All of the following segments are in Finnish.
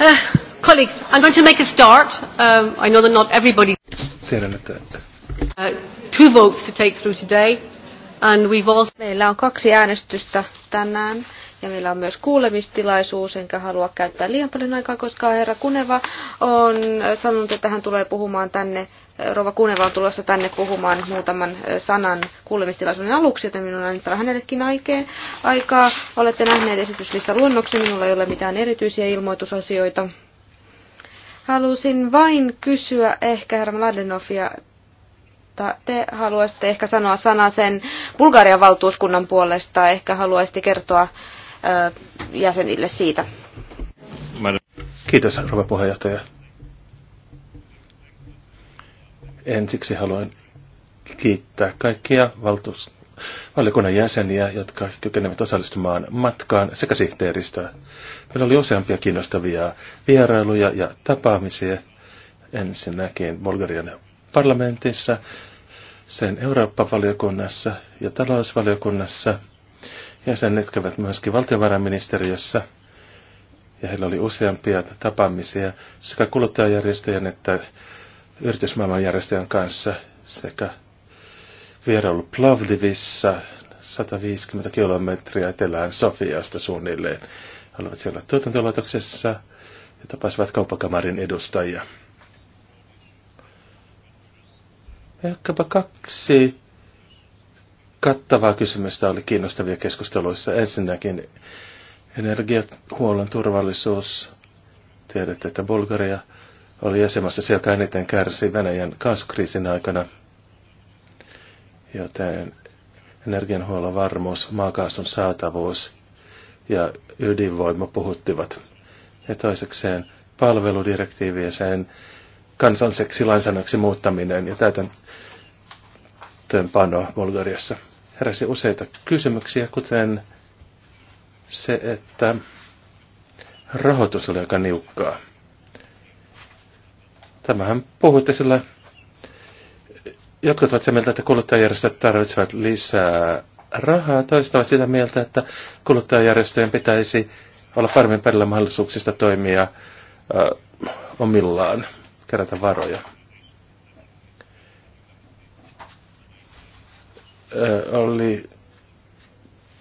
Uh, colleagues, I'm going to make a start. Um, I know that not everybody. Uh, two votes to take through today. And we've all... Meillä on kaksi äänestystä tänään ja meillä on myös kuulemistilaisuus, enkä halua käyttää liian paljon aikaa, koska herra Kuneva on sanonut, että hän tulee puhumaan tänne Rova Kuneva on tulossa tänne puhumaan muutaman sanan kuulemistilaisuuden aluksi, joten minun on annettava hänellekin aikeen. aikaa. Olette nähneet esityslistan luonnoksen, minulla ei ole mitään erityisiä ilmoitusasioita. Halusin vain kysyä ehkä Herman Ladenoffia, että te haluaisitte ehkä sanoa sana sen Bulgarian valtuuskunnan puolesta. Ehkä haluaisitte kertoa jäsenille siitä. Kiitos, rouva puheenjohtaja. Ensiksi haluan kiittää kaikkia valtuus, valiokunnan jäseniä, jotka kykenevät osallistumaan matkaan sekä sihteeristöä. Meillä oli useampia kiinnostavia vierailuja ja tapaamisia ensinnäkin Bulgarian parlamentissa, sen Eurooppa-valiokunnassa ja talousvaliokunnassa. Jäsenet kävät myöskin valtiovarainministeriössä ja heillä oli useampia tapaamisia sekä kuluttajajärjestöjen että yritysmaailmanjärjestön kanssa sekä vierailu Plavdivissa 150 kilometriä etelään Sofiasta suunnilleen. He olivat siellä tuotantolaitoksessa ja tapasivat kauppakamarin edustajia. Ehkäpä kaksi kattavaa kysymystä oli kiinnostavia keskusteluissa. Ensinnäkin energiahuollon turvallisuus. Tiedätte, että Bulgaria – oli jäsenmaista se, joka eniten kärsi Venäjän kaskriisin aikana, joten energianhuollon varmuus, maakaasun saatavuus ja ydinvoima puhuttivat. Ja toisekseen palveludirektiivi ja sen kansalliseksi lainsäädännöksi muuttaminen ja täytäntöönpano Bulgariassa. Heräsi useita kysymyksiä, kuten se, että rahoitus oli aika niukkaa. Tämähän puhuitte sillä, jotkut ovat sitä mieltä, että kuluttajajärjestöt tarvitsevat lisää rahaa, toiset ovat sitä mieltä, että kuluttajajärjestöjen pitäisi olla farmin perillä mahdollisuuksista toimia äh, omillaan, kerätä varoja. Äh, oli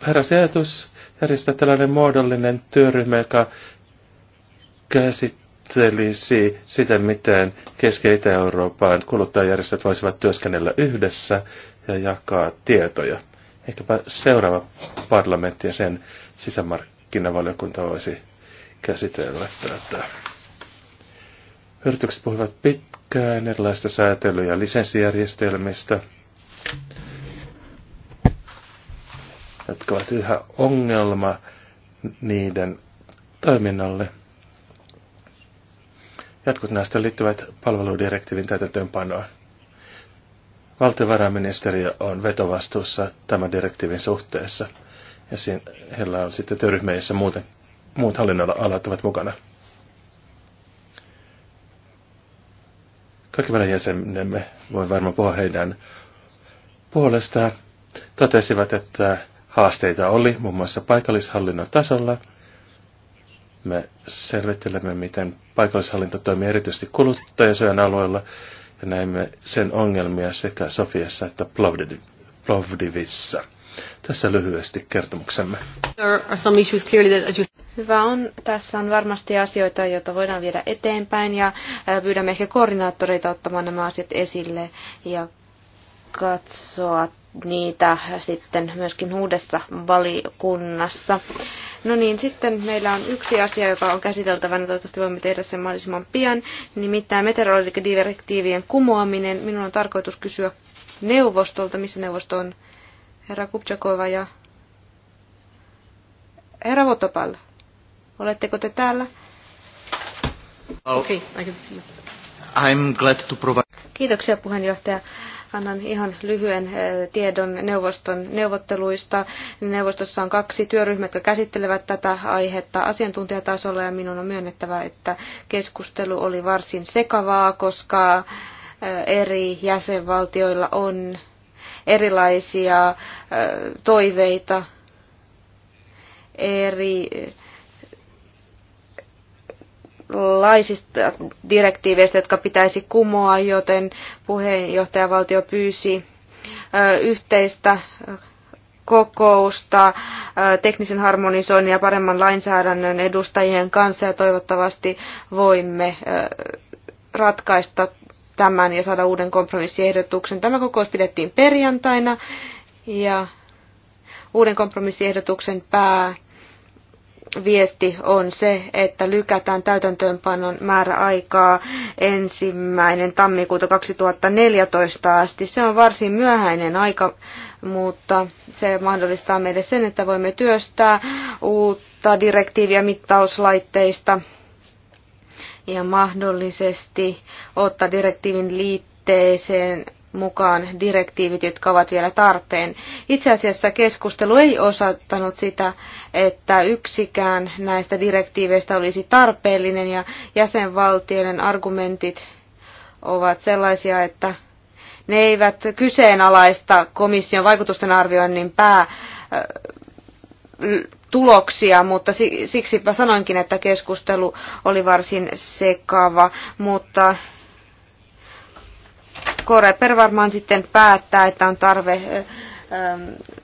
heräs ajatus järjestää tällainen muodollinen työryhmä, joka käsittää ajattelisi sitä, miten Keski-Itä-Euroopan kuluttajajärjestöt voisivat työskennellä yhdessä ja jakaa tietoja. Ehkäpä seuraava parlamentti ja sen sisämarkkinavaliokunta voisi käsitellä tätä. Yritykset puhuvat pitkään erilaista säätely- ja lisenssijärjestelmistä, jotka ovat yhä ongelma niiden toiminnalle – Jotkut näistä liittyvät palveludirektiivin täytäntöönpanoon. Valtiovarainministeriö on vetovastuussa tämän direktiivin suhteessa, ja siinä heillä on sitten jossa muuten, muut hallinnonalat ovat mukana. Kaikki meidän jäsenemme, voin varmaan puhua heidän puolestaan, totesivat, että haasteita oli muun muassa paikallishallinnon tasolla – me selvittelemme, miten paikallishallinto toimii erityisesti kuluttajasuojan alueella ja näemme sen ongelmia sekä Sofiassa että Plovdivissa. Tässä lyhyesti kertomuksemme. Hyvä on. Tässä on varmasti asioita, joita voidaan viedä eteenpäin ja pyydämme ehkä koordinaattoreita ottamaan nämä asiat esille ja katsoa niitä sitten myöskin uudessa valikunnassa. No niin, sitten meillä on yksi asia, joka on käsiteltävänä, toivottavasti voimme tehdä sen mahdollisimman pian, nimittäin meteorologidirektiivien kumoaminen. Minun on tarkoitus kysyä neuvostolta, missä neuvosto on herra Kupchakova ja herra Votopal. Oletteko te täällä? Okay, I can see you. I'm glad to provide... Kiitoksia puheenjohtaja. Annan ihan lyhyen eh, tiedon neuvoston neuvotteluista. Neuvostossa on kaksi työryhmää, jotka käsittelevät tätä aihetta asiantuntijatasolla ja minun on myönnettävä, että keskustelu oli varsin sekavaa, koska eh, eri jäsenvaltioilla on erilaisia eh, toiveita eri laisista direktiiveistä, jotka pitäisi kumoa, joten puheenjohtajavaltio pyysi yhteistä kokousta teknisen harmonisoinnin ja paremman lainsäädännön edustajien kanssa ja toivottavasti voimme ratkaista tämän ja saada uuden kompromissiehdotuksen. Tämä kokous pidettiin perjantaina ja uuden kompromissiehdotuksen pää viesti on se, että lykätään täytäntöönpanon määräaikaa ensimmäinen tammikuuta 2014 asti. Se on varsin myöhäinen aika, mutta se mahdollistaa meille sen, että voimme työstää uutta direktiiviä mittauslaitteista ja mahdollisesti ottaa direktiivin liitteeseen mukaan direktiivit, jotka ovat vielä tarpeen. Itse asiassa keskustelu ei osattanut sitä, että yksikään näistä direktiiveistä olisi tarpeellinen ja jäsenvaltioiden argumentit ovat sellaisia, että ne eivät kyseenalaista komission vaikutusten arvioinnin pää tuloksia, mutta siksipä sanoinkin, että keskustelu oli varsin sekava, mutta Koreper varmaan sitten päättää, että on tarve,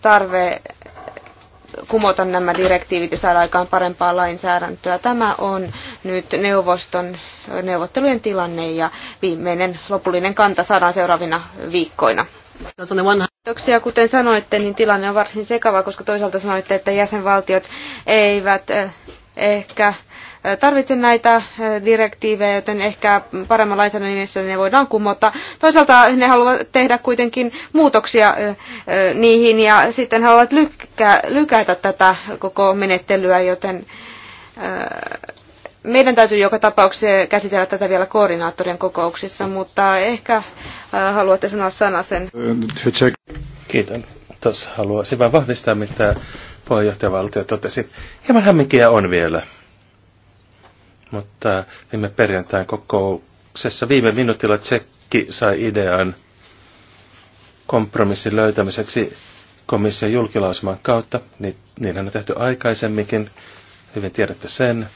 tarve kumota nämä direktiivit ja saada aikaan parempaa lainsäädäntöä. Tämä on nyt neuvoston neuvottelujen tilanne ja viimeinen lopullinen kanta saadaan seuraavina viikkoina. Kiitoksia. Kuten sanoitte, niin tilanne on varsin sekava, koska toisaalta sanoitte, että jäsenvaltiot eivät ehkä tarvitse näitä eh, direktiivejä, joten ehkä paremman lainsäädännön nimessä ne voidaan kumota. Toisaalta ne haluavat tehdä kuitenkin muutoksia eh, eh, niihin ja sitten haluavat lykkää, lykätä tätä koko menettelyä, joten meidän täytyy joka tapauksessa käsitellä tätä vielä koordinaattorien kokouksissa, mutta ehkä haluatte sanoa sana sen. Kiitän. Tuossa haluaisin vain vahvistaa, mitä puheenjohtajavaltio totesi. Hieman hämminkiä on vielä. Mutta viime perjantain kokouksessa viime minuutilla Tsekki sai idean kompromissin löytämiseksi komission julkilausuman kautta. Niinhän on tehty aikaisemminkin, hyvin tiedätte sen,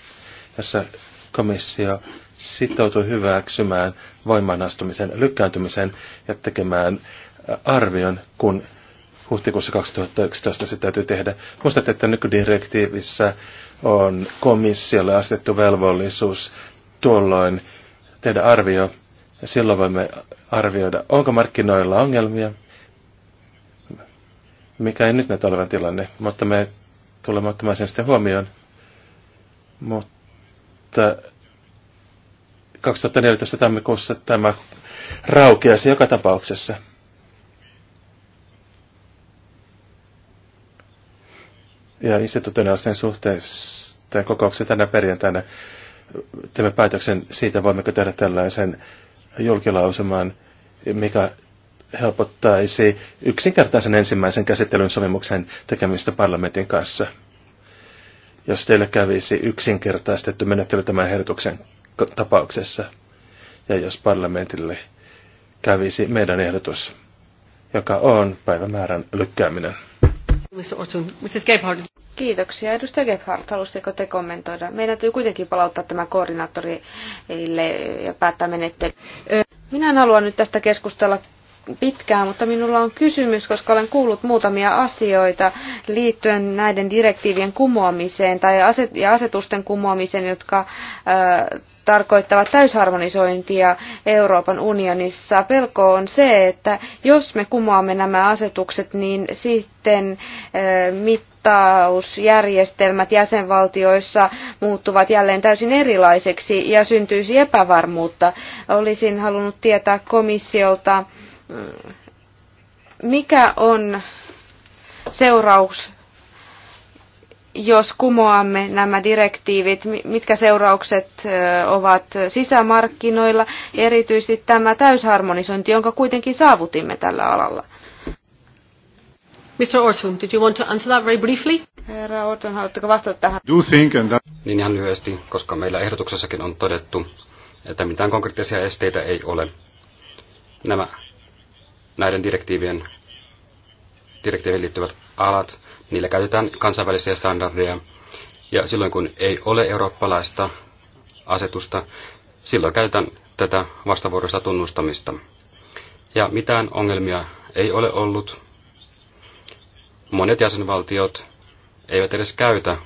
jossa komissio sitoutui hyväksymään voimaanastumisen lykkääntymisen ja tekemään arvion, kun huhtikuussa 2011 se täytyy tehdä. Muistatte, että nykydirektiivissä on komissiolle asetettu velvollisuus tuolloin tehdä arvio. Ja silloin voimme arvioida, onko markkinoilla ongelmia, mikä ei nyt näitä olevan tilanne, mutta me tulemme ottamaan sen sitten huomioon. Mutta 2014 tammikuussa tämä raukeasi joka tapauksessa. ja suhteen tämän kokouksen tänä perjantaina teemme päätöksen siitä, voimmeko tehdä tällaisen julkilausuman, mikä helpottaisi yksinkertaisen ensimmäisen käsittelyn sopimuksen tekemistä parlamentin kanssa. Jos teille kävisi yksinkertaistettu menettely tämän ehdotuksen tapauksessa, ja jos parlamentille kävisi meidän ehdotus, joka on päivämäärän lykkääminen. Mr. Orton, Mrs. Kiitoksia. Edustaja Gebhardt, haluaisitteko te kommentoida? Meidän täytyy kuitenkin palauttaa tämä koordinaattorille ja päättää menettely. Minä en halua nyt tästä keskustella pitkään, mutta minulla on kysymys, koska olen kuullut muutamia asioita liittyen näiden direktiivien kumoamiseen tai aset- ja asetusten kumoamiseen, jotka ö, tarkoittavat täysharmonisointia Euroopan unionissa. Pelko on se, että jos me kumoamme nämä asetukset, niin sitten ö, mit- vastausjärjestelmät jäsenvaltioissa muuttuvat jälleen täysin erilaiseksi ja syntyisi epävarmuutta. Olisin halunnut tietää komissiolta, mm, mikä on seuraus, jos kumoamme nämä direktiivit, mitkä seuraukset ovat sisämarkkinoilla, erityisesti tämä täysharmonisointi, jonka kuitenkin saavutimme tällä alalla. Mr. Orton, did you want to answer that very briefly? Herra Orton, haluatteko vastata tähän? Do think and that... Niin ihan lyhyesti, koska meillä ehdotuksessakin on todettu, että mitään konkreettisia esteitä ei ole. Nämä näiden direktiivien, direktiivien liittyvät alat, niillä käytetään kansainvälisiä standardeja. Ja silloin kun ei ole eurooppalaista asetusta, silloin käytetään tätä vastavuoroista tunnustamista. Ja mitään ongelmia ei ole ollut monet jäsenvaltiot eivät edes käytä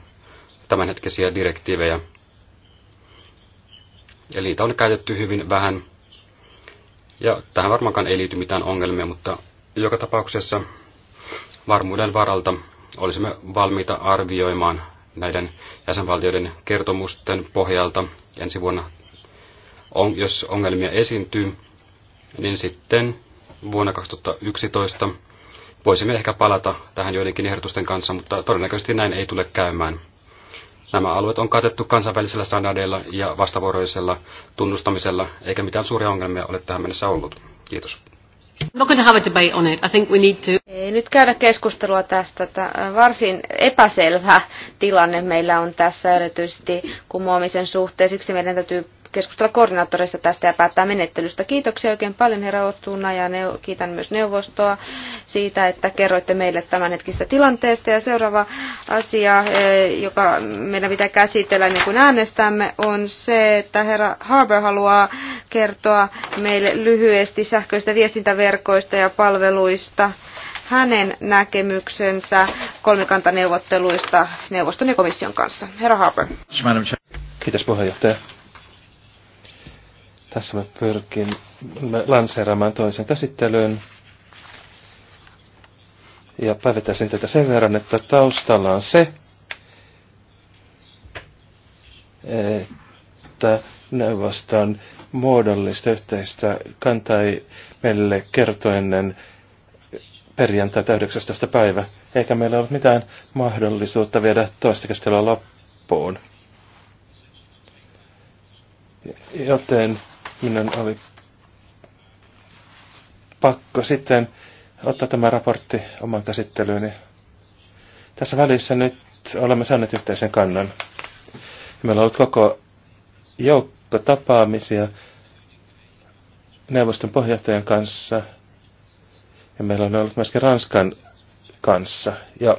tämänhetkisiä direktiivejä. Eli niitä on käytetty hyvin vähän. Ja tähän varmaankaan ei liity mitään ongelmia, mutta joka tapauksessa varmuuden varalta olisimme valmiita arvioimaan näiden jäsenvaltioiden kertomusten pohjalta ensi vuonna. On, jos ongelmia esiintyy, niin sitten vuonna 2011 Voisimme ehkä palata tähän joidenkin ehdotusten kanssa, mutta todennäköisesti näin ei tule käymään. Nämä alueet on katettu kansainvälisillä standardeilla ja vastavuoroisella tunnustamisella, eikä mitään suuria ongelmia ole tähän mennessä ollut. Kiitos. Ei nyt käydä keskustelua tästä. varsin epäselvä tilanne meillä on tässä erityisesti kumoamisen suhteen. Siksi meidän täytyy keskustella koordinaattoreista tästä ja päättää menettelystä. Kiitoksia oikein paljon herra Ottuna ja neu- kiitän myös neuvostoa siitä, että kerroitte meille tämän hetkistä tilanteesta. Ja seuraava asia, eh, joka meidän pitää käsitellä niin kuin äänestämme, on se, että herra Harbour haluaa kertoa meille lyhyesti sähköistä viestintäverkoista ja palveluista hänen näkemyksensä kolmikantaneuvotteluista neuvoston ja komission kanssa. Herra Harper. Kiitos puheenjohtaja. Tässä me pyrkimme lanseeraamaan toisen käsittelyyn. Ja päivittäisin tätä sen verran, että taustalla on se, että neuvoston muodollista yhteistä kantaa meille kertoi ennen perjantaita 19. päivä, eikä meillä ole mitään mahdollisuutta viedä toista käsittelyä loppuun. Joten minun oli pakko sitten ottaa tämä raportti oman käsittelyyni. Tässä välissä nyt olemme saaneet yhteisen kannan. Meillä on ollut koko joukko tapaamisia neuvoston pohjohtajan kanssa ja meillä on ollut myöskin Ranskan kanssa ja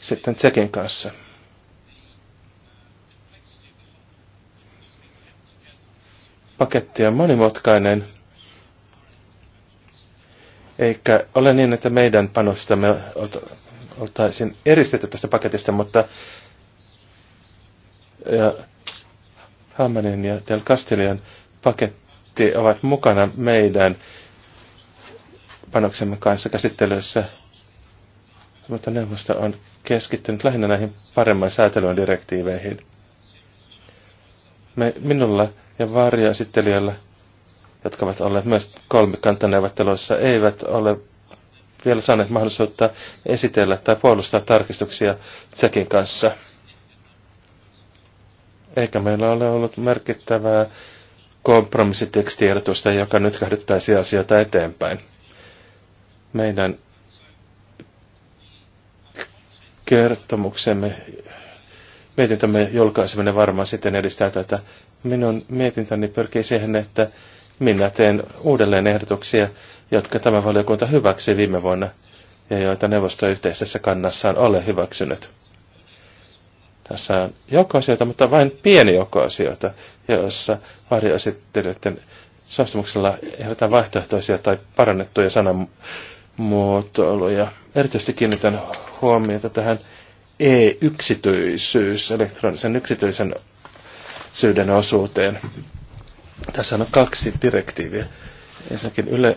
sitten Tsekin kanssa. paketti on monimutkainen, eikä ole niin, että meidän panostamme oltaisiin eristetty tästä paketista, mutta ja Hammanin ja Del Castilian paketti ovat mukana meidän panoksemme kanssa käsittelyssä. Mutta neuvosto on keskittynyt lähinnä näihin paremman säätelyn direktiiveihin. Me, minulla ja varjaesittelijöillä, jotka ovat olleet myös kolmikantaneuvotteluissa, eivät ole vielä saaneet mahdollisuutta esitellä tai puolustaa tarkistuksia Tsekin kanssa. Eikä meillä ole ollut merkittävää kompromissitekstiedotusta, joka nyt kahdettaisi asioita eteenpäin. Meidän kertomuksemme, mietintämme julkaiseminen varmaan sitten edistää tätä minun mietintäni pyrkii siihen, että minä teen uudelleen ehdotuksia, jotka tämä valiokunta hyväksyi viime vuonna ja joita neuvosto yhteisessä kannassaan ole hyväksynyt. Tässä on joukko asioita, mutta vain pieni joukko asioita, joissa varjoesittelyiden suostumuksella ehdotan vaihtoehtoisia tai parannettuja sanamuotoiluja. Erityisesti kiinnitän huomiota tähän e-yksityisyys, elektronisen yksityisen syyden osuuteen. Tässä on kaksi direktiiviä. Ensinnäkin yle,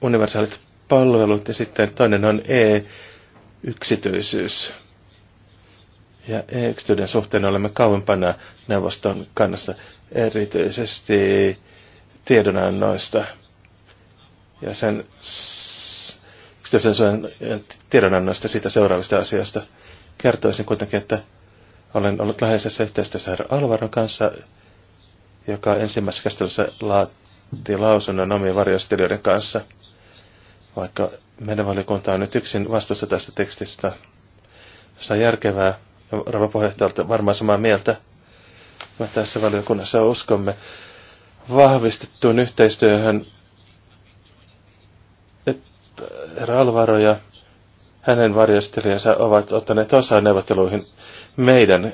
universaalit palvelut ja sitten toinen on e-yksityisyys. Ja e-yksityisen suhteen olemme kauempana neuvoston kannassa erityisesti tiedonannoista ja sen yksityisen tiedonannoista tiedonannosta siitä seuraavista asioista. Kertoisin kuitenkin, että olen ollut läheisessä yhteistyössä herra Alvaron kanssa, joka ensimmäisessä käsittelyssä laatti lausunnon omien varjostelijoiden kanssa. Vaikka meidän valiokunta on nyt yksin vastuussa tästä tekstistä, se on järkevää, Rava rouva puheenjohtajalta varmaan samaa mieltä. Me tässä valiokunnassa uskomme vahvistettuun yhteistyöhön, että herra Alvaro ja hänen varjostelijansa ovat ottaneet osaa neuvotteluihin meidän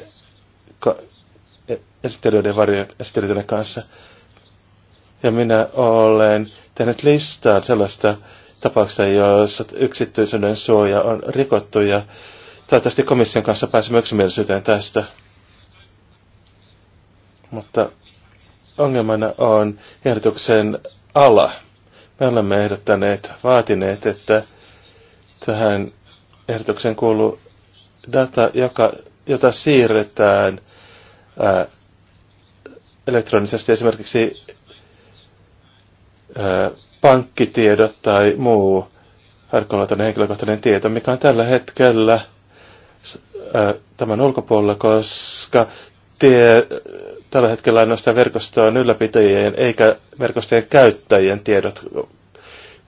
esittelijöiden varjon kanssa. Ja minä olen tehnyt listaa sellaista tapauksista, joissa yksityisyyden suoja on rikottu ja toivottavasti komission kanssa pääsemme yksimielisyyteen tästä. Mutta ongelmana on ehdotuksen ala. Me olemme ehdottaneet, vaatineet, että tähän ehdotukseen kuuluu data, joka jota siirretään ää, elektronisesti esimerkiksi ää, pankkitiedot tai muu herkkoluotoinen henkilökohtainen tieto, mikä on tällä hetkellä ää, tämän ulkopuolella, koska tie, tällä hetkellä ainoastaan verkostoon ylläpitäjien eikä verkostojen käyttäjien tiedot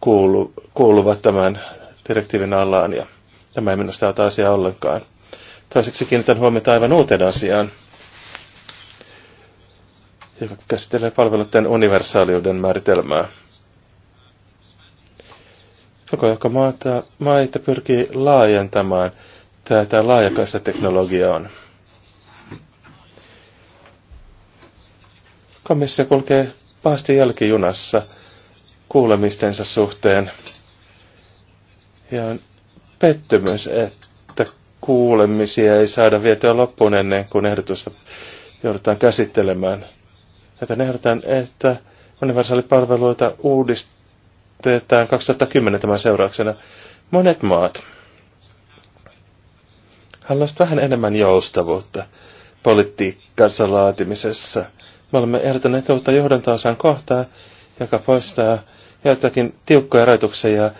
kuulu, kuuluvat tämän direktiivin alaan ja tämä ei minusta ota asiaa ollenkaan. Toiseksi kiinnitän huomiota aivan uuteen asiaan, joka käsittelee palveluiden universaaliuden määritelmää. Joka joka maata, maita pyrkii laajentamaan tätä laajakaista teknologiaa Komissio kulkee pahasti jälkijunassa kuulemistensa suhteen. Ja on pettymys, että kuulemisia ei saada vietyä loppuun ennen kuin ehdotusta joudutaan käsittelemään. Joten ehdotan, että universaalipalveluita uudistetaan 2010 tämän seurauksena. Monet maat haluaisivat vähän enemmän joustavuutta politiikkansa laatimisessa. Me olemme ehdottaneet uutta johdantoasan kohtaa, joka poistaa joitakin tiukkoja rajoituksia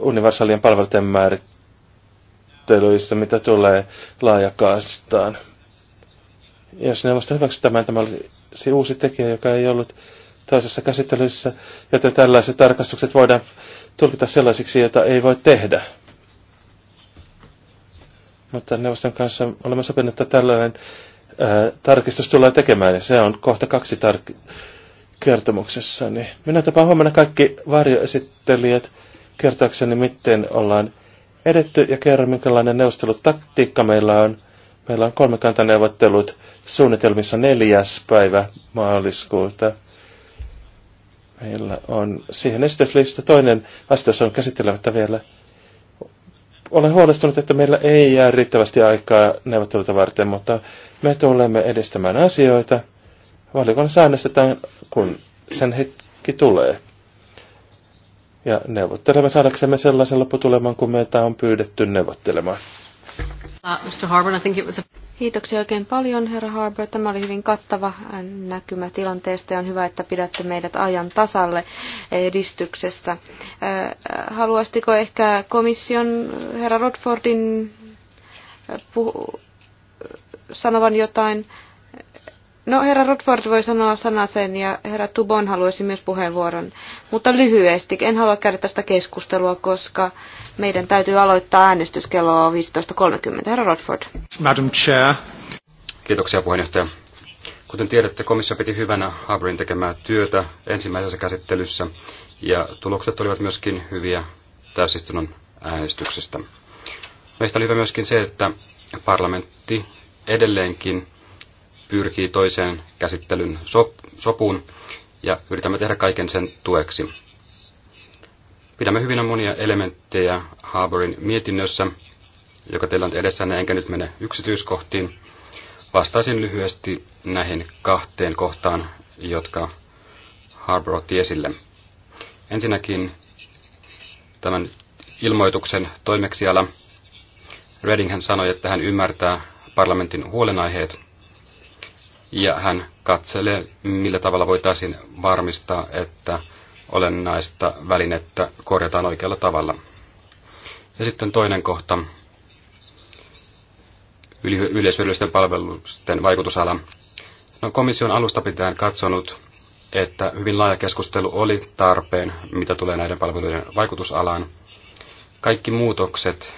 universaalien palveluiden määrit neuvotteluissa, mitä tulee laajakaastaan. Jos neuvosto vasta tämän, tämä se uusi tekijä, joka ei ollut toisessa käsittelyssä, joten tällaiset tarkastukset voidaan tulkita sellaisiksi, joita ei voi tehdä. Mutta neuvoston kanssa olemme sopineet, että tällainen ää, tarkistus tullaan tekemään, ja se on kohta kaksi tark- kertomuksessa. Niin minä tapaan huomenna kaikki varjoesittelijät kertoakseni, miten ollaan edetty ja kerron, minkälainen neuvostelutaktiikka meillä on. Meillä on kolmikantaneuvottelut suunnitelmissa neljäs päivä maaliskuuta. Meillä on siihen esityslista toinen vastaus on käsittelemättä vielä. Olen huolestunut, että meillä ei jää riittävästi aikaa neuvotteluita varten, mutta me tulemme edistämään asioita. Valiokunnassa äänestetään, kun sen hetki tulee ja neuvottelemme saadaksemme sellaisen lopputuleman, kun meitä on pyydetty neuvottelemaan. Uh, Mr. Harbour, I think it was a... Kiitoksia oikein paljon, herra Harbour. Tämä oli hyvin kattava näkymä tilanteesta ja on hyvä, että pidätte meidät ajan tasalle edistyksestä. Uh, haluaisitko ehkä komission uh, herra Rodfordin puhu, sanovan jotain No herra Rodford voi sanoa sen ja herra Tubon haluaisi myös puheenvuoron, mutta lyhyesti. En halua käydä tästä keskustelua, koska meidän täytyy aloittaa äänestys kello 15.30. Herra Rodford. Madam Chair. Kiitoksia puheenjohtaja. Kuten tiedätte, komissio piti hyvänä Habrin tekemää työtä ensimmäisessä käsittelyssä ja tulokset olivat myöskin hyviä täysistunnon äänestyksestä. Meistä oli hyvä myöskin se, että parlamentti edelleenkin pyrkii toiseen käsittelyn sop- sopuun ja yritämme tehdä kaiken sen tueksi. Pidämme hyvinä monia elementtejä Harborin mietinnössä, joka teillä on edessänne, enkä nyt mene yksityiskohtiin. Vastaisin lyhyesti näihin kahteen kohtaan, jotka Harbour otti esille. Ensinnäkin tämän ilmoituksen toimeksiala. Reddinghän sanoi, että hän ymmärtää parlamentin huolenaiheet ja hän katselee, millä tavalla voitaisiin varmistaa, että olennaista välinettä korjataan oikealla tavalla. Ja sitten toinen kohta, yleishyödyllisten palvelusten vaikutusala. No, komission alusta pitäen katsonut, että hyvin laaja keskustelu oli tarpeen, mitä tulee näiden palveluiden vaikutusalaan. Kaikki muutokset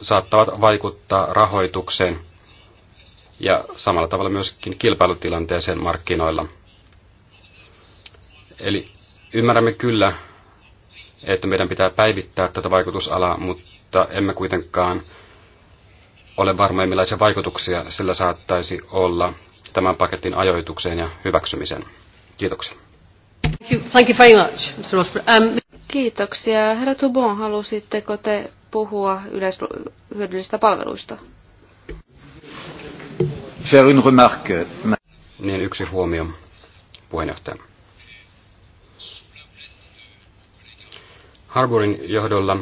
saattavat vaikuttaa rahoitukseen, ja samalla tavalla myöskin kilpailutilanteeseen markkinoilla. Eli ymmärrämme kyllä, että meidän pitää päivittää tätä vaikutusalaa, mutta emme kuitenkaan ole varmoja, millaisia vaikutuksia sillä saattaisi olla tämän paketin ajoitukseen ja hyväksymiseen. Kiitoksia. Thank you, thank you very much, Mr. Um, Kiitoksia. Herra Tubon, halusitteko te puhua yleishyödyllisistä palveluista? faire une remarque. Niin yksi huomio, puheenjohtaja. Harburin johdolla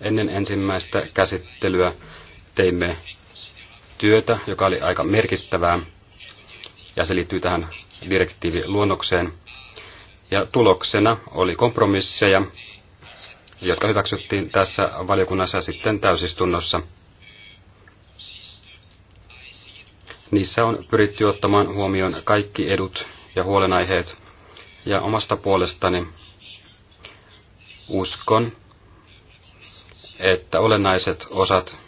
ennen ensimmäistä käsittelyä teimme työtä, joka oli aika merkittävää, ja se liittyy tähän direktiiviluonnokseen. Ja tuloksena oli kompromisseja, jotka hyväksyttiin tässä valiokunnassa sitten täysistunnossa – Niissä on pyritty ottamaan huomioon kaikki edut ja huolenaiheet. Ja omasta puolestani uskon, että olennaiset osat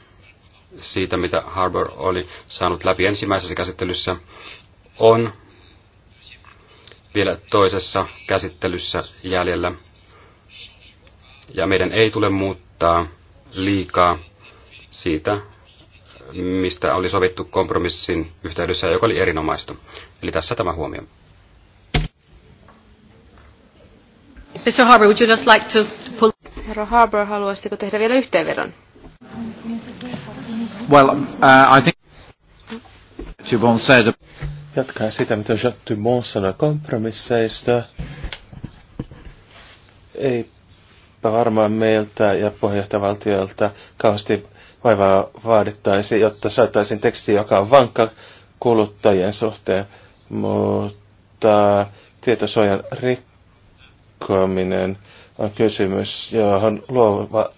siitä, mitä Harbour oli saanut läpi ensimmäisessä käsittelyssä, on vielä toisessa käsittelyssä jäljellä. Ja meidän ei tule muuttaa liikaa siitä, mistä oli sovittu kompromissin yhteydessä, joka oli erinomaista. Eli tässä tämä huomio. Mr. Harbour, would you just like to pull... Herra Harbour, haluaisitko tehdä vielä yhteenvedon? Well, uh, I think Dumont said... Jatkaa sitä, mitä Jacques Dumont sanoi kompromisseista. Eipä varmaan meiltä ja puheenjohtajavaltiolta kauheasti vaivaa vaadittaisi, jotta saataisiin teksti, joka on vankka kuluttajien suhteen, mutta tietosuojan rikkominen on kysymys, johon luova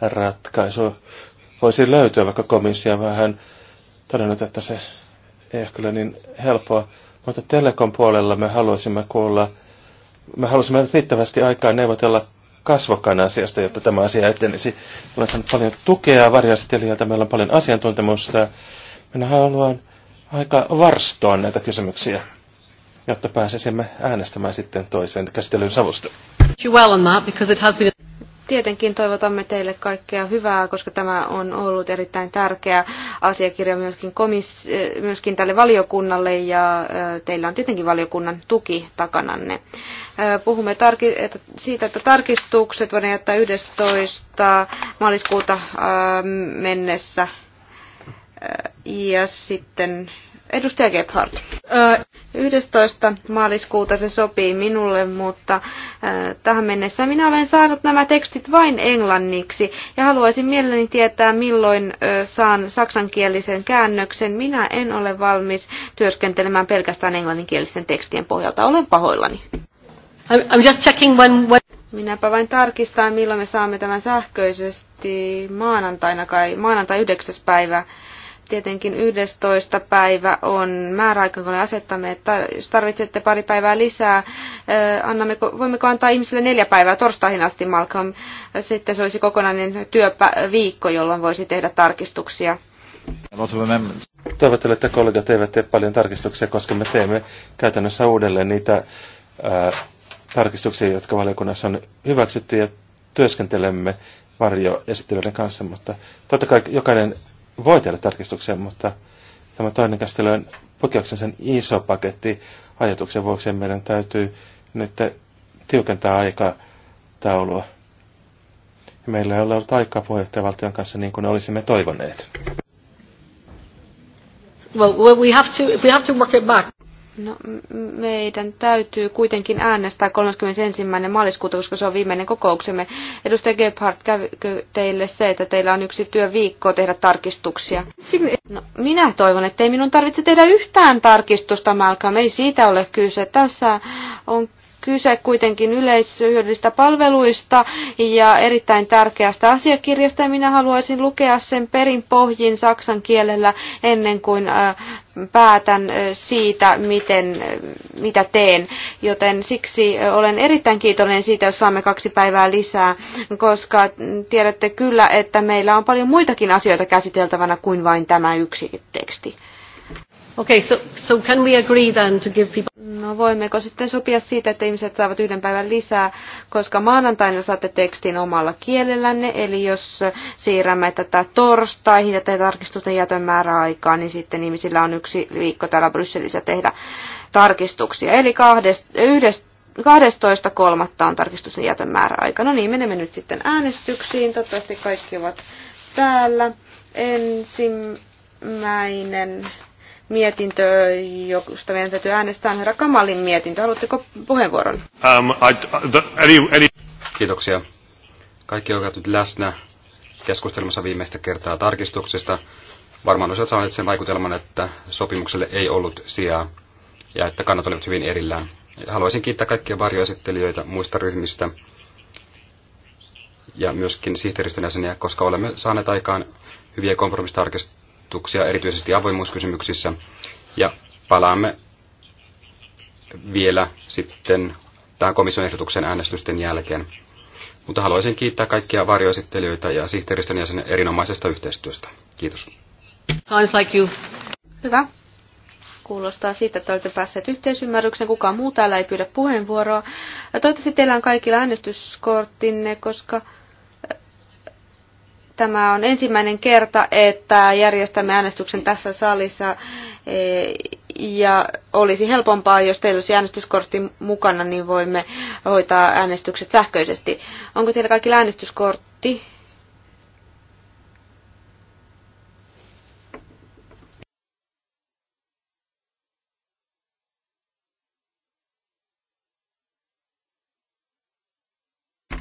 ratkaisu voisi löytyä, vaikka komissio vähän todennut, että se ei ole kyllä niin helppoa. Mutta Telekon puolella me haluaisimme kuulla, me haluaisimme riittävästi aikaa neuvotella kasvokkain asiasta, jotta tämä asia etenisi. Olen saanut paljon tukea varjastelijoilta, meillä on paljon asiantuntemusta. Minä haluan aika varstoa näitä kysymyksiä, jotta pääsisimme äänestämään sitten toiseen käsittelyyn savusta. Tietenkin toivotamme teille kaikkea hyvää, koska tämä on ollut erittäin tärkeä asiakirja myöskin, komis, myöskin tälle valiokunnalle ja teillä on tietenkin valiokunnan tuki takananne. Puhumme tarki, että siitä, että tarkistukset voidaan jättää 11. maaliskuuta mennessä ja sitten Edustaja Gebhardt. 11. maaliskuuta se sopii minulle, mutta tähän mennessä minä olen saanut nämä tekstit vain englanniksi ja haluaisin mielelläni tietää, milloin saan saksankielisen käännöksen. Minä en ole valmis työskentelemään pelkästään englanninkielisten tekstien pohjalta. Olen pahoillani. I'm just checking when, when... Minäpä vain tarkistaa, milloin me saamme tämän sähköisesti maanantaina kai, maanantai 9. päivä tietenkin 11. päivä on määräaika, kun olemme asettaneet. Jos tarvitsette pari päivää lisää, eh, annamme, voimmeko antaa ihmisille neljä päivää torstaihin asti, Malcolm? Sitten se olisi kokonainen työviikko, jolloin voisi tehdä tarkistuksia. Toivottavasti, että kollegat eivät tee paljon tarkistuksia, koska me teemme käytännössä uudelleen niitä ää, eh, tarkistuksia, jotka valiokunnassa on hyväksytty ja työskentelemme varjoesittelyiden kanssa, mutta totta kai jokainen voi tehdä tarkistuksia, mutta tämä toinen käsittely on poikkeuksen sen iso paketti ajatuksen vuoksi. Meidän täytyy nyt tiukentaa aikataulua. Meillä ei ole ollut aikaa puheenjohtajavaltion kanssa niin kuin olisimme toivoneet. Well, we have to, we have to work it back. No, meidän täytyy kuitenkin äänestää 31. maaliskuuta, koska se on viimeinen kokouksemme. Edustaja Gebhardt, kävikö teille se, että teillä on yksi työviikko tehdä tarkistuksia? No, minä toivon, että ei minun tarvitse tehdä yhtään tarkistusta, Malcolm. Ei siitä ole kyse. Tässä on kyse kuitenkin yleishyödyllistä palveluista ja erittäin tärkeästä asiakirjasta. Minä haluaisin lukea sen perin pohjin saksan kielellä ennen kuin äh, päätän äh, siitä, miten, äh, mitä teen. Joten siksi olen erittäin kiitollinen siitä, jos saamme kaksi päivää lisää, koska tiedätte kyllä, että meillä on paljon muitakin asioita käsiteltävänä kuin vain tämä yksi teksti. Okay, so, so can we agree then to give people... No voimmeko sitten sopia siitä, että ihmiset saavat yhden päivän lisää, koska maanantaina saatte tekstin omalla kielellänne, eli jos siirrämme tätä torstaihin ja tätä tarkistusten jätön määräaikaa, niin sitten ihmisillä on yksi viikko täällä Brysselissä tehdä tarkistuksia. Eli 12.3. on tarkistusten jätön määräaika. No niin, menemme nyt sitten äänestyksiin. Toivottavasti kaikki ovat täällä. Ensimmäinen mietintö, josta meidän täytyy äänestää, herra Kamalin mietintö. Haluatteko puheenvuoron? Um, I, the, any, any... Kiitoksia. Kaikki, jotka nyt läsnä keskustelmassa viimeistä kertaa tarkistuksista, varmaan olisivat saaneet sen vaikutelman, että sopimukselle ei ollut sijaa ja että kannat olivat hyvin erillään. Haluaisin kiittää kaikkia varjoesittelijöitä muista ryhmistä ja myöskin sihteeristön jäseniä, koska olemme saaneet aikaan hyviä kompromissitarkistuksia tarkistuksia, erityisesti avoimuuskysymyksissä, ja palaamme vielä sitten tähän komission ehdotuksen äänestysten jälkeen. Mutta haluaisin kiittää kaikkia varjoesittelijöitä ja sihteeristön sen erinomaisesta yhteistyöstä. Kiitos. Sounds like you. Hyvä. Kuulostaa siitä, että olette päässeet yhteisymmärrykseen. Kukaan muu täällä ei pyydä puheenvuoroa. Toivottavasti teillä on kaikilla äänestyskorttinne, koska Tämä on ensimmäinen kerta, että järjestämme äänestyksen tässä salissa eh, ja olisi helpompaa, jos teillä olisi äänestyskortti mukana, niin voimme hoitaa äänestykset sähköisesti. Onko teillä kaikilla äänestyskortti?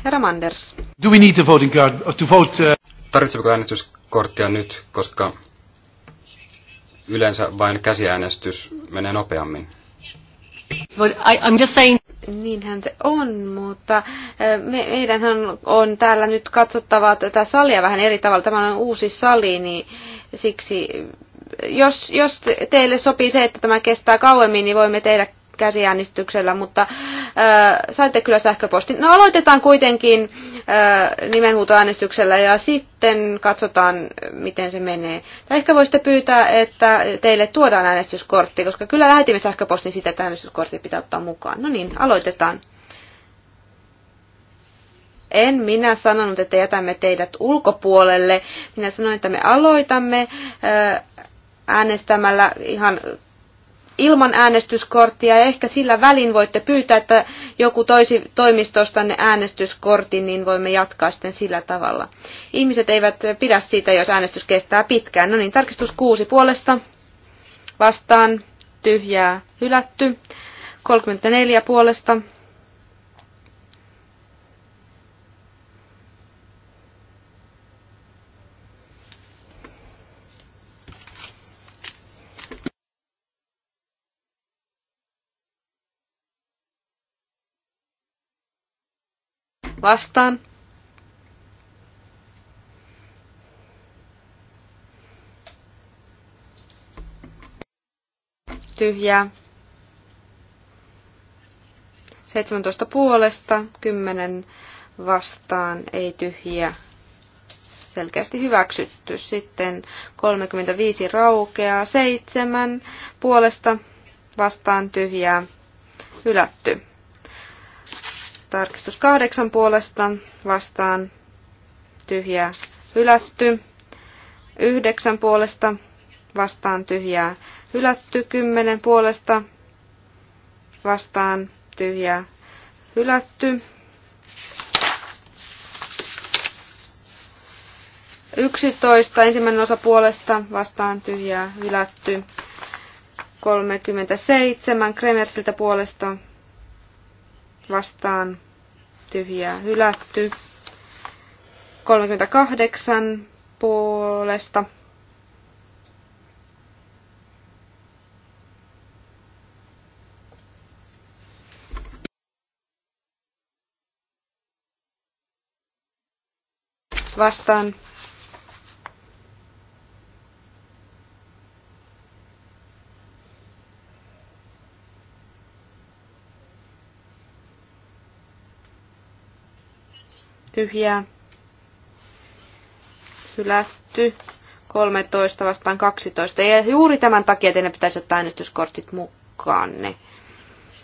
Herra Manders. Do we need the voting card to vote? Uh... Tarvitseeko äänestyskorttia nyt, koska yleensä vain käsiäänestys menee nopeammin? But I, I'm just saying... Niinhän se on, mutta eh, me, meidänhän on täällä nyt katsottava tätä salia vähän eri tavalla. Tämä on uusi sali, niin siksi eh, jos, jos teille sopii se, että tämä kestää kauemmin, niin voimme tehdä käsiäänestyksellä, mutta äh, saitte kyllä sähköpostin. No aloitetaan kuitenkin äh, nimenhuutoäänestyksellä ja sitten katsotaan, miten se menee. Tai ehkä voisitte pyytää, että teille tuodaan äänestyskortti, koska kyllä lähetimme sähköpostin sitä, että äänestyskortti pitää ottaa mukaan. No niin, aloitetaan. En minä sanonut, että jätämme teidät ulkopuolelle. Minä sanoin, että me aloitamme äänestämällä ihan ilman äänestyskorttia ja ehkä sillä välin voitte pyytää, että joku toisi toimistostanne äänestyskortin, niin voimme jatkaa sitten sillä tavalla. Ihmiset eivät pidä siitä, jos äänestys kestää pitkään. No niin, tarkistus kuusi puolesta. Vastaan tyhjää hylätty. 34 puolesta vastaan. Tyhjää. 17 puolesta, 10 vastaan, ei tyhjiä, selkeästi hyväksytty. Sitten 35 raukeaa, 7 puolesta vastaan tyhjää, hylätty. Tarkistus kahdeksan puolesta vastaan tyhjää hylätty. Yhdeksän puolesta vastaan tyhjää hylätty. Kymmenen puolesta vastaan tyhjää hylätty. Yksitoista Ensimmäinen osa puolesta vastaan tyhjää hylätty. 37. Kremersiltä puolesta vastaan tyhjää hylätty. 38 puolesta vastaan tyhjää. Hylätty. 13 vastaan 12. Ja juuri tämän takia teidän pitäisi ottaa äänestyskortit mukaanne.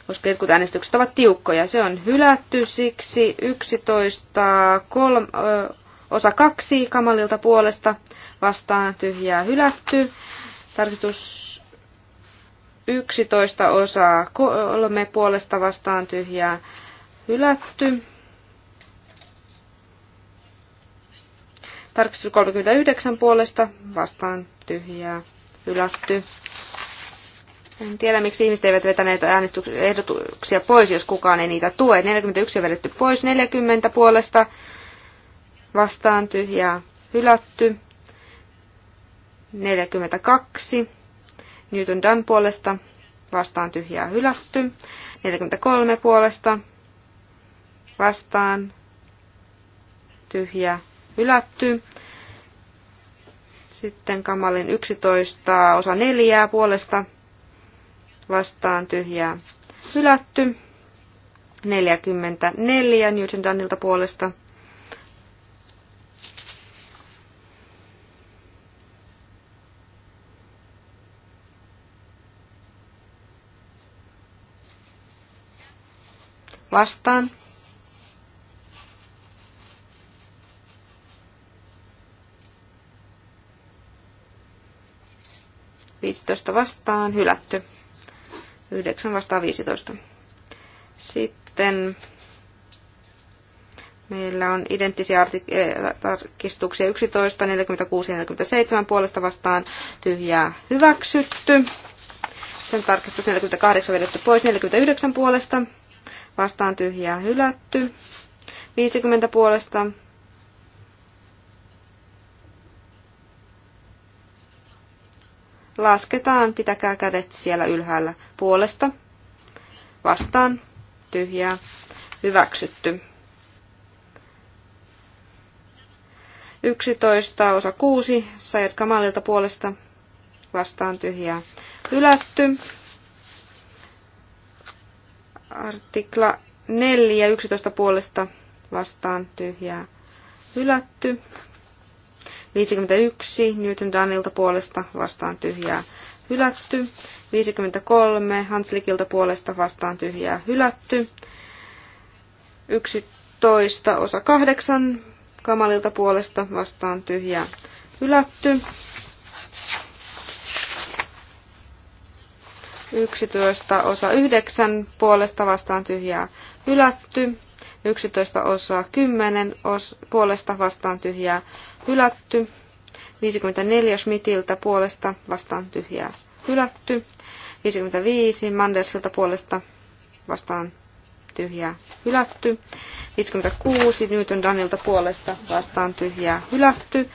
Koska jotkut äänestykset ovat tiukkoja. Se on hylätty siksi 11 kolm, ö, osa 2 kamalilta puolesta vastaan tyhjää hylätty. Tarkistus 11 osa 3 puolesta vastaan tyhjää hylätty. Tarkistus 39 puolesta vastaan tyhjää hylätty. En tiedä, miksi ihmiset eivät vetäneet ehdotuksia pois, jos kukaan ei niitä tue. 41 on vedetty pois, 40 puolesta vastaan tyhjää hylätty. 42 Newton Dunn puolesta vastaan tyhjää hylätty. 43 puolesta vastaan tyhjää hylätty. Sitten kamalin 11 osa 4 puolesta vastaan tyhjää hylätty. 44 Newton Dunnilta puolesta vastaan. 15 vastaan hylätty. 9 vastaan 15. Sitten meillä on identtisiä eh, tarkistuksia 11, 46 ja 47 puolesta vastaan tyhjää hyväksytty. Sen tarkistus 48 vedetty pois 49 puolesta vastaan tyhjää hylätty. 50 puolesta lasketaan, pitäkää kädet siellä ylhäällä puolesta. Vastaan, tyhjää, hyväksytty. 11 osa 6, Sayed Kamalilta puolesta vastaan tyhjää hylätty. Artikla 4, 11 puolesta vastaan tyhjää hylätty. 51 Newton Danilta puolesta vastaan tyhjää hylätty. 53 Hanslikilta puolesta vastaan tyhjää hylätty. 11 osa 8 Kamalilta puolesta vastaan tyhjää hylätty. 11 osa 9 puolesta vastaan tyhjää hylätty. 11 osaa 10 os, puolesta vastaan tyhjää hylätty. 54 Schmidtiltä puolesta vastaan tyhjää hylätty. 55 Mandersilta puolesta vastaan tyhjää hylätty. 56 Newton Danilta puolesta vastaan tyhjää hylätty.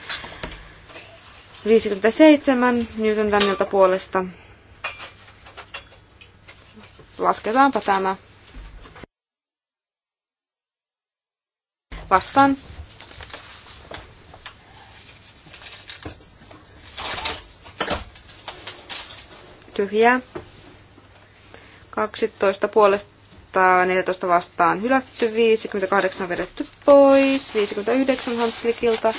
57 Newton Danilta puolesta. Lasketaanpa tämä Vastaan. Tyhjää. 12 puolesta, 14 vastaan hylätty, 58 vedetty pois, 59 Hanslikilta,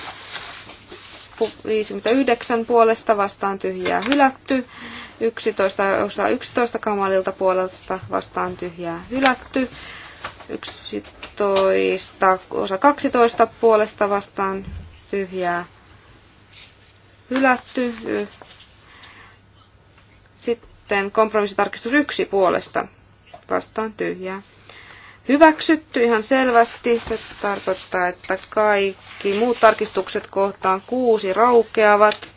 59 puolesta vastaan tyhjää hylätty, 11 osa 11 kamalilta puolesta vastaan tyhjää hylätty, 11 osa 12 puolesta vastaan tyhjää hylätty. Sitten kompromissitarkistus 1 puolesta vastaan tyhjää hyväksytty ihan selvästi. Se tarkoittaa, että kaikki muut tarkistukset kohtaan kuusi raukeavat.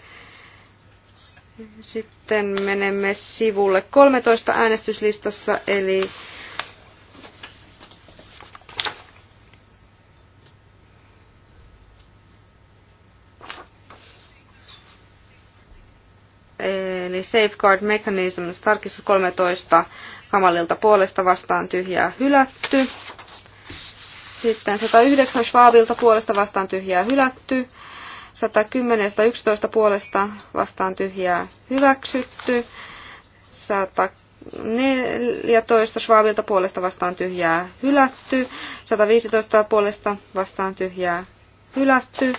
Sitten menemme sivulle 13 äänestyslistassa, eli Safeguard Mechanisms, tarkistus 13, kamalilta puolesta vastaan tyhjää hylätty. Sitten 109 Schwabilta puolesta vastaan tyhjää hylätty. 110 11 puolesta vastaan tyhjää hyväksytty. 114 Schwabilta puolesta vastaan tyhjää hylätty. 115 puolesta vastaan tyhjää hylätty.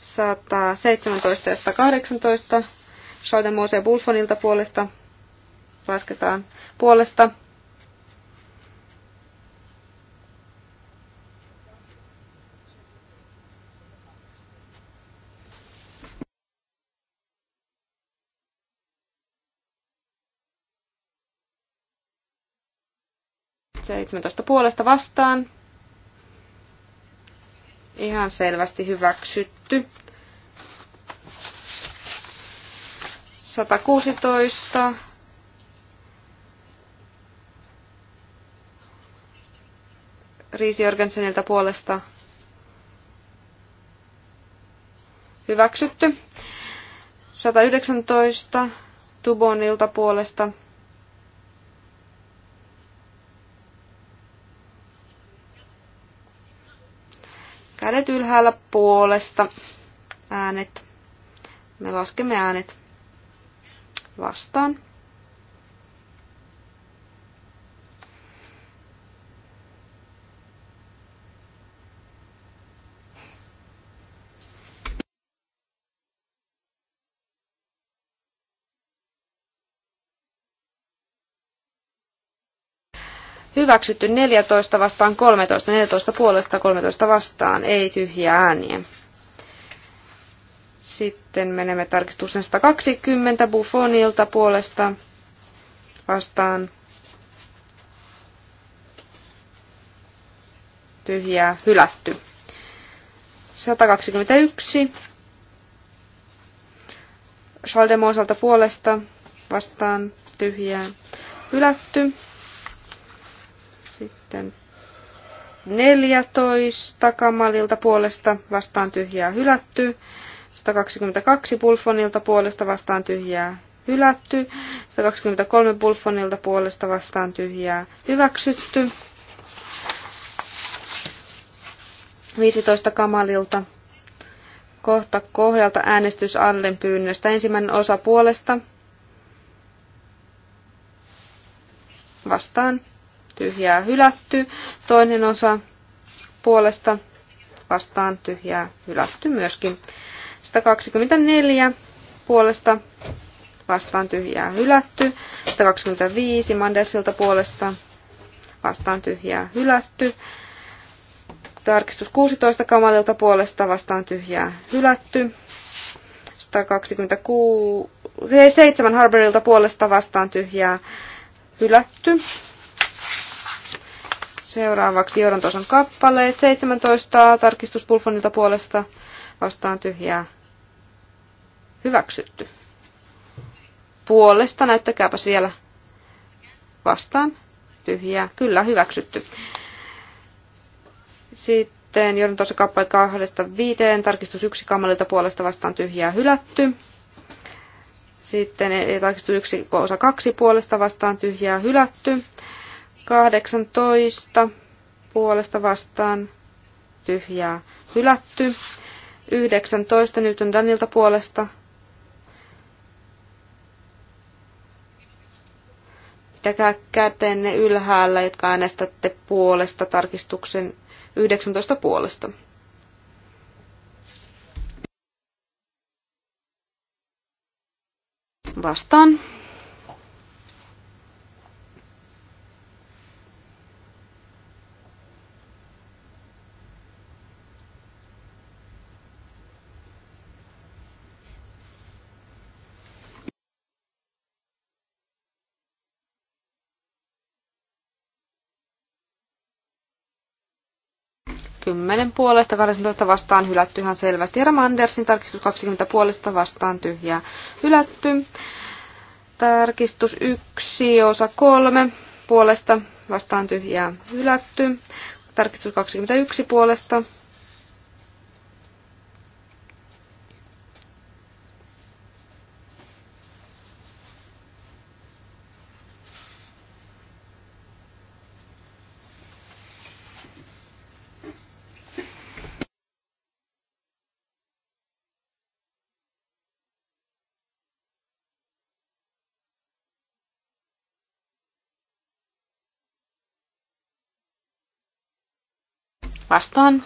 117 ja 118 Schaldemose ja Bulfonilta puolesta. Lasketaan puolesta. Seitsemäntoista puolesta vastaan. Ihan selvästi hyväksytty. 116. Riisi Jorgensenilta puolesta hyväksytty. 119 Tubonilta puolesta kädet ylhäällä puolesta äänet. Me laskemme äänet vastaan. Hyväksytty 14 vastaan 13, 14 puolesta 13 vastaan, ei tyhjiä ääniä. Sitten menemme tarkistuksen 120 Buffonilta puolesta vastaan. Tyhjää hylätty. 121. Schaldemo osalta puolesta vastaan tyhjää hylätty. Sitten 14 takamalilta puolesta vastaan tyhjää hylätty. 122 Pulfonilta puolesta vastaan tyhjää hylätty. 123 Pulfonilta puolesta vastaan tyhjää hyväksytty. 15 Kamalilta kohta kohdalta äänestys Allen pyynnöstä. Ensimmäinen osa puolesta. Vastaan. Tyhjää hylätty. Toinen osa puolesta. Vastaan. Tyhjää hylätty myöskin. 124 puolesta vastaan tyhjää hylätty. 125 Mandersilta puolesta vastaan tyhjää hylätty. Tarkistus 16 Kamalilta puolesta vastaan tyhjää hylätty. 127 Harberilta puolesta vastaan tyhjää hylätty. Seuraavaksi Joran kappaleet. 17 tarkistus Pulfonilta puolesta vastaan tyhjää hyväksytty. Puolesta näyttäkääpä siellä vastaan tyhjää. Kyllä, hyväksytty. Sitten joudun tuossa kappale kahdesta viiteen, tarkistus yksi kammalilta puolesta vastaan tyhjää hylätty. Sitten e, e, tarkistus yksi osa kaksi puolesta vastaan tyhjää hylätty. 18 puolesta vastaan tyhjää hylätty. 19 Newton Danilta puolesta. Pitäkää kätenne ylhäällä, jotka äänestätte puolesta tarkistuksen 19 puolesta. Vastaan. 10 puolesta, 18 vastaan hylätty ihan selvästi. Herra Mandersin tarkistus 20 puolesta vastaan tyhjää hylätty. Tarkistus 1 osa 3 puolesta vastaan tyhjää hylätty. Tarkistus 21 puolesta Vastaan.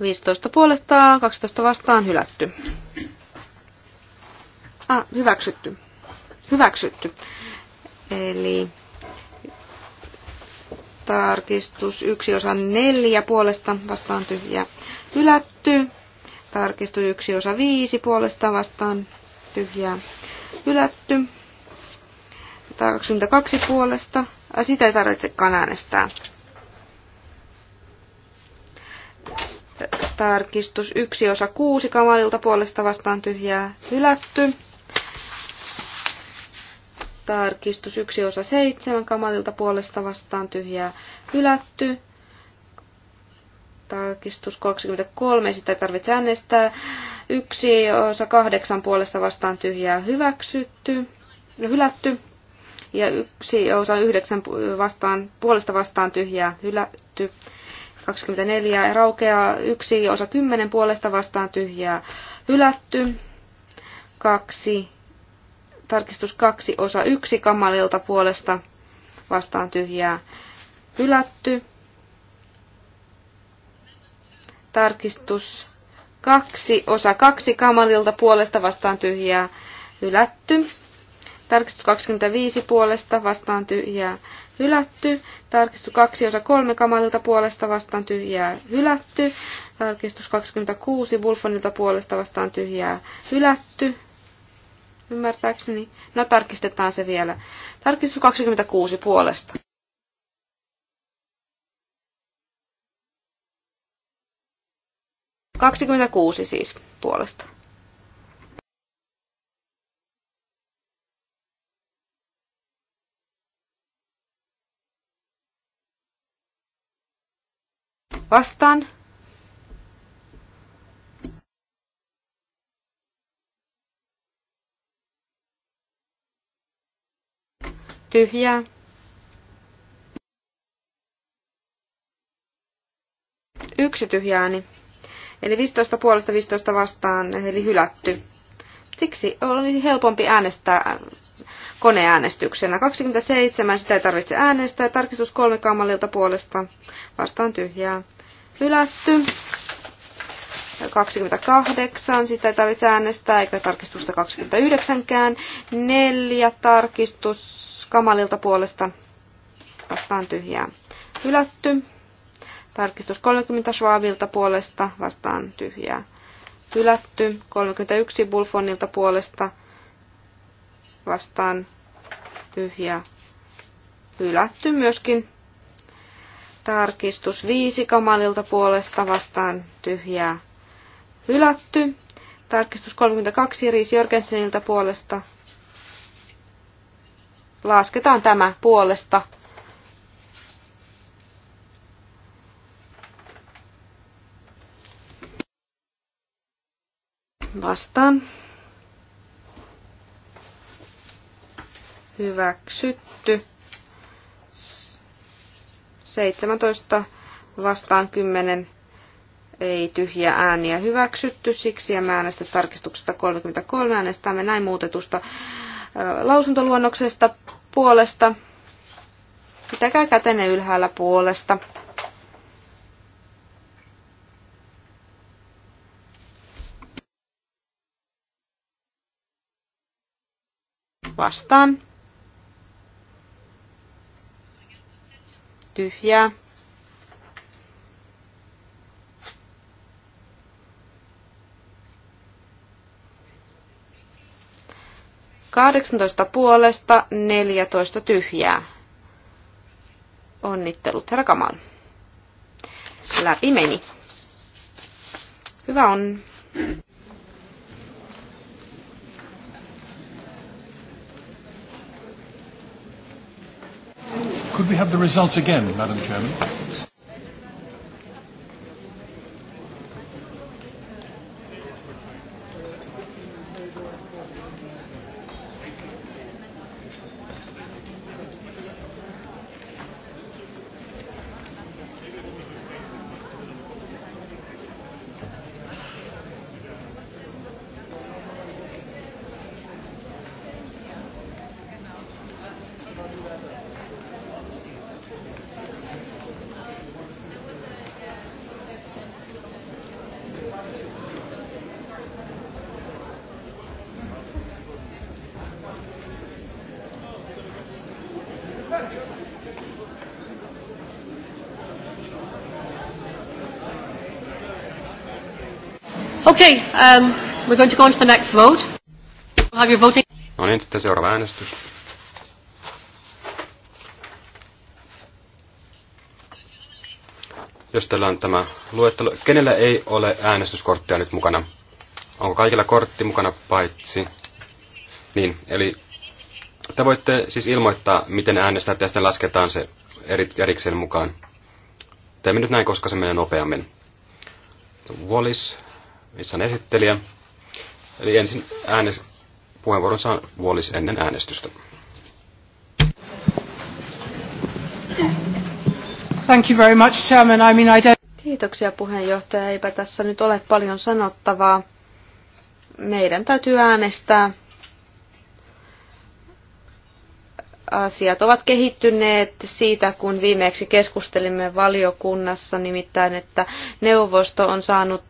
Viisitoista puolesta, kaksitoista vastaan hylätty. Ah, hyväksytty. Hyväksytty. Eli Tarkistus yksi osa neljä puolesta vastaan tyhjä hylätty. Tarkistus yksi osa viisi puolesta vastaan tyhjää hylätty. 22 puolesta. Äh, sitä ei tarvitsekaan äänestää. Tarkistus 1 osa 6 kamalilta puolesta vastaan tyhjää hylätty. Tarkistus yksi osa seitsemän, kamalilta puolesta vastaan tyhjää hylätty. Tarkistus 23, sitä ei tarvitse äänestää. Yksi osa kahdeksan puolesta vastaan tyhjää hyväksytty, hylätty. Ja yksi osa yhdeksän vastaan, puolesta vastaan tyhjää hylätty. 24 raukeaa yksi osa kymmenen puolesta vastaan tyhjää hylätty. kaksi Tarkistus 2 osa 1 kamalilta puolesta vastaan tyhjää hylätty. Tarkistus 2 osa 2 kamalilta puolesta vastaan tyhjää hylätty. Tarkistus 25 puolesta vastaan tyhjää hylätty. Tarkistus 2 osa 3 kamalilta puolesta vastaan tyhjää hylätty. Tarkistus 26 Bulfonilta puolesta vastaan tyhjää hylätty. Ymmärtääkseni. No tarkistetaan se vielä. Tarkistus 26 puolesta. Kaksikymmentäkuusi siis puolesta. Vastaan. tyhjää. Yksi tyhjääni. Eli 15 puolesta 15 vastaan, eli hylätty. Siksi oli helpompi äänestää koneäänestyksenä. 27, sitä ei tarvitse äänestää. Tarkistus kolme kammalilta puolesta vastaan tyhjää. Hylätty. 28, sitä ei tarvitse äänestää, eikä tarkistusta 29kään. Neljä tarkistus Kamalilta puolesta vastaan tyhjää hylätty. Tarkistus 30 Schwabilta puolesta vastaan tyhjää hylätty. 31 Bulfonilta puolesta vastaan tyhjää hylätty myöskin. Tarkistus 5 Kamalilta puolesta vastaan tyhjää hylätty. Tarkistus 32 Riis Jörgensenilta puolesta lasketaan tämä puolesta. Vastaan. Hyväksytty. 17 vastaan 10 ei tyhjiä ääniä hyväksytty, siksi ja äänestä tarkistuksesta 33 äänestämme näin muutetusta lausuntoluonnoksesta puolesta. Pitäkää kätenne ylhäällä puolesta. Vastaan. Tyhjää. 18 puolesta, 14 tyhjää. Onnittelut, herra Kamal. Läpi meni. Hyvä on. Could we have the results again, Madam Chairman? Okay, um, we're going to go on to the next vote. We'll have your voting. No niin, sitten seuraava äänestys. Jos teillä on tämä luettelo, kenellä ei ole äänestyskorttia nyt mukana? Onko kaikilla kortti mukana paitsi? Niin, eli te voitte siis ilmoittaa, miten äänestää, ja sitten lasketaan se eri, erikseen mukaan. Teemme nyt näin, koska se menee nopeammin. Wallis missä on esittelijä. Eli ensin äänes, puheenvuoron saan vuolis ennen äänestystä. Thank you very much, Chairman. I mean, I don't... Kiitoksia puheenjohtaja. Eipä tässä nyt ole paljon sanottavaa. Meidän täytyy äänestää asiat ovat kehittyneet siitä, kun viimeksi keskustelimme valiokunnassa, nimittäin, että neuvosto on saanut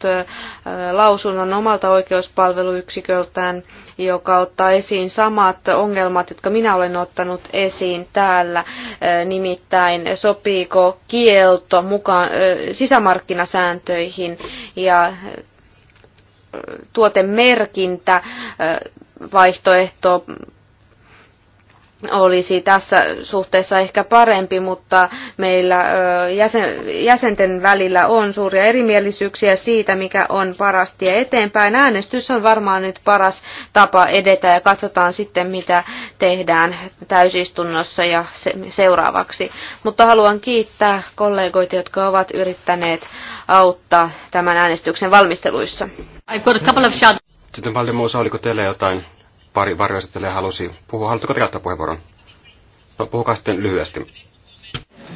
lausunnon omalta oikeuspalveluyksiköltään, joka ottaa esiin samat ongelmat, jotka minä olen ottanut esiin täällä, nimittäin sopiiko kielto mukaan sisämarkkinasääntöihin ja tuotemerkintä vaihtoehto olisi tässä suhteessa ehkä parempi, mutta meillä jäsen, jäsenten välillä on suuria erimielisyyksiä siitä, mikä on paras tie eteenpäin. Äänestys on varmaan nyt paras tapa edetä ja katsotaan sitten, mitä tehdään täysistunnossa ja seuraavaksi. Mutta haluan kiittää kollegoita, jotka ovat yrittäneet auttaa tämän äänestyksen valmisteluissa. Sitten paljon muussa, oliko teillä jotain pari varjoisettelijä halusi puhua. Haluatteko te käyttää puheenvuoron? No, puhukaa sitten lyhyesti.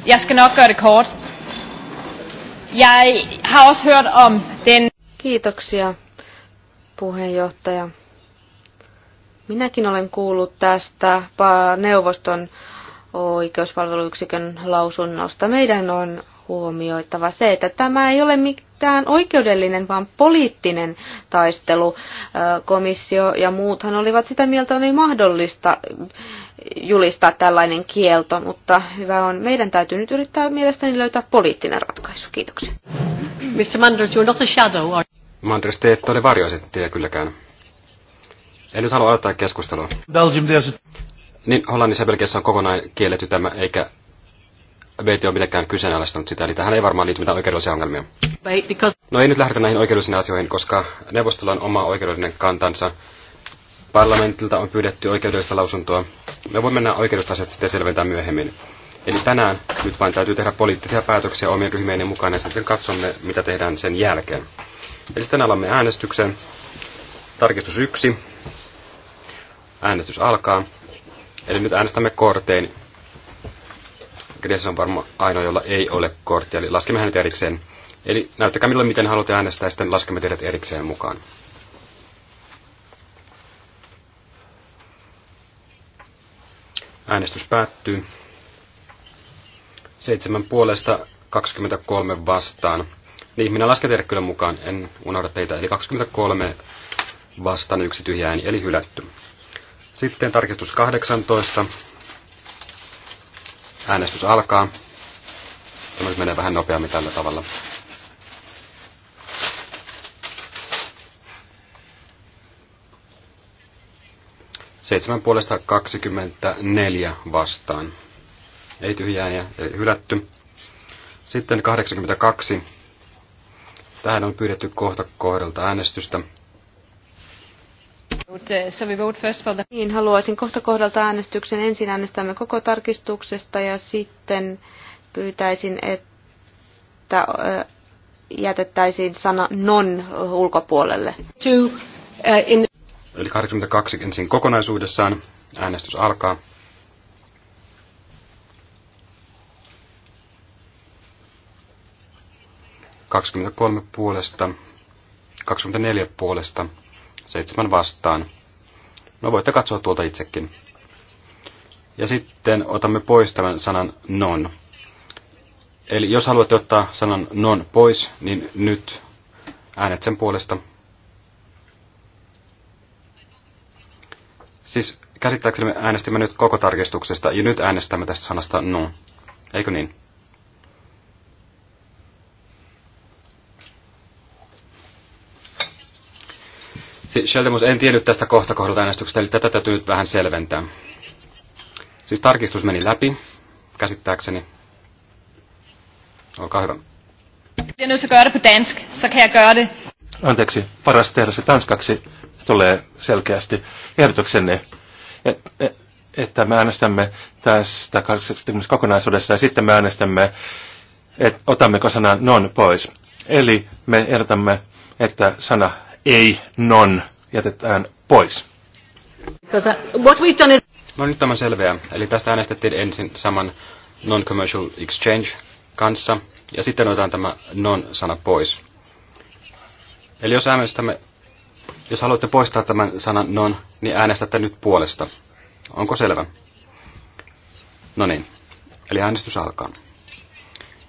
Jag ska nog göra kort. Jag har också hört om den... Kiitoksia, puheenjohtaja. Minäkin olen kuullut tästä neuvoston oikeuspalveluyksikön lausunnosta. Meidän on huomioitava se, että tämä ei ole mitään oikeudellinen, vaan poliittinen taistelu. Komissio ja muuthan olivat sitä mieltä, että oli mahdollista julistaa tällainen kielto, mutta hyvä on. Meidän täytyy nyt yrittää mielestäni löytää poliittinen ratkaisu. Kiitoksia. Mr. Manders, you're not a shadow, are... Manders, te ette ole kylläkään. En nyt halua aloittaa keskustelua. Belgium, Niin, Hollannissa ja Belgiassa on kokonaan kielletty tämä, eikä VT on mitenkään kyseenalaistanut sitä, eli tähän ei varmaan liity mitään oikeudellisia ongelmia. No ei nyt lähdetä näihin oikeudellisiin asioihin, koska neuvostolla on oma oikeudellinen kantansa. Parlamentilta on pyydetty oikeudellista lausuntoa. Me voimme mennä oikeudellista asiat sitten selventää myöhemmin. Eli tänään nyt vain täytyy tehdä poliittisia päätöksiä omien ryhmien mukaan ja sitten katsomme, mitä tehdään sen jälkeen. Eli sitten alamme äänestyksen. Tarkistus 1. Äänestys alkaa. Eli nyt äänestämme kortein Gres on varmaan ainoa, jolla ei ole korttia, eli laskemme hänet erikseen. Eli näyttäkää minulle, miten haluatte äänestää, ja sitten laskemme teidät erikseen mukaan. Äänestys päättyy. Seitsemän puolesta 23 vastaan. Niin, minä lasken teidät kyllä mukaan, en unohda teitä. Eli 23 vastaan yksi tyhjä ääni, eli hylätty. Sitten tarkistus 18 Äänestys alkaa. Tämä nyt menee vähän nopeammin tällä tavalla. Seitsemän puolesta 24 vastaan. Ei tyhjää ja ei hylätty. Sitten 82. Tähän on pyydetty kohta kohdalta äänestystä. Uh, niin, haluaisin kohta kohdalta äänestyksen. Ensin äänestämme koko tarkistuksesta ja sitten pyytäisin, että uh, jätettäisiin sana non ulkopuolelle. To, uh, in... Eli 82 ensin kokonaisuudessaan. Äänestys alkaa. kaksikymmentä kolme puolesta, kaksikymmentä neljä puolesta, seitsemän vastaan. No voitte katsoa tuolta itsekin. Ja sitten otamme pois tämän sanan non. Eli jos haluatte ottaa sanan non pois, niin nyt äänet sen puolesta. Siis käsittääkseni äänestimme nyt koko tarkistuksesta ja nyt äänestämme tästä sanasta non. Eikö niin? Sheldemus, en tiennyt tästä kohta kohdalta äänestyksestä, eli tätä täytyy nyt vähän selventää. Siis tarkistus meni läpi, käsittääkseni. Olkaa hyvä. Anteeksi, paras tehdä se tanskaksi. Se tulee selkeästi ehdotuksenne, e- e- että me äänestämme tästä 80 kokonaisuudessa ja sitten me äänestämme, että otammeko sanan non pois. Eli me ehdotamme, että sana ei non jätetään pois. Uh, no nyt tämä selveää. Eli tästä äänestettiin ensin saman non-commercial exchange kanssa, ja sitten otetaan tämä non-sana pois. Eli jos äänestämme, jos haluatte poistaa tämän sanan non, niin äänestätte nyt puolesta. Onko selvä? No niin. Eli äänestys alkaa.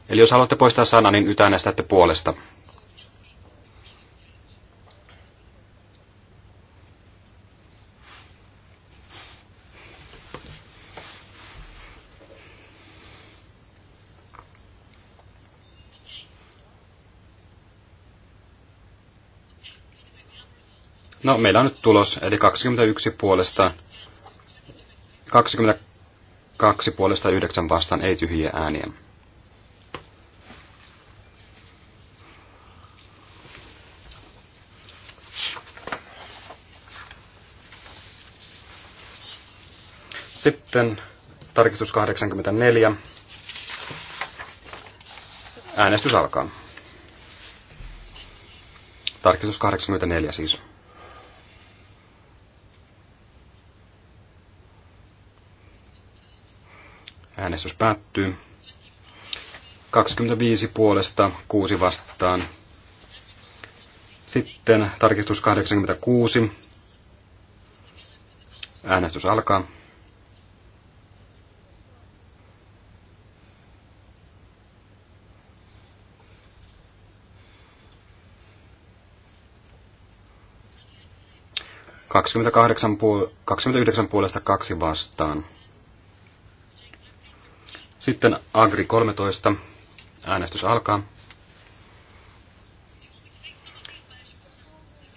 Eli jos haluatte poistaa sanan, niin nyt äänestätte puolesta. No, meillä on nyt tulos, eli 21 puolesta, 22 puolesta 9 vastaan, ei tyhjiä ääniä. Sitten tarkistus 84. Äänestys alkaa. Tarkistus 84 siis. Äänestys päättyy. 25 puolesta, 6 vastaan. Sitten tarkistus 86. Äänestys alkaa. Kaksikymmentäkahdeksan puol- 29 puolesta kaksi vastaan. Sitten Agri 13. Äänestys alkaa.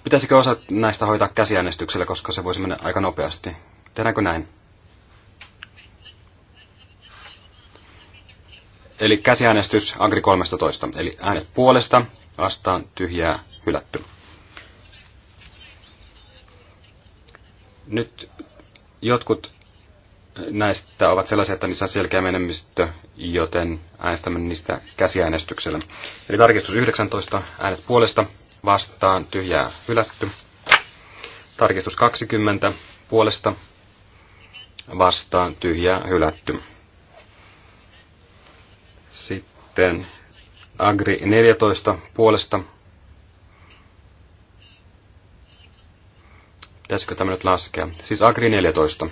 Pitäisikö osa näistä hoitaa käsiäänestyksellä, koska se voisi mennä aika nopeasti? Tehdäänkö näin? Eli käsiäänestys Agri 13. Eli äänet puolesta, vastaan, tyhjää, hylätty. Nyt jotkut näistä ovat sellaisia, että niissä on selkeä menemistö, joten äänestämme niistä käsiäänestyksellä. Eli tarkistus 19, äänet puolesta, vastaan, tyhjää, hylätty. Tarkistus 20, puolesta, vastaan, tyhjää, hylätty. Sitten Agri 14, puolesta. Pitäisikö tämä nyt laskea? Siis Agri 14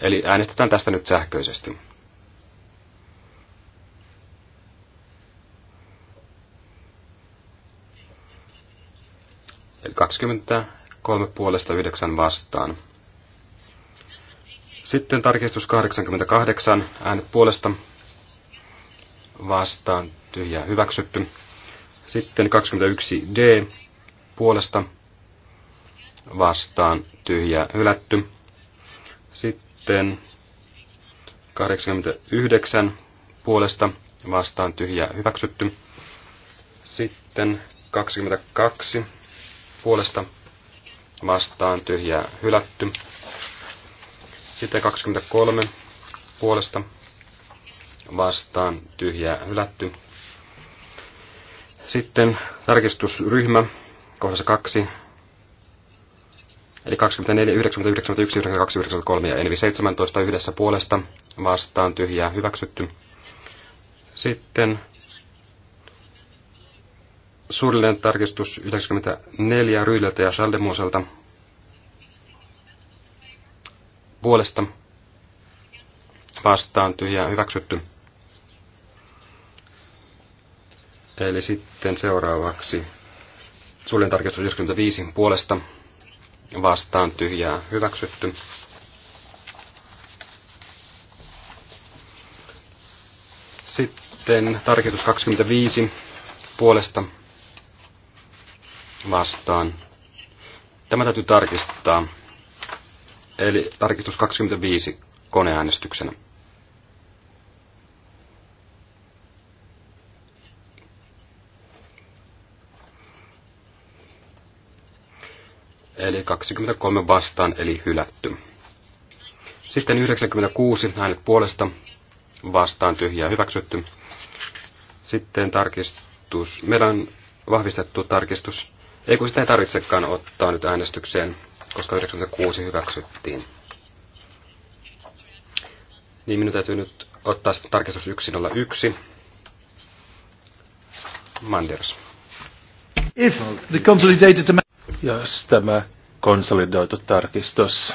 Eli äänestetään tästä nyt sähköisesti. Eli 23 puolesta 9 vastaan. Sitten tarkistus 88, äänet puolesta vastaan, tyhjää hyväksytty. Sitten 21D puolesta vastaan, tyhjää hylätty. Sitten sitten 89 puolesta vastaan tyhjää hyväksytty. Sitten 22 puolesta vastaan tyhjää hylätty. Sitten 23 puolesta vastaan tyhjää hylätty. Sitten tarkistusryhmä kohdassa 2 Eli 24, 99, 92, 93 ja Envi 17 yhdessä puolesta vastaan tyhjää hyväksytty. Sitten suunnilleen tarkistus 94 Ryyliltä ja Schaldemuselta puolesta vastaan tyhjää hyväksytty. Eli sitten seuraavaksi suullinen tarkistus 95 puolesta vastaan tyhjää hyväksytty. Sitten tarkistus 25 puolesta vastaan. Tämä täytyy tarkistaa. Eli tarkistus 25 koneäänestyksenä. 23 vastaan, eli hylätty. Sitten 96 äänet puolesta vastaan tyhjää hyväksytty. Sitten tarkistus, meillä on vahvistettu tarkistus. Ei kun sitä ei tarvitsekaan ottaa nyt äänestykseen, koska 96 hyväksyttiin. Niin minun täytyy nyt ottaa sitten tarkistus 101. Manders. If the consolidated... Jos tämä konsolidoitu tarkistus.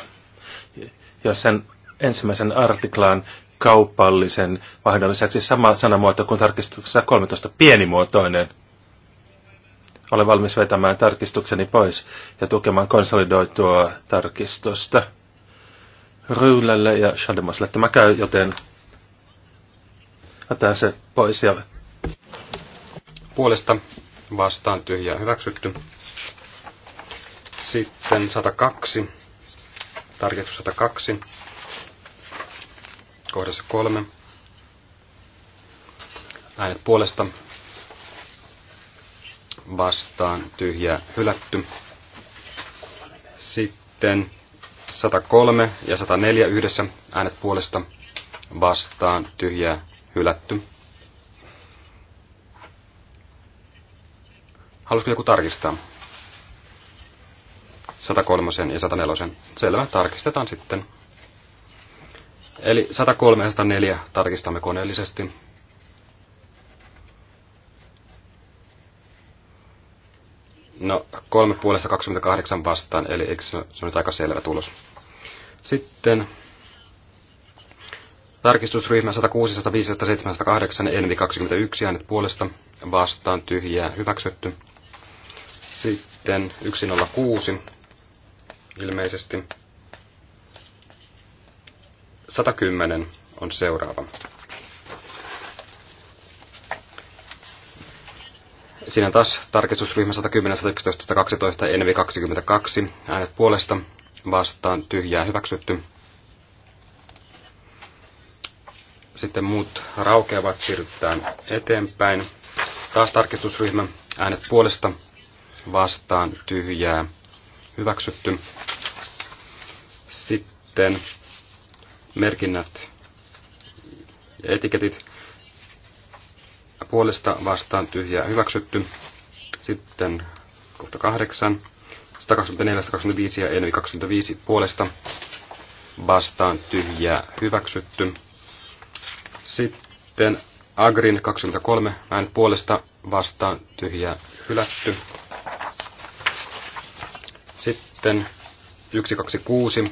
Ja sen ensimmäisen artiklaan kaupallisen vaihdon lisäksi sama sanamuoto kuin tarkistuksessa 13, pienimuotoinen. Olen valmis vetämään tarkistukseni pois ja tukemaan konsolidoitua tarkistusta. Ryylälle ja Shademoselle tämä käy, joten otetaan se pois ja puolesta vastaan tyhjää hyväksytty. Sitten 102, tarkistus 102, kohdassa 3. Äänet puolesta vastaan tyhjä hylätty. Sitten 103 ja 104 yhdessä äänet puolesta vastaan tyhjä hylätty. Haluaisiko joku tarkistaa? 103 ja 104. Selvä, tarkistetaan sitten. Eli 103 ja 104 tarkistamme koneellisesti. No, kolme puolesta 28 vastaan, eli eikö se on nyt aika selvä tulos. Sitten tarkistusryhmä 106, 105, 108, Envi 21, äänet puolesta, vastaan, tyhjää, hyväksytty. Sitten 106, ilmeisesti. 110 on seuraava. Siinä on taas tarkistusryhmä 110, 111, 112, Envi 22, äänet puolesta, vastaan, tyhjää, hyväksytty. Sitten muut raukeavat, siirrytään eteenpäin. Taas tarkistusryhmä, äänet puolesta, vastaan, tyhjää, hyväksytty. Sitten merkinnät ja etiketit puolesta vastaan tyhjää hyväksytty. Sitten kohta 8. 124, 125 ja Envi 25 puolesta vastaan tyhjää hyväksytty. Sitten Agrin 23 näin puolesta vastaan tyhjää hylätty. Sitten 126.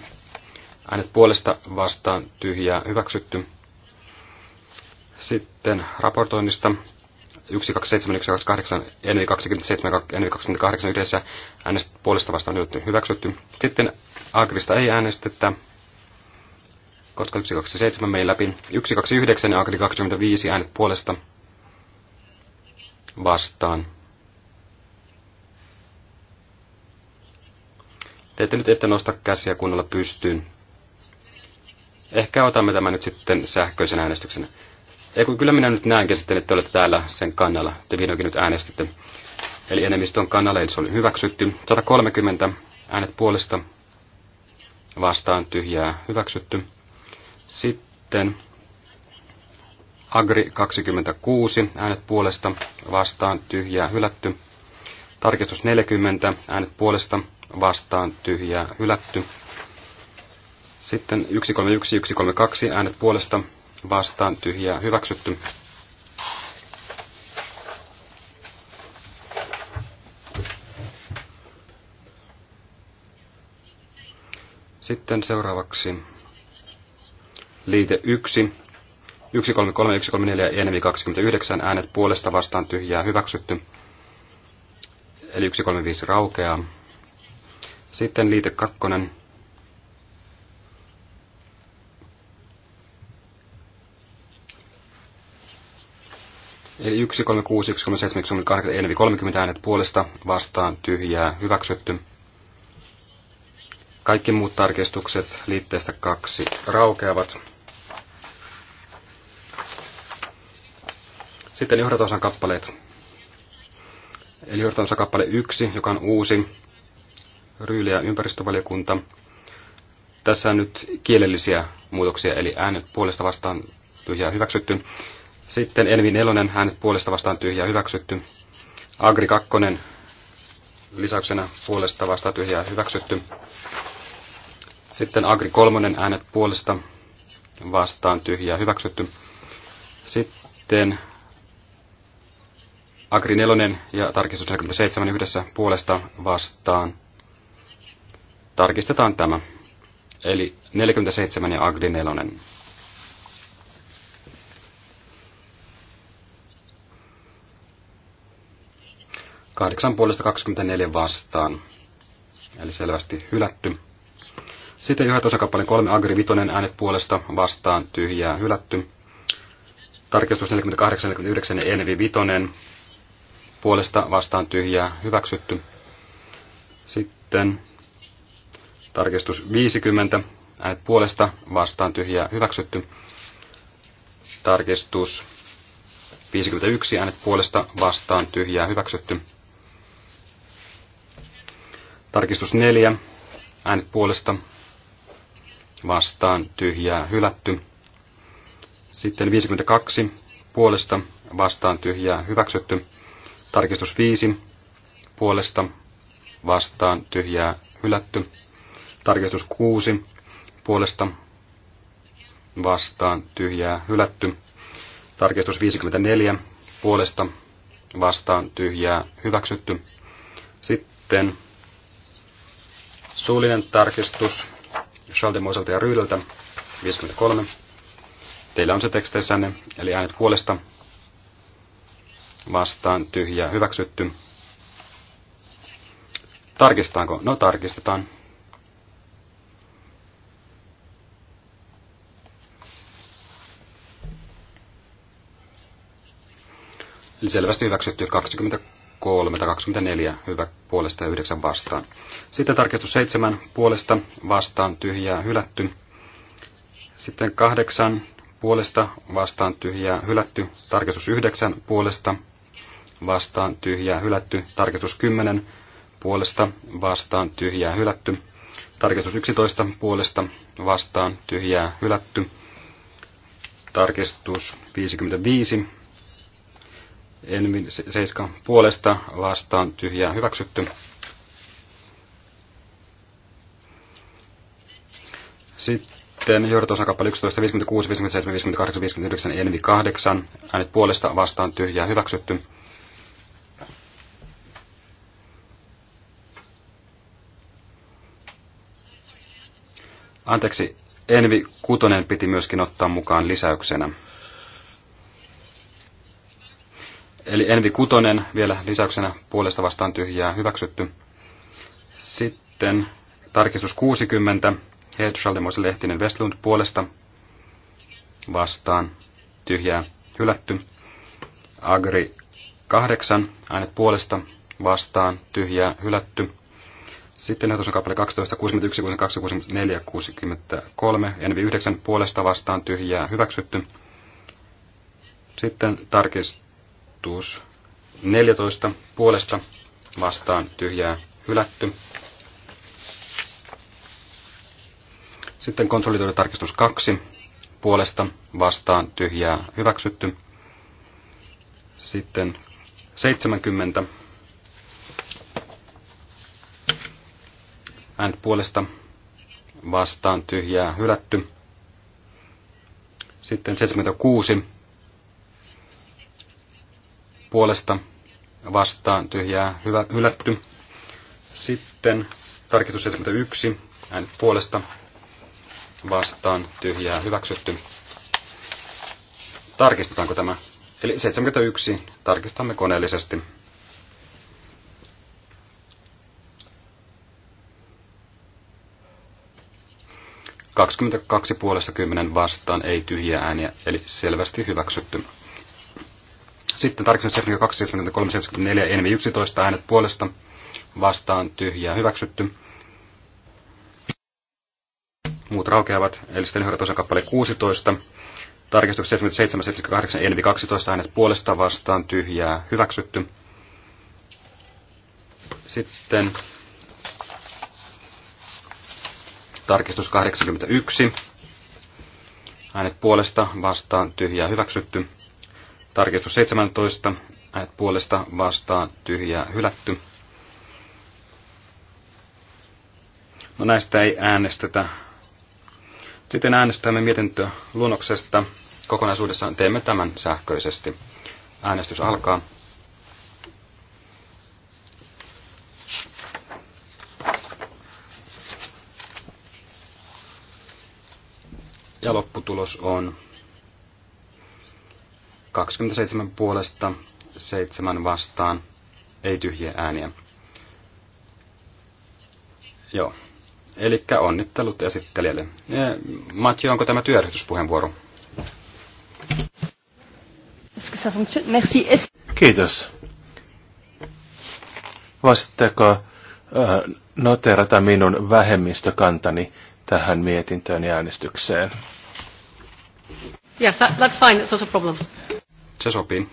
Äänet puolesta vastaan tyhjää hyväksytty. Sitten raportoinnista 127, 128, NV 27, NV 28 yhdessä äänestä puolesta vastaan hyväksytty. Sitten Agrista ei äänestetä, koska 127 meni läpi. 129 ja Agri 25 äänet puolesta vastaan Te ette nyt ette nosta käsiä kunnolla pystyyn. Ehkä otamme tämän nyt sitten sähköisen äänestyksen. Ei kun kyllä minä nyt näenkin sitten, että te olette täällä sen kannalla. Te vihdoinkin nyt äänestitte. Eli enemmistön kannalla, eli se oli hyväksytty. 130 äänet puolesta vastaan tyhjää hyväksytty. Sitten Agri 26 äänet puolesta vastaan tyhjää hylätty. Tarkistus 40, äänet puolesta, vastaan, tyhjää, hylätty. Sitten 131, 132, äänet puolesta, vastaan, tyhjää, hyväksytty. Sitten seuraavaksi liite 1, 133, 134, enemi 29, äänet puolesta vastaan tyhjää hyväksytty eli 135 raukeaa. Sitten liite kakkonen. Eli 1, 3, 6, 1, 3, 7, 1, 3, 8, 4, 30 äänet puolesta vastaan tyhjää hyväksytty. Kaikki muut tarkistukset liitteestä kaksi raukeavat. Sitten johdatosan kappaleet. Eli johtansa kappale 1, joka on uusi, Ryyli ja ympäristövaliokunta. Tässä on nyt kielellisiä muutoksia, eli äänet puolesta vastaan tyhjää hyväksytty. Sitten Elvi Nelonen, äänet puolesta vastaan tyhjää hyväksytty. Agri Kakkonen, lisäyksenä puolesta vastaan tyhjää hyväksytty. Sitten Agri Kolmonen, äänet puolesta vastaan tyhjää hyväksytty. Sitten Agri nelonen ja tarkistus 47 yhdessä puolesta vastaan. Tarkistetaan tämä. Eli 47 ja Agri nelonen. Kahdeksan puolesta 24 vastaan. Eli selvästi hylätty. Sitten johdatusosakappaleen 3 Agri vitonen äänet puolesta vastaan tyhjää hylätty. Tarkistus 48, 49 ja Envi vitonen puolesta vastaan tyhjää hyväksytty. Sitten tarkistus 50, äänet puolesta vastaan tyhjää hyväksytty. Tarkistus 51, äänet puolesta vastaan tyhjää hyväksytty. Tarkistus 4, äänet puolesta vastaan tyhjää hylätty. Sitten 52, puolesta vastaan tyhjää hyväksytty. Tarkistus 5 puolesta vastaan tyhjää hylätty. Tarkistus 6 puolesta vastaan tyhjää hylätty. Tarkistus 54 puolesta vastaan tyhjää hyväksytty. Sitten suullinen tarkistus Schaldemoiselta ja Ryydeltä 53. Teillä on se teksteissänne, eli äänet puolesta vastaan tyhjä, hyväksytty. Tarkistaanko? No tarkistetaan. Eli selvästi hyväksytty 23 tai 24 hyvä puolesta ja 9 vastaan. Sitten tarkistus 7 puolesta vastaan tyhjää hylätty. Sitten 8 puolesta vastaan tyhjää hylätty. Tarkistus 9 puolesta vastaan tyhjää hylätty. Tarkistus 10 puolesta vastaan tyhjää hylätty. Tarkistus 11 puolesta vastaan tyhjää hylätty. Tarkistus 55. Envin 7 puolesta vastaan tyhjää hyväksytty. Sitten johdatusosakappale 11, 56, 57, 58, 59, envi 8. Äänet puolesta vastaan tyhjää hyväksytty. Anteeksi, Envi Kutonen piti myöskin ottaa mukaan lisäyksenä. Eli Envi Kutonen vielä lisäyksenä puolesta vastaan tyhjää hyväksytty. Sitten tarkistus 60. Head Schaldemoisen Lehtinen Westlund puolesta vastaan tyhjää hylätty. Agri 8. Äänet puolesta vastaan tyhjää hylätty. Sitten ehdotus on kappale 12, 61, 62, 64, 63, Envi 9 puolesta vastaan tyhjää hyväksytty. Sitten tarkistus 14 puolesta vastaan tyhjää hylätty. Sitten konsolidoitu tarkistus 2 puolesta vastaan tyhjää hyväksytty. Sitten 70 Äänet puolesta vastaan tyhjää hylätty. Sitten 76 puolesta vastaan tyhjää hyvä, hylätty. Sitten tarkistus 71 äänet puolesta vastaan tyhjää hyväksytty. Tarkistetaanko tämä? Eli 71 tarkistamme koneellisesti. 22 puolesta 10 vastaan, ei tyhjiä ääniä, eli selvästi hyväksytty. Sitten tarkistus 72, 73, 74, enemmän 11 äänet puolesta vastaan, tyhjää hyväksytty. Muut raukeavat, eli sitten yhdessä osan kappale 16. Tarkistus 77, 78, enemmän 12 äänet puolesta vastaan, tyhjää hyväksytty. Sitten Tarkistus 81. Äänet puolesta vastaan tyhjää hyväksytty. Tarkistus 17. Äänet puolesta vastaan tyhjää hylätty. No näistä ei äänestetä. Sitten äänestämme mietintöluonnoksesta. Kokonaisuudessaan teemme tämän sähköisesti. Äänestys alkaa. Ja lopputulos on 27 puolesta, 7 vastaan, ei tyhjiä ääniä. Joo. Eli onnittelut esittelijälle. Matti, onko tämä työjärjestyspuheenvuoro? Kiitos. Voisitteko äh, noterata minun vähemmistökantani tähän mietintöön ja äänestykseen? Yes, that, that's fine. It's not a problem. Se sopii.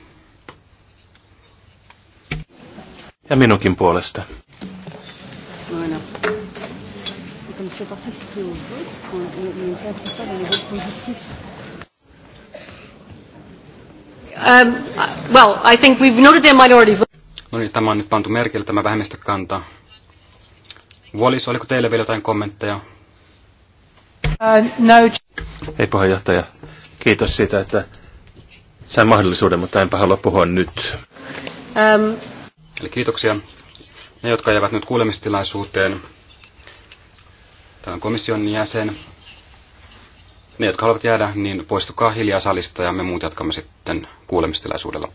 Ja minunkin puolesta. Voilà. Comme je fais partie, c'était au vote, on ne cadre pas dans les votes positifs. Um, well, I think we've noted a minority vote. No niin, tämä on nyt pantu merkille, tämä vähemmistökanta. Wallis, oliko teille vielä jotain kommentteja? Uh, no. Ei puheenjohtaja. Kiitos siitä, että sain mahdollisuuden, mutta enpä halua puhua nyt. Äm. Eli kiitoksia. Ne, jotka jäävät nyt kuulemistilaisuuteen, tämä on komission jäsen. Ne, jotka haluavat jäädä, niin poistukaa hiljaa salista ja me muut jatkamme sitten kuulemistilaisuudella.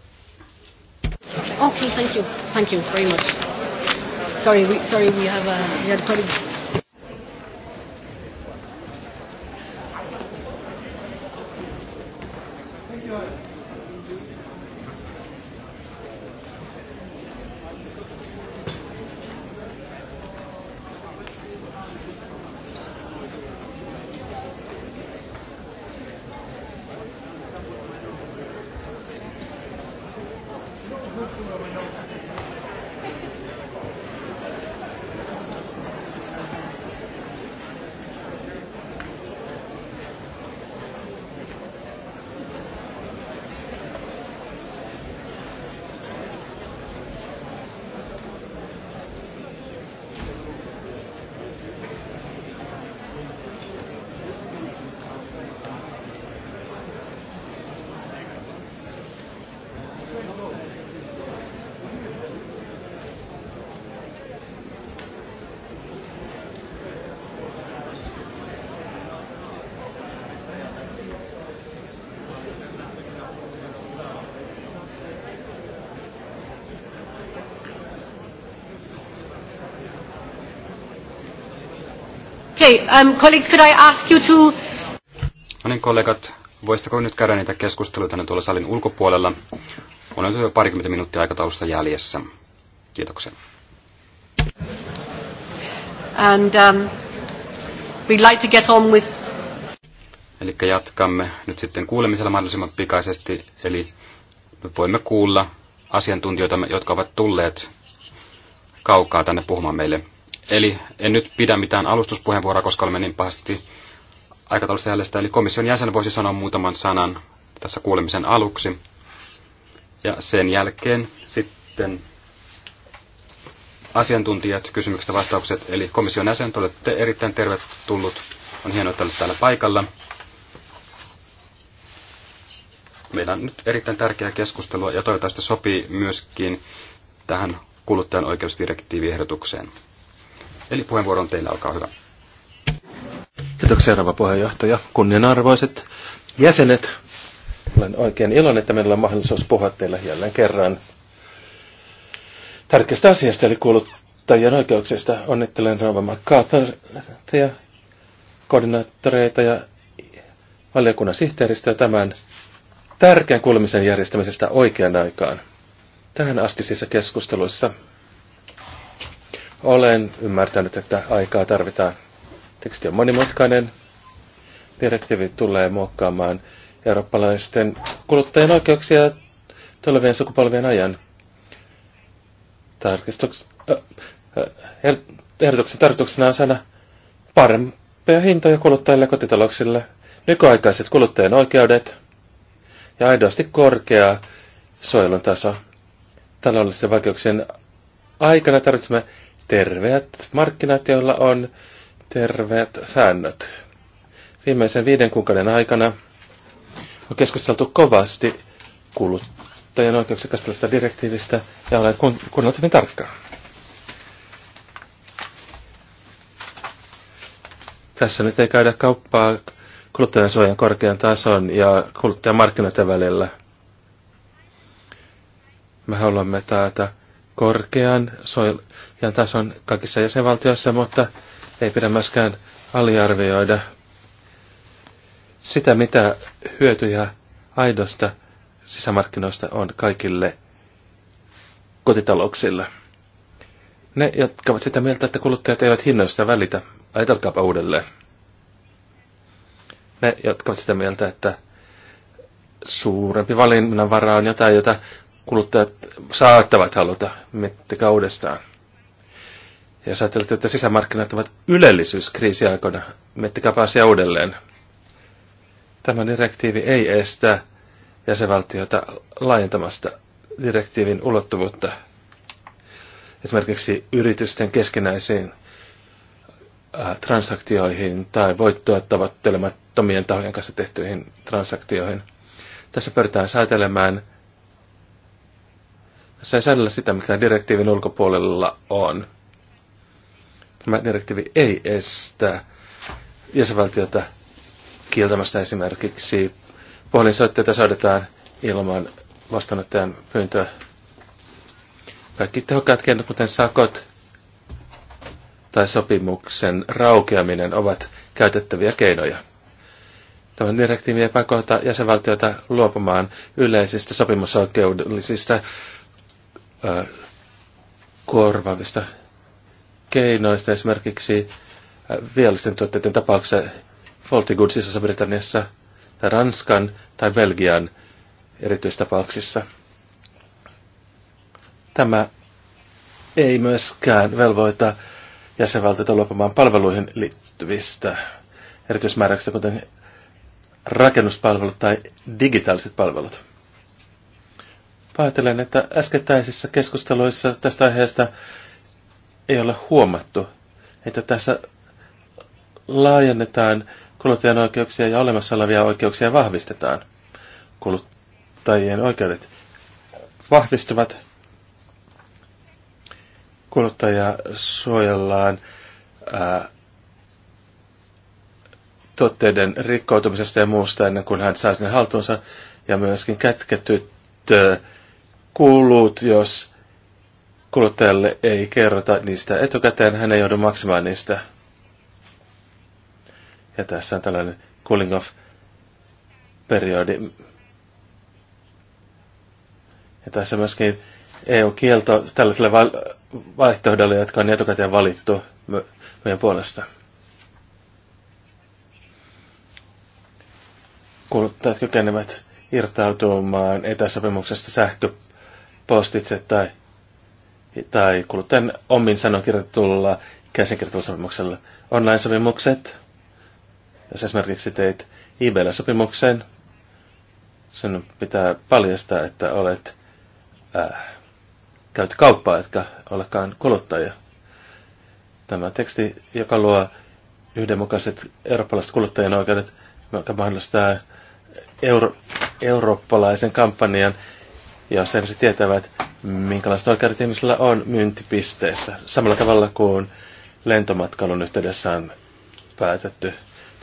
Okay, thank you. Thank you very much. Sorry, we, sorry, we have a, uh, we had colleagues. Okay, um, colleagues, could I ask you to... No niin, kollegat, voisitteko nyt käydä niitä keskusteluita tänne tuolla salin ulkopuolella? On nyt jo parikymmentä minuuttia aikataulusta jäljessä. Kiitoksia. And um, we'd like to get on with... Eli jatkamme nyt sitten kuulemisella mahdollisimman pikaisesti, eli me voimme kuulla asiantuntijoita, jotka ovat tulleet kaukaa tänne puhumaan meille Eli en nyt pidä mitään alustuspuheenvuoroa, koska olemme niin pahasti aikataulussa jäljestä. Eli komission jäsen voisi sanoa muutaman sanan tässä kuulemisen aluksi. Ja sen jälkeen sitten asiantuntijat, kysymykset ja vastaukset. Eli komission jäsen, olette erittäin tervetullut. On hienoa, että olette täällä paikalla. Meillä on nyt erittäin tärkeää keskustelua ja toivottavasti sopii myöskin tähän kuluttajan oikeusdirektiiviehdotukseen. Eli puheenvuoron teillä, olkaa hyvä. Kiitoksia, rouva puheenjohtaja. Kunnianarvoiset jäsenet, olen oikein iloinen, että meillä on mahdollisuus puhua teille jälleen kerran tärkeästä asiasta, eli kuuluttajien oikeuksista. Onnittelen Rova McCarthyä, koordinaattoreita ja valiokunnan sihteeristöä tämän tärkeän kuulemisen järjestämisestä oikean aikaan. Tähän siis keskusteluissa olen ymmärtänyt, että aikaa tarvitaan. Teksti on monimutkainen. Direktiivi tulee muokkaamaan eurooppalaisten kuluttajien oikeuksia tulevien sukupolvien ajan. äh, äh, ehdotuksen tarkoituksena on saada parempia hintoja kuluttajille ja kotitalouksille, nykyaikaiset kuluttajien oikeudet ja aidosti korkea suojelun taso. Taloudellisten vaikeuksien aikana tarvitsemme terveet markkinat, joilla on terveet säännöt. Viimeisen viiden kuukauden aikana on keskusteltu kovasti kuluttajan oikeuksia käsittelevästä direktiivistä ja olen kun, kuunnellut hyvin tarkkaan. Tässä nyt ei käydä kauppaa kuluttajansuojan korkean tason ja kuluttajamarkkinoiden välillä. Me haluamme taata korkean suojan tason kaikissa jäsenvaltioissa, mutta ei pidä myöskään aliarvioida sitä, mitä hyötyjä aidosta sisämarkkinoista on kaikille kotitalouksille. Ne, jotka ovat sitä mieltä, että kuluttajat eivät hinnoista välitä, ajatelkaapa uudelleen. Ne, jotka ovat sitä mieltä, että suurempi valinnanvara on jotain, jota kuluttajat saattavat haluta, miettikää uudestaan. Ja jos ajattelette, että sisämarkkinat ovat ylellisyys kriisiaikoina, miettikääpä asia uudelleen. Tämä direktiivi ei estä jäsenvaltiota laajentamasta direktiivin ulottuvuutta esimerkiksi yritysten keskinäisiin äh, transaktioihin tai voittoa tavoittelemattomien tahojen kanssa tehtyihin transaktioihin. Tässä pyritään säätelemään se ei säädellä sitä, mikä direktiivin ulkopuolella on. Tämä direktiivi ei estä jäsenvaltiota kieltämästä esimerkiksi puhelinsoitteita saadetaan ilman vastaanottajan pyyntöä. Kaikki tehokkaat keinot, kuten sakot tai sopimuksen raukeaminen, ovat käytettäviä keinoja. Tämä direktiivi epäkohta jäsenvaltiota luopumaan yleisistä sopimusoikeudellisista korvaavista keinoista. Esimerkiksi viallisten tuotteiden tapauksessa faulty goods isossa Britanniassa tai Ranskan tai Belgian erityistapauksissa. Tämä ei myöskään velvoita jäsenvaltioita luopumaan palveluihin liittyvistä erityismääräyksistä, kuten rakennuspalvelut tai digitaaliset palvelut. Päätelen, että äskettäisissä keskusteluissa tästä aiheesta ei ole huomattu, että tässä laajennetaan kuluttajan oikeuksia ja olemassa olevia oikeuksia vahvistetaan. Kuluttajien oikeudet vahvistuvat, kuluttajaa suojellaan ää, tuotteiden rikkoutumisesta ja muusta ennen kuin hän saa sen haltuunsa ja myöskin kätketyt ää, kulut, jos kuluttajalle ei kerrota niistä etukäteen, hän ei joudu maksamaan niistä. Ja tässä on tällainen cooling off periodi. Ja tässä on myöskin EU-kielto tällaiselle vaihtoehdolle, jotka on etukäteen valittu meidän puolesta. Kuluttajat kykenevät irtautumaan etäsopimuksesta sähkö postitse tai, tai kuluttajan omin sanon kirjoitetulla käsikirjoitetulla sopimuksella. Online-sopimukset, jos esimerkiksi teit eBay-sopimuksen, sinun pitää paljastaa, että olet äh, käyt kauppaa, etkä olekaan kuluttaja. Tämä teksti, joka luo yhdenmukaiset eurooppalaiset kuluttajien oikeudet, joka mahdollistaa euro, eurooppalaisen kampanjan ja se tietävät, minkälaiset oikeudet ihmisillä on myyntipisteessä. Samalla tavalla kuin lentomatkailun yhteydessä on päätetty.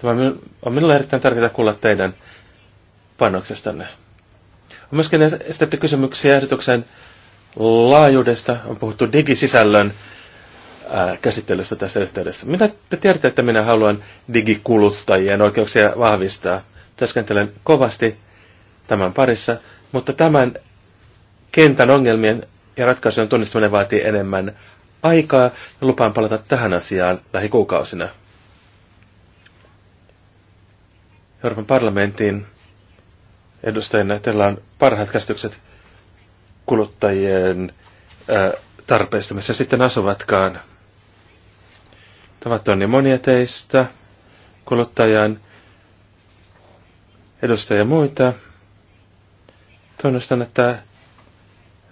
Tämä on minulle erittäin tärkeää kuulla teidän panoksestanne. On myöskin esitetty kysymyksiä ehdotuksen laajuudesta. On puhuttu digisisällön ää, käsittelystä tässä yhteydessä. Minä te tiedätte, että minä haluan digikuluttajien oikeuksia vahvistaa. Työskentelen kovasti tämän parissa, mutta tämän kentän ongelmien ja ratkaisujen tunnistaminen vaatii enemmän aikaa ja lupaan palata tähän asiaan lähikuukausina. Euroopan parlamentin edustajina teillä on parhaat käsitykset kuluttajien tarpeista, missä sitten asuvatkaan. Tavat on niin monia teistä, kuluttajan edustajia muita. Tunnustan, että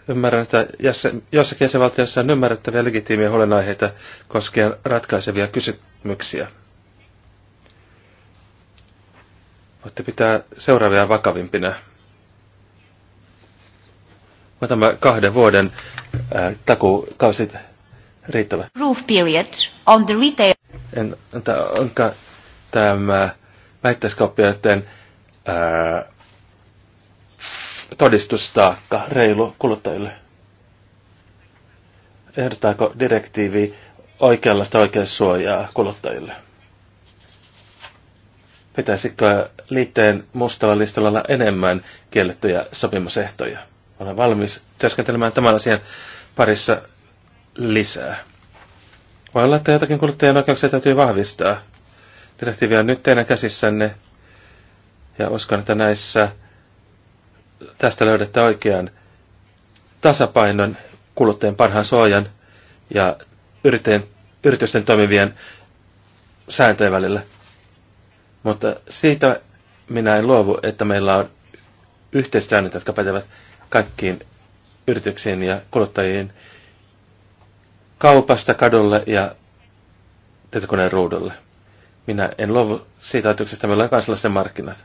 Ymmärrän, että jossakin jäsenvaltiossa on ymmärrettäviä legitiimiä huolenaiheita koskien ratkaisevia kysymyksiä. Voitte pitää seuraavia vakavimpina. Otamme kahden vuoden äh, takukausit riittävä. Proof period on the retail. En, onko tämä väittäiskauppiaiden äh, todistustaakka reilu kuluttajille? Ehdotaako direktiivi oikeanlaista oikeussuojaa kuluttajille? Pitäisikö liitteen mustalla listalla olla enemmän kiellettyjä sopimusehtoja? Olen valmis työskentelemään tämän asian parissa lisää. Voi olla, että jotakin kuluttajan oikeuksia täytyy vahvistaa. Direktiivi on nyt teidän käsissänne, ja uskon, että näissä tästä löydätte oikean tasapainon kuluttajien parhaan suojan ja yrittäjien, yritysten toimivien sääntöjen välillä. Mutta siitä minä en luovu, että meillä on yhteissäännöt, jotka pätevät kaikkiin yrityksiin ja kuluttajiin kaupasta kadulle ja tietokoneen ruudulle. Minä en luovu siitä ajatuksesta, että meillä on kansalaisten markkinat.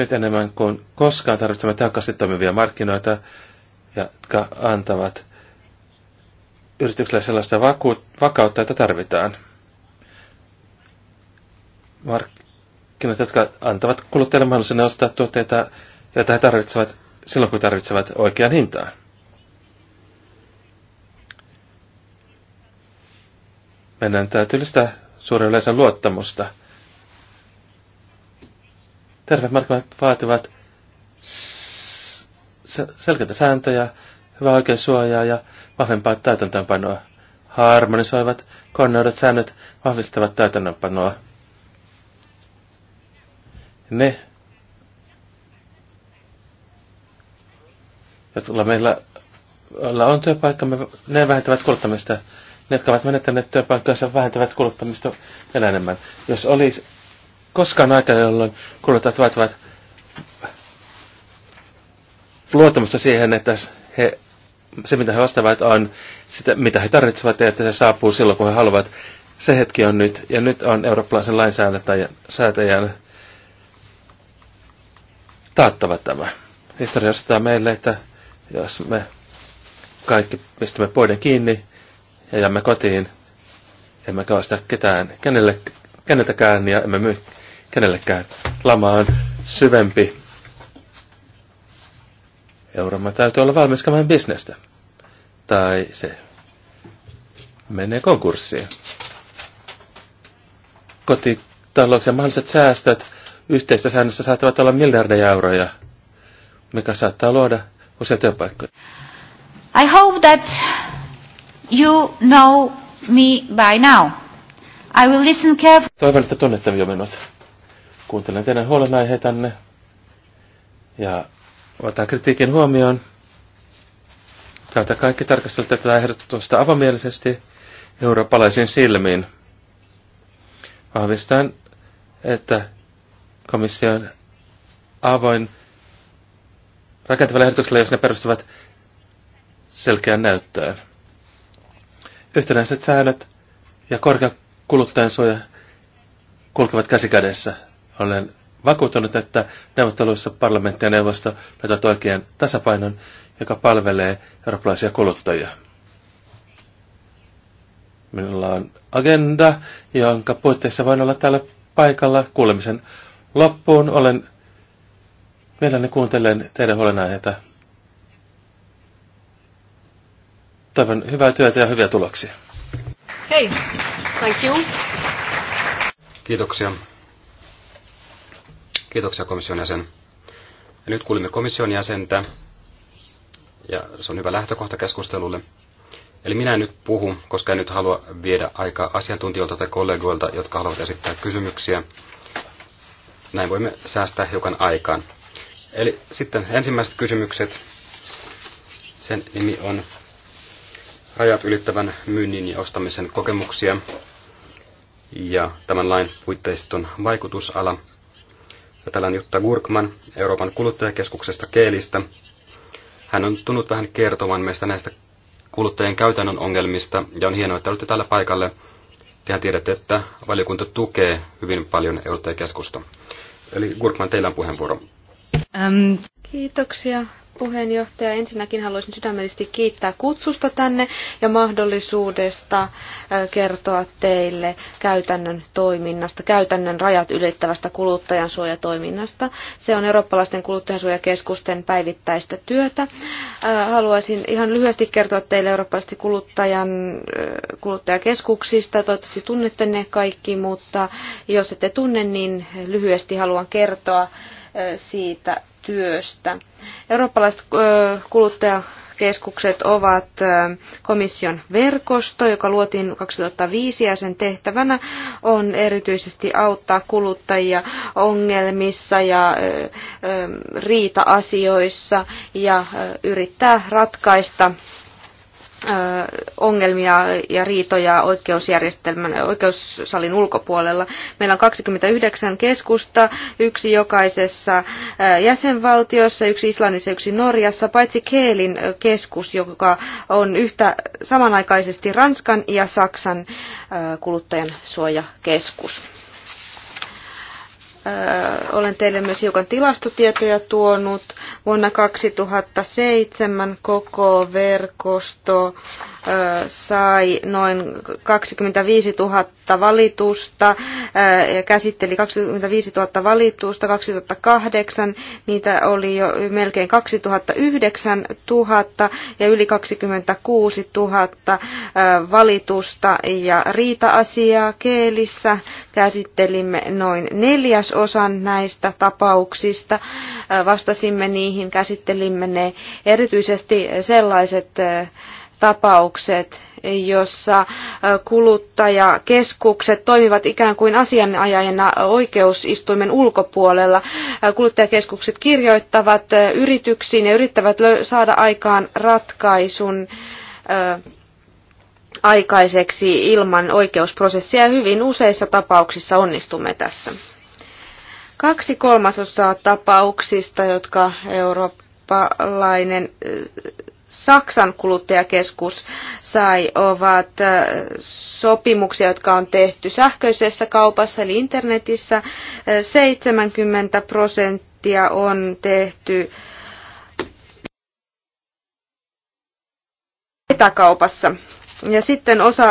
Nyt enemmän kuin koskaan tarvitsemme tehokkaasti toimivia markkinoita, jotka antavat yritykselle sellaista vaku- vakautta, jota tarvitaan. Markkinat, jotka antavat kuluttajille mahdollisuuden ostaa tuotteita, joita he tarvitsevat silloin, kun tarvitsevat oikean hintaan. Meidän täytyy lisätä suuren yleisön luottamusta – Terveet markkinat vaativat selkeitä sääntöjä, hyvää oikeusuojaa ja vahvempaa täytäntöönpanoa. Harmonisoivat konneudet säännöt vahvistavat täytäntöönpanoa. Ne, joilla meillä on työpaikka, ne vähentävät kuluttamista. Ne, jotka ovat menettäneet työpaikkansa, vähentävät kuluttamista enemmän. Jos olisi koskaan aika, jolloin kuluttajat vaativat luottamusta siihen, että he, se mitä he ostavat on sitä, mitä he tarvitsevat ja että se saapuu silloin, kun he haluavat. Se hetki on nyt, ja nyt on eurooppalaisen lainsäätäjän taattava tämä. Historia osoittaa meille, että jos me kaikki pistämme poiden kiinni ja jäämme kotiin, emmekä osta ketään kenelle, keneltäkään ja emme myy kenellekään. Lama on syvempi. Euromme täytyy olla valmis käymään bisnestä. Tai se menee konkurssiin. ja mahdolliset säästöt yhteistä säännössä saattavat olla miljardeja euroja, mikä saattaa luoda uusia työpaikkoja. I hope that you know me by now. I will listen carefully. Toivon, että tunnette jo minut. Kuuntelen teidän huolenaiheitanne ja otan kritiikin huomioon. Täältä kaikki tarkastella tätä ehdotusta avamielisesti eurooppalaisiin silmiin. Vahvistan, että komission avoin rakentavilla ehdotuksilla, jos ne perustuvat selkeään näyttöön. Yhtenäiset säännöt ja korkea kuluttajansuoja kulkevat käsikädessä. Olen vakuuttunut, että neuvotteluissa parlamentti ja neuvosto löytävät oikean tasapainon, joka palvelee eurooppalaisia kuluttajia. Minulla on agenda, jonka puitteissa voin olla täällä paikalla kuulemisen loppuun. Olen mielelläni kuuntelen teidän huolenaiheita. Toivon hyvää työtä ja hyviä tuloksia. Hei, thank you. Kiitoksia. Kiitoksia komission jäsen. Ja nyt kuulimme komission jäsentä, ja se on hyvä lähtökohta keskustelulle. Eli minä en nyt puhu, koska en nyt halua viedä aikaa asiantuntijoilta tai kollegoilta, jotka haluavat esittää kysymyksiä. Näin voimme säästää hiukan aikaan. Eli sitten ensimmäiset kysymykset. Sen nimi on rajat ylittävän myynnin ja ostamisen kokemuksia ja tämän lain puitteiston vaikutusala. Ja täällä on Jutta Gurkman Euroopan kuluttajakeskuksesta Keelistä. Hän on tunnut vähän kertomaan meistä näistä kuluttajien käytännön ongelmista, ja on hienoa, että olette täällä paikalle. Tehän tiedätte, että valiokunta tukee hyvin paljon Euroopan keskusta. Eli Gurkman, teillä on puheenvuoro. Ähm, kiitoksia puheenjohtaja. Ensinnäkin haluaisin sydämellisesti kiittää kutsusta tänne ja mahdollisuudesta äh, kertoa teille käytännön toiminnasta, käytännön rajat ylittävästä kuluttajansuojatoiminnasta. Se on eurooppalaisten kuluttajansuojakeskusten päivittäistä työtä. Äh, haluaisin ihan lyhyesti kertoa teille eurooppalaisista kuluttajan, äh, kuluttajakeskuksista. Toivottavasti tunnette ne kaikki, mutta jos ette tunne, niin lyhyesti haluan kertoa siitä työstä. Eurooppalaiset kuluttajakeskukset ovat komission verkosto, joka luotiin 2005 ja sen tehtävänä on erityisesti auttaa kuluttajia ongelmissa ja riita-asioissa ja yrittää ratkaista ongelmia ja riitoja oikeusjärjestelmän, oikeussalin ulkopuolella. Meillä on 29 keskusta, yksi jokaisessa jäsenvaltiossa, yksi Islannissa, yksi Norjassa, paitsi Keelin keskus, joka on yhtä samanaikaisesti Ranskan ja Saksan kuluttajan suojakeskus olen teille myös hiukan tilastotietoja tuonut. Vuonna 2007 koko verkosto sai noin 25 000 valitusta, käsitteli 25 000 valitusta 2008, niitä oli jo melkein 2009 000 ja yli 26 000 valitusta ja riita-asiaa keelissä käsittelimme noin neljäsosan näistä tapauksista. Vastasimme niihin, käsittelimme ne erityisesti sellaiset tapaukset, jossa äh, kuluttajakeskukset toimivat ikään kuin asianajajana oikeusistuimen ulkopuolella. Äh, kuluttajakeskukset kirjoittavat äh, yrityksiin ja yrittävät saada aikaan ratkaisun aikaiseksi ilman oikeusprosessia hyvin useissa tapauksissa onnistumme tässä. Kaksi kolmasosaa tapauksista, jotka eurooppalainen Saksan kuluttajakeskus sai, ovat sopimuksia, jotka on tehty sähköisessä kaupassa eli internetissä. 70 prosenttia on tehty etäkaupassa. Ja sitten osa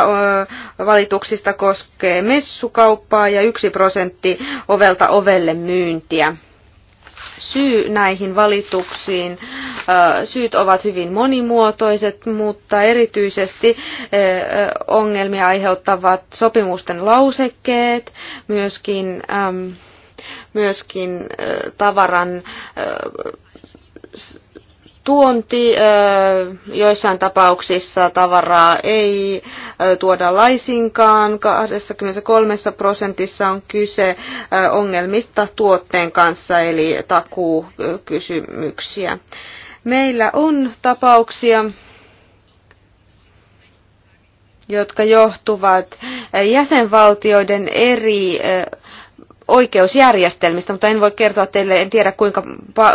valituksista koskee messukauppaa ja yksi prosentti ovelta ovelle myyntiä syy näihin valituksiin. Syyt ovat hyvin monimuotoiset, mutta erityisesti ongelmia aiheuttavat sopimusten lausekkeet, myöskin, myöskin tavaran tuonti, joissain tapauksissa tavaraa ei tuoda laisinkaan. 23 prosentissa on kyse ongelmista tuotteen kanssa, eli takuukysymyksiä. Meillä on tapauksia, jotka johtuvat jäsenvaltioiden eri oikeusjärjestelmistä, mutta en voi kertoa teille, en tiedä kuinka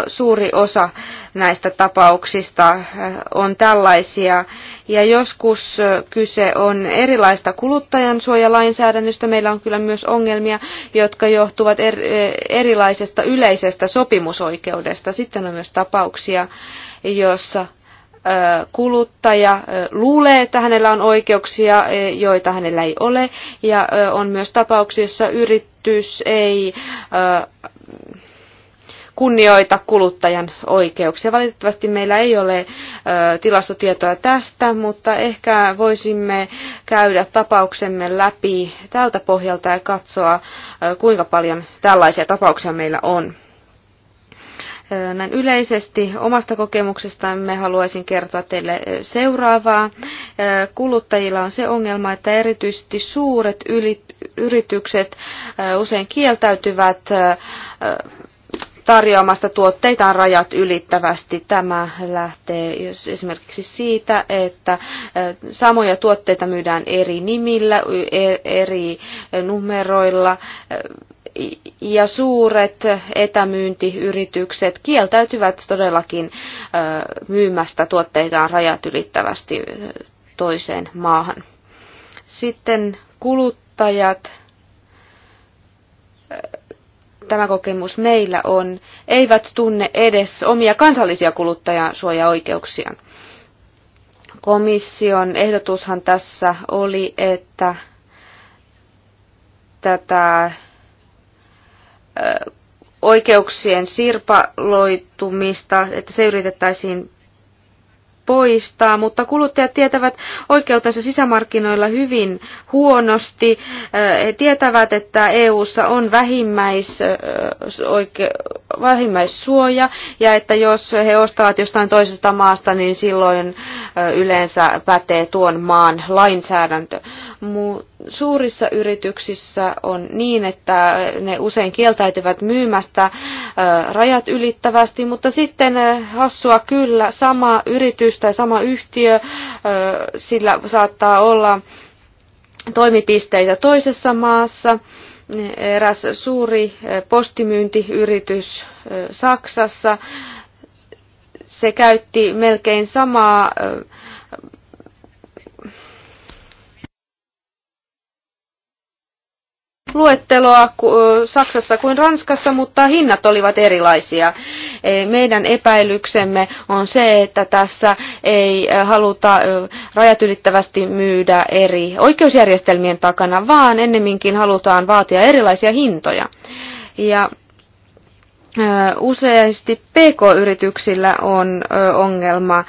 suuri osa näistä tapauksista äh, on tällaisia. Ja joskus äh, kyse on erilaista kuluttajan suojalainsäädännöstä. Meillä on kyllä myös ongelmia, jotka johtuvat er-, äh, erilaisesta yleisestä sopimusoikeudesta. Sitten on myös tapauksia, joissa kuluttaja luulee, että hänellä on oikeuksia, joita hänellä ei ole. Ja on myös tapauksia, joissa yrittäjä yritys ei kunnioita kuluttajan oikeuksia. Valitettavasti meillä ei ole tilastotietoa tästä, mutta ehkä voisimme käydä tapauksemme läpi tältä pohjalta ja katsoa, kuinka paljon tällaisia tapauksia meillä on. Näin yleisesti omasta kokemuksestamme haluaisin kertoa teille seuraavaa. Kuluttajilla on se ongelma, että erityisesti suuret yritykset usein kieltäytyvät tarjoamasta tuotteitaan rajat ylittävästi. Tämä lähtee esimerkiksi siitä, että samoja tuotteita myydään eri nimillä, e, eri numeroilla, ja suuret etämyyntiyritykset kieltäytyvät todellakin myymästä tuotteitaan rajat ylittävästi toiseen maahan. Sitten kulut opettajat, tämä kokemus meillä on, eivät tunne edes omia kansallisia kuluttajansuojaoikeuksiaan. Komission ehdotushan tässä oli, että tätä oikeuksien sirpaloitumista, että se yritettäisiin poistaa, mutta kuluttajat tietävät oikeutensa sisämarkkinoilla hyvin huonosti. Äh, he tietävät, että EU:ssa on vähimmäis, äh, oike, vähimmäissuoja ja että jos he ostavat jostain toisesta maasta, niin silloin äh, yleensä pätee tuon maan lainsäädäntö. Suurissa yrityksissä on niin, että ne usein kieltäytyvät myymästä rajat ylittävästi, mutta sitten hassua kyllä sama yritys yritys tai sama yhtiö, sillä saattaa olla toimipisteitä toisessa maassa. Eräs suuri postimyyntiyritys Saksassa, se käytti melkein samaa luetteloa Saksassa kuin Ranskassa, mutta hinnat olivat erilaisia. E, meidän epäilyksemme on se, että tässä ei haluta rajat ylittävästi myydä eri oikeusjärjestelmien takana, vaan ennemminkin halutaan vaatia erilaisia hintoja. Ja useasti PK-yrityksillä on ongelma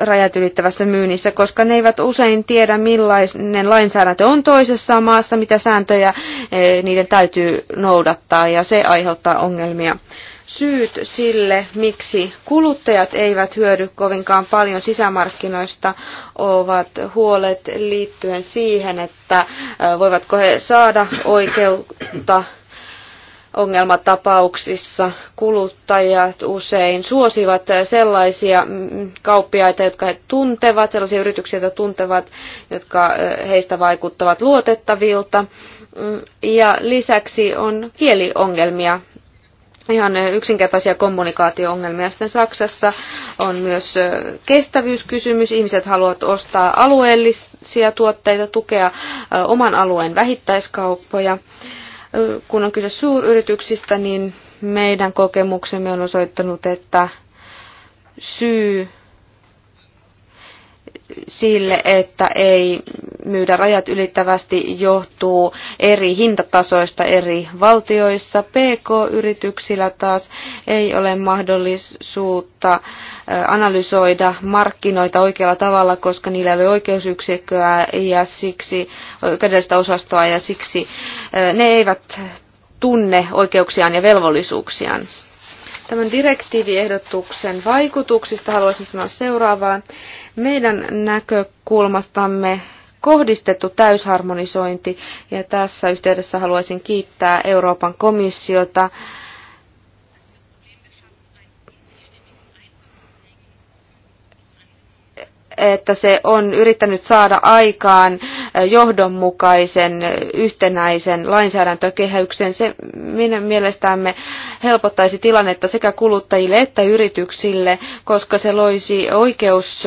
rajat ylittävässä myynnissä, koska ne eivät usein tiedä, millainen lainsäädäntö on toisessa maassa, mitä sääntöjä eh, niiden täytyy noudattaa, ja se aiheuttaa ongelmia. Syyt sille, miksi kuluttajat eivät hyödy kovinkaan paljon sisämarkkinoista, ovat huolet liittyen siihen, että eh, voivatko he saada oikeutta ongelmatapauksissa kuluttajat usein suosivat sellaisia mm, kauppiaita, jotka he tuntevat, sellaisia yrityksiä, joita tuntevat, jotka heistä vaikuttavat luotettavilta. Mm, ja lisäksi on kieliongelmia, ihan yksinkertaisia kommunikaatio-ongelmia. Sitten Saksassa on myös kestävyyskysymys. Ihmiset haluavat ostaa alueellisia tuotteita, tukea oman alueen vähittäiskauppoja kun on kyse suuryrityksistä, niin meidän kokemuksemme on osoittanut, että syy sille, että ei myydä rajat ylittävästi, johtuu eri hintatasoista eri valtioissa. PK-yrityksillä taas ei ole mahdollisuutta analysoida markkinoita oikealla tavalla, koska niillä ei oikeusyksikköä ja siksi oikeudellista osastoa ja siksi ne eivät tunne oikeuksiaan ja velvollisuuksiaan. Tämän direktiiviehdotuksen vaikutuksista haluaisin sanoa seuraavaa meidän näkökulmastamme kohdistettu täysharmonisointi ja tässä yhteydessä haluaisin kiittää Euroopan komissiota. että se on yrittänyt saada aikaan johdonmukaisen yhtenäisen lainsäädäntökehyksen. Se meidän mielestämme helpottaisi tilannetta sekä kuluttajille että yrityksille, koska se loisi oikeus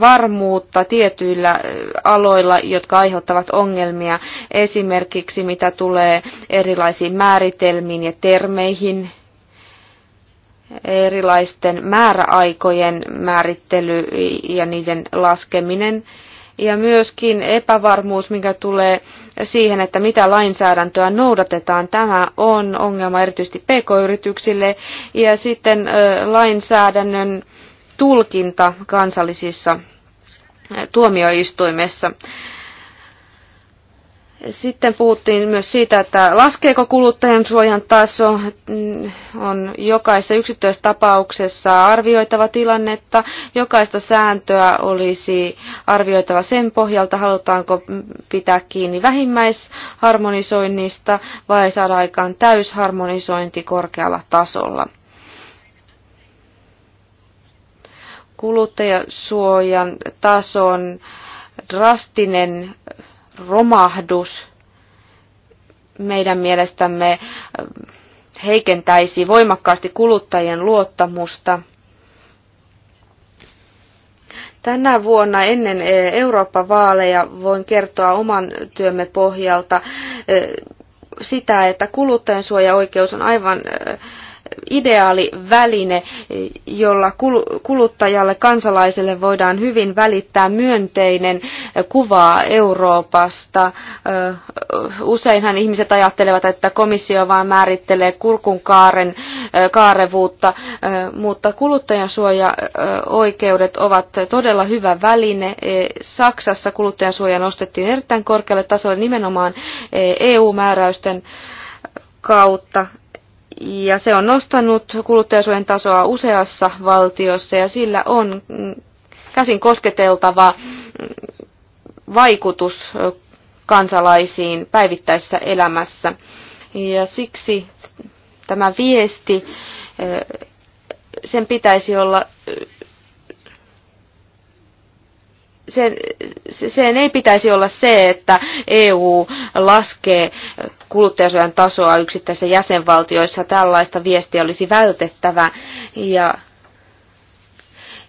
varmuutta tietyillä aloilla, jotka aiheuttavat ongelmia, esimerkiksi mitä tulee erilaisiin määritelmiin ja termeihin, erilaisten määräaikojen määrittely ja niiden laskeminen ja myöskin epävarmuus, mikä tulee siihen, että mitä lainsäädäntöä noudatetaan. Tämä on ongelma erityisesti pk-yrityksille ja sitten lainsäädännön tulkinta kansallisissa eh, tuomioistuimessa. Sitten puhuttiin myös siitä, että laskeeko kuluttajan suojan taso. Mm, on jokaisessa tapauksessa arvioitava tilannetta. Jokaista sääntöä olisi arvioitava sen pohjalta, halutaanko pitää kiinni vähimmäisharmonisoinnista vai saada aikaan täysharmonisointi korkealla tasolla. kuluttajasuojan tason drastinen romahdus meidän mielestämme äh, heikentäisi voimakkaasti kuluttajien luottamusta. Tänä vuonna ennen äh, Euroopan vaaleja voin kertoa oman työmme pohjalta äh, sitä, että kuluttajansuojaoikeus on aivan ideaali väline, jolla kuluttajalle, kansalaiselle voidaan hyvin välittää myönteinen kuva Euroopasta. Useinhan ihmiset ajattelevat, että komissio vain määrittelee kurkun kaaren, kaarevuutta, mutta kuluttajansuoja-oikeudet ovat todella hyvä väline. E, Saksassa kuluttajansuoja nostettiin erittäin korkealle tasolle nimenomaan EU-määräysten e kautta ja se on nostanut kuluttajasuojan tasoa useassa valtiossa ja sillä on käsin kosketeltava vaikutus kansalaisiin päivittäisessä elämässä. Ja siksi tämä viesti, sen pitäisi olla sen, sen ei pitäisi olla se, että EU laskee kuluttajasuojan tasoa yksittäisissä jäsenvaltioissa. Tällaista viestiä olisi vältettävä. Ja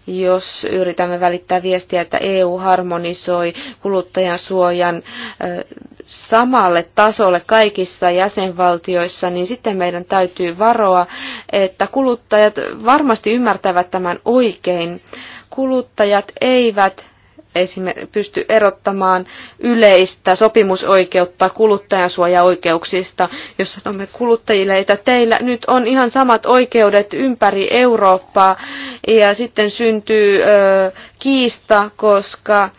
jos yritämme välittää viestiä, että EU harmonisoi kuluttajan suojan samalle tasolle kaikissa jäsenvaltioissa, niin sitten meidän täytyy varoa, että kuluttajat varmasti ymmärtävät tämän oikein. Kuluttajat eivät pysty erottamaan yleistä sopimusoikeutta kuluttajansuojaoikeuksista, jos sanomme kuluttajille, että teillä nyt on ihan samat oikeudet ympäri Eurooppaa ja sitten syntyy ö, kiista, koska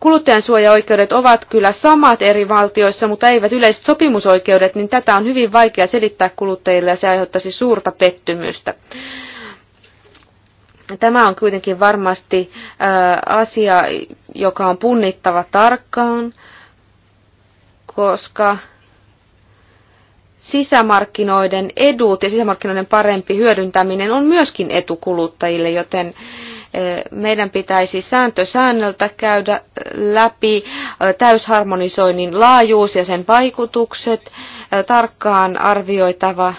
kuluttajansuojaoikeudet ovat kyllä samat eri valtioissa, mutta eivät yleiset sopimusoikeudet, niin tätä on hyvin vaikea selittää kuluttajille ja se aiheuttaisi suurta pettymystä. Ö, Tämä on kuitenkin varmasti asia, joka on punnittava tarkkaan, koska sisämarkkinoiden edut ja sisämarkkinoiden parempi hyödyntäminen on myöskin etukuluttajille, joten meidän pitäisi sääntösäännöltä käydä läpi täysharmonisoinnin laajuus ja sen vaikutukset, tarkkaan arvioitava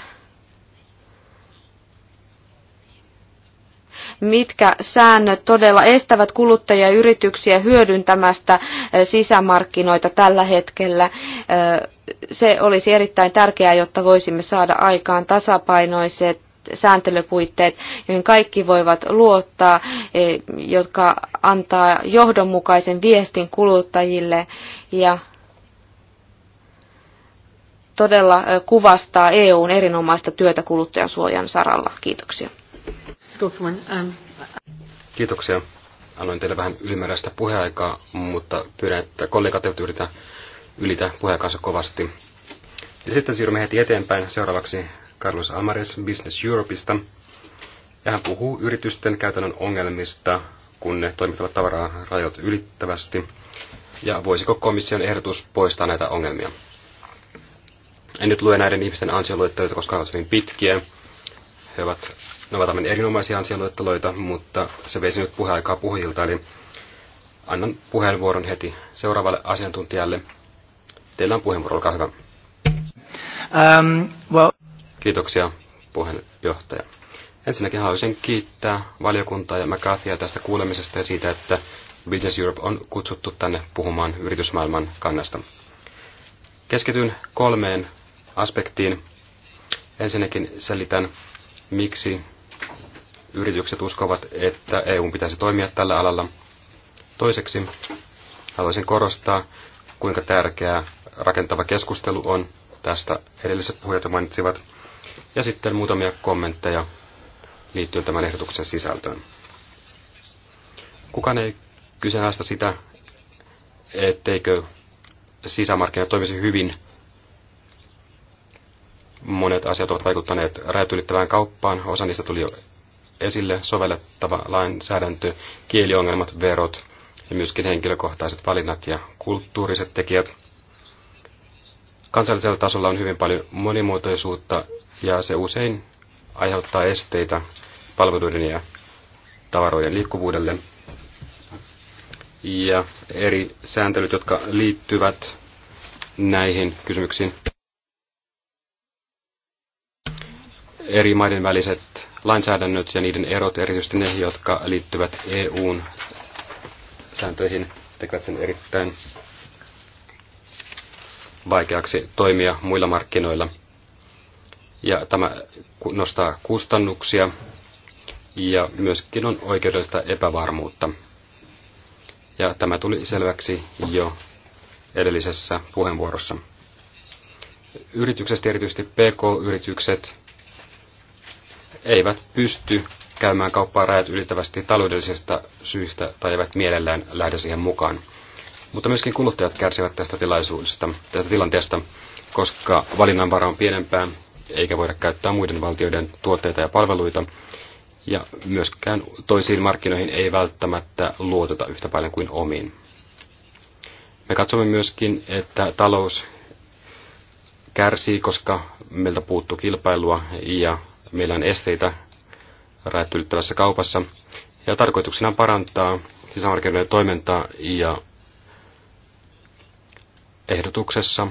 mitkä säännöt todella estävät kuluttajia ja yrityksiä hyödyntämästä eh, sisämarkkinoita tällä hetkellä. Eh, se olisi erittäin tärkeää, jotta voisimme saada aikaan tasapainoiset sääntelypuitteet, joihin kaikki voivat luottaa, eh, jotka antaa johdonmukaisen viestin kuluttajille ja todella kuvastaa EUn erinomaista työtä kuluttajansuojan saralla. Kiitoksia. Um, Kiitoksia. Annoin teille vähän ylimääräistä puheaikaa, mutta pyydän, että kollegat eivät yritä ylitä puheaikansa kovasti. Ja sitten siirrymme heti eteenpäin. Seuraavaksi Carlos Amares Business Europeista. Ja hän puhuu yritysten käytännön ongelmista, kun ne toimittavat tavaraa rajat ylittävästi. Ja voisiko komission ehdotus poistaa näitä ongelmia? En nyt lue näiden ihmisten ansioluetteluita, koska ovat hyvin pitkiä. He ovat ne ovat aivan erinomaisia ansioluetteloita, mutta se veisi nyt puheaikaa puhujilta, eli annan puheenvuoron heti seuraavalle asiantuntijalle. Teillä on puheenvuoro, olkaa hyvä. Um, well... Kiitoksia, puheenjohtaja. Ensinnäkin haluaisin kiittää valiokuntaa ja McCarthyä tästä kuulemisesta ja siitä, että Business Europe on kutsuttu tänne puhumaan yritysmaailman kannasta. Keskityn kolmeen aspektiin. Ensinnäkin selitän, miksi Yritykset uskovat, että EU pitäisi toimia tällä alalla. Toiseksi haluaisin korostaa, kuinka tärkeää rakentava keskustelu on. Tästä edelliset puhujat mainitsivat. Ja sitten muutamia kommentteja liittyen tämän ehdotuksen sisältöön. Kukaan ei kyseenalaista sitä, etteikö sisämarkkina toimisi hyvin Monet asiat ovat vaikuttaneet rajat ylittävään kauppaan. Osa niistä tuli jo esille sovellettava lainsäädäntö, kieliongelmat, verot ja myöskin henkilökohtaiset valinnat ja kulttuuriset tekijät. Kansallisella tasolla on hyvin paljon monimuotoisuutta ja se usein aiheuttaa esteitä palveluiden ja tavaroiden liikkuvuudelle. Ja eri sääntelyt, jotka liittyvät näihin kysymyksiin. eri maiden väliset lainsäädännöt ja niiden erot, erityisesti ne, jotka liittyvät EUn sääntöihin, tekevät sen erittäin vaikeaksi toimia muilla markkinoilla. Ja tämä nostaa kustannuksia ja myöskin on oikeudellista epävarmuutta. Ja tämä tuli selväksi jo edellisessä puheenvuorossa. Yrityksestä erityisesti PK-yritykset, eivät pysty käymään kauppaa rajat ylittävästi taloudellisesta syystä tai eivät mielellään lähde siihen mukaan. Mutta myöskin kuluttajat kärsivät tästä tilaisuudesta, tästä tilanteesta, koska valinnanvara on pienempää, eikä voida käyttää muiden valtioiden tuotteita ja palveluita, ja myöskään toisiin markkinoihin ei välttämättä luoteta yhtä paljon kuin omiin. Me katsomme myöskin, että talous kärsii, koska meiltä puuttuu kilpailua ja meillä on esteitä rajat ylittävässä kaupassa. Ja tarkoituksena on parantaa sisämarkkinoiden toimintaa ja ehdotuksessa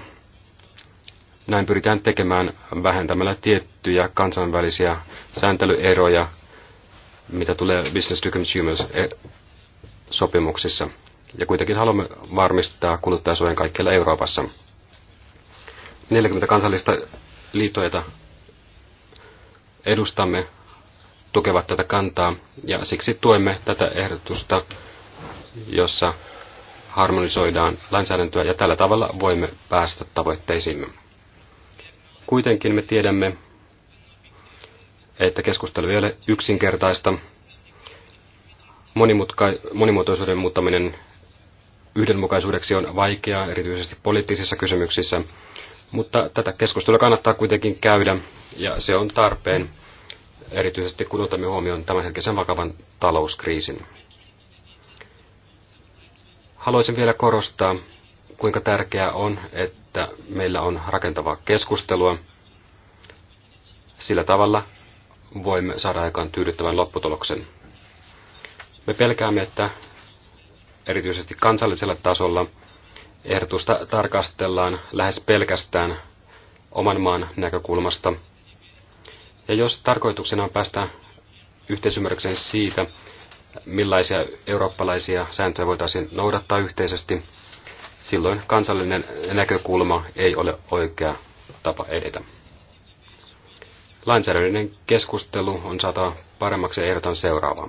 näin pyritään tekemään vähentämällä tiettyjä kansainvälisiä sääntelyeroja, mitä tulee Business to Consumers eh, sopimuksissa. Ja kuitenkin haluamme varmistaa kuluttajasuojan kaikkialla Euroopassa. 40 kansallista liitoita edustamme tukevat tätä kantaa ja siksi tuemme tätä ehdotusta, jossa harmonisoidaan lainsäädäntöä ja tällä tavalla voimme päästä tavoitteisiimme. Kuitenkin me tiedämme, että keskustelu ei ole yksinkertaista. Monimutka- monimuotoisuuden muuttaminen yhdenmukaisuudeksi on vaikeaa, erityisesti poliittisissa kysymyksissä, mutta tätä keskustelua kannattaa kuitenkin käydä, ja se on tarpeen, erityisesti kun otamme huomioon tämänhetkisen vakavan talouskriisin. Haluaisin vielä korostaa, kuinka tärkeää on, että meillä on rakentavaa keskustelua. Sillä tavalla voimme saada aikaan tyydyttävän lopputuloksen. Me pelkäämme, että erityisesti kansallisella tasolla – Ehdotusta tarkastellaan lähes pelkästään oman maan näkökulmasta. Ja jos tarkoituksena on päästä yhteisymmärrykseen siitä, millaisia eurooppalaisia sääntöjä voitaisiin noudattaa yhteisesti, silloin kansallinen näkökulma ei ole oikea tapa edetä. Lainsäädännöllinen keskustelu on saatava paremmaksi ja ehdotan seuraavaa.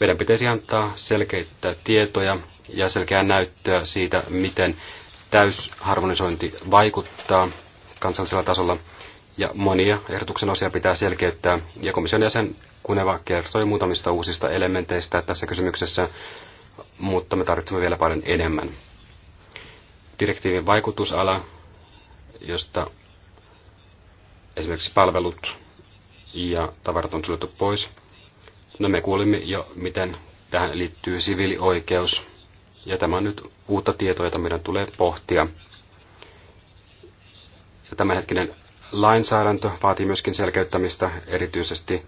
Meidän pitäisi antaa selkeitä tietoja ja selkeää näyttöä siitä, miten täysharmonisointi vaikuttaa kansallisella tasolla. Ja monia ehdotuksen osia pitää selkeyttää. Ja komission jäsen Kuneva kertoi muutamista uusista elementeistä tässä kysymyksessä, mutta me tarvitsemme vielä paljon enemmän. Direktiivin vaikutusala, josta esimerkiksi palvelut ja tavarat on suljettu pois. No me kuulimme jo, miten tähän liittyy siviilioikeus ja tämä on nyt uutta tietoa, jota meidän tulee pohtia. Ja tämänhetkinen lainsäädäntö vaatii myöskin selkeyttämistä, erityisesti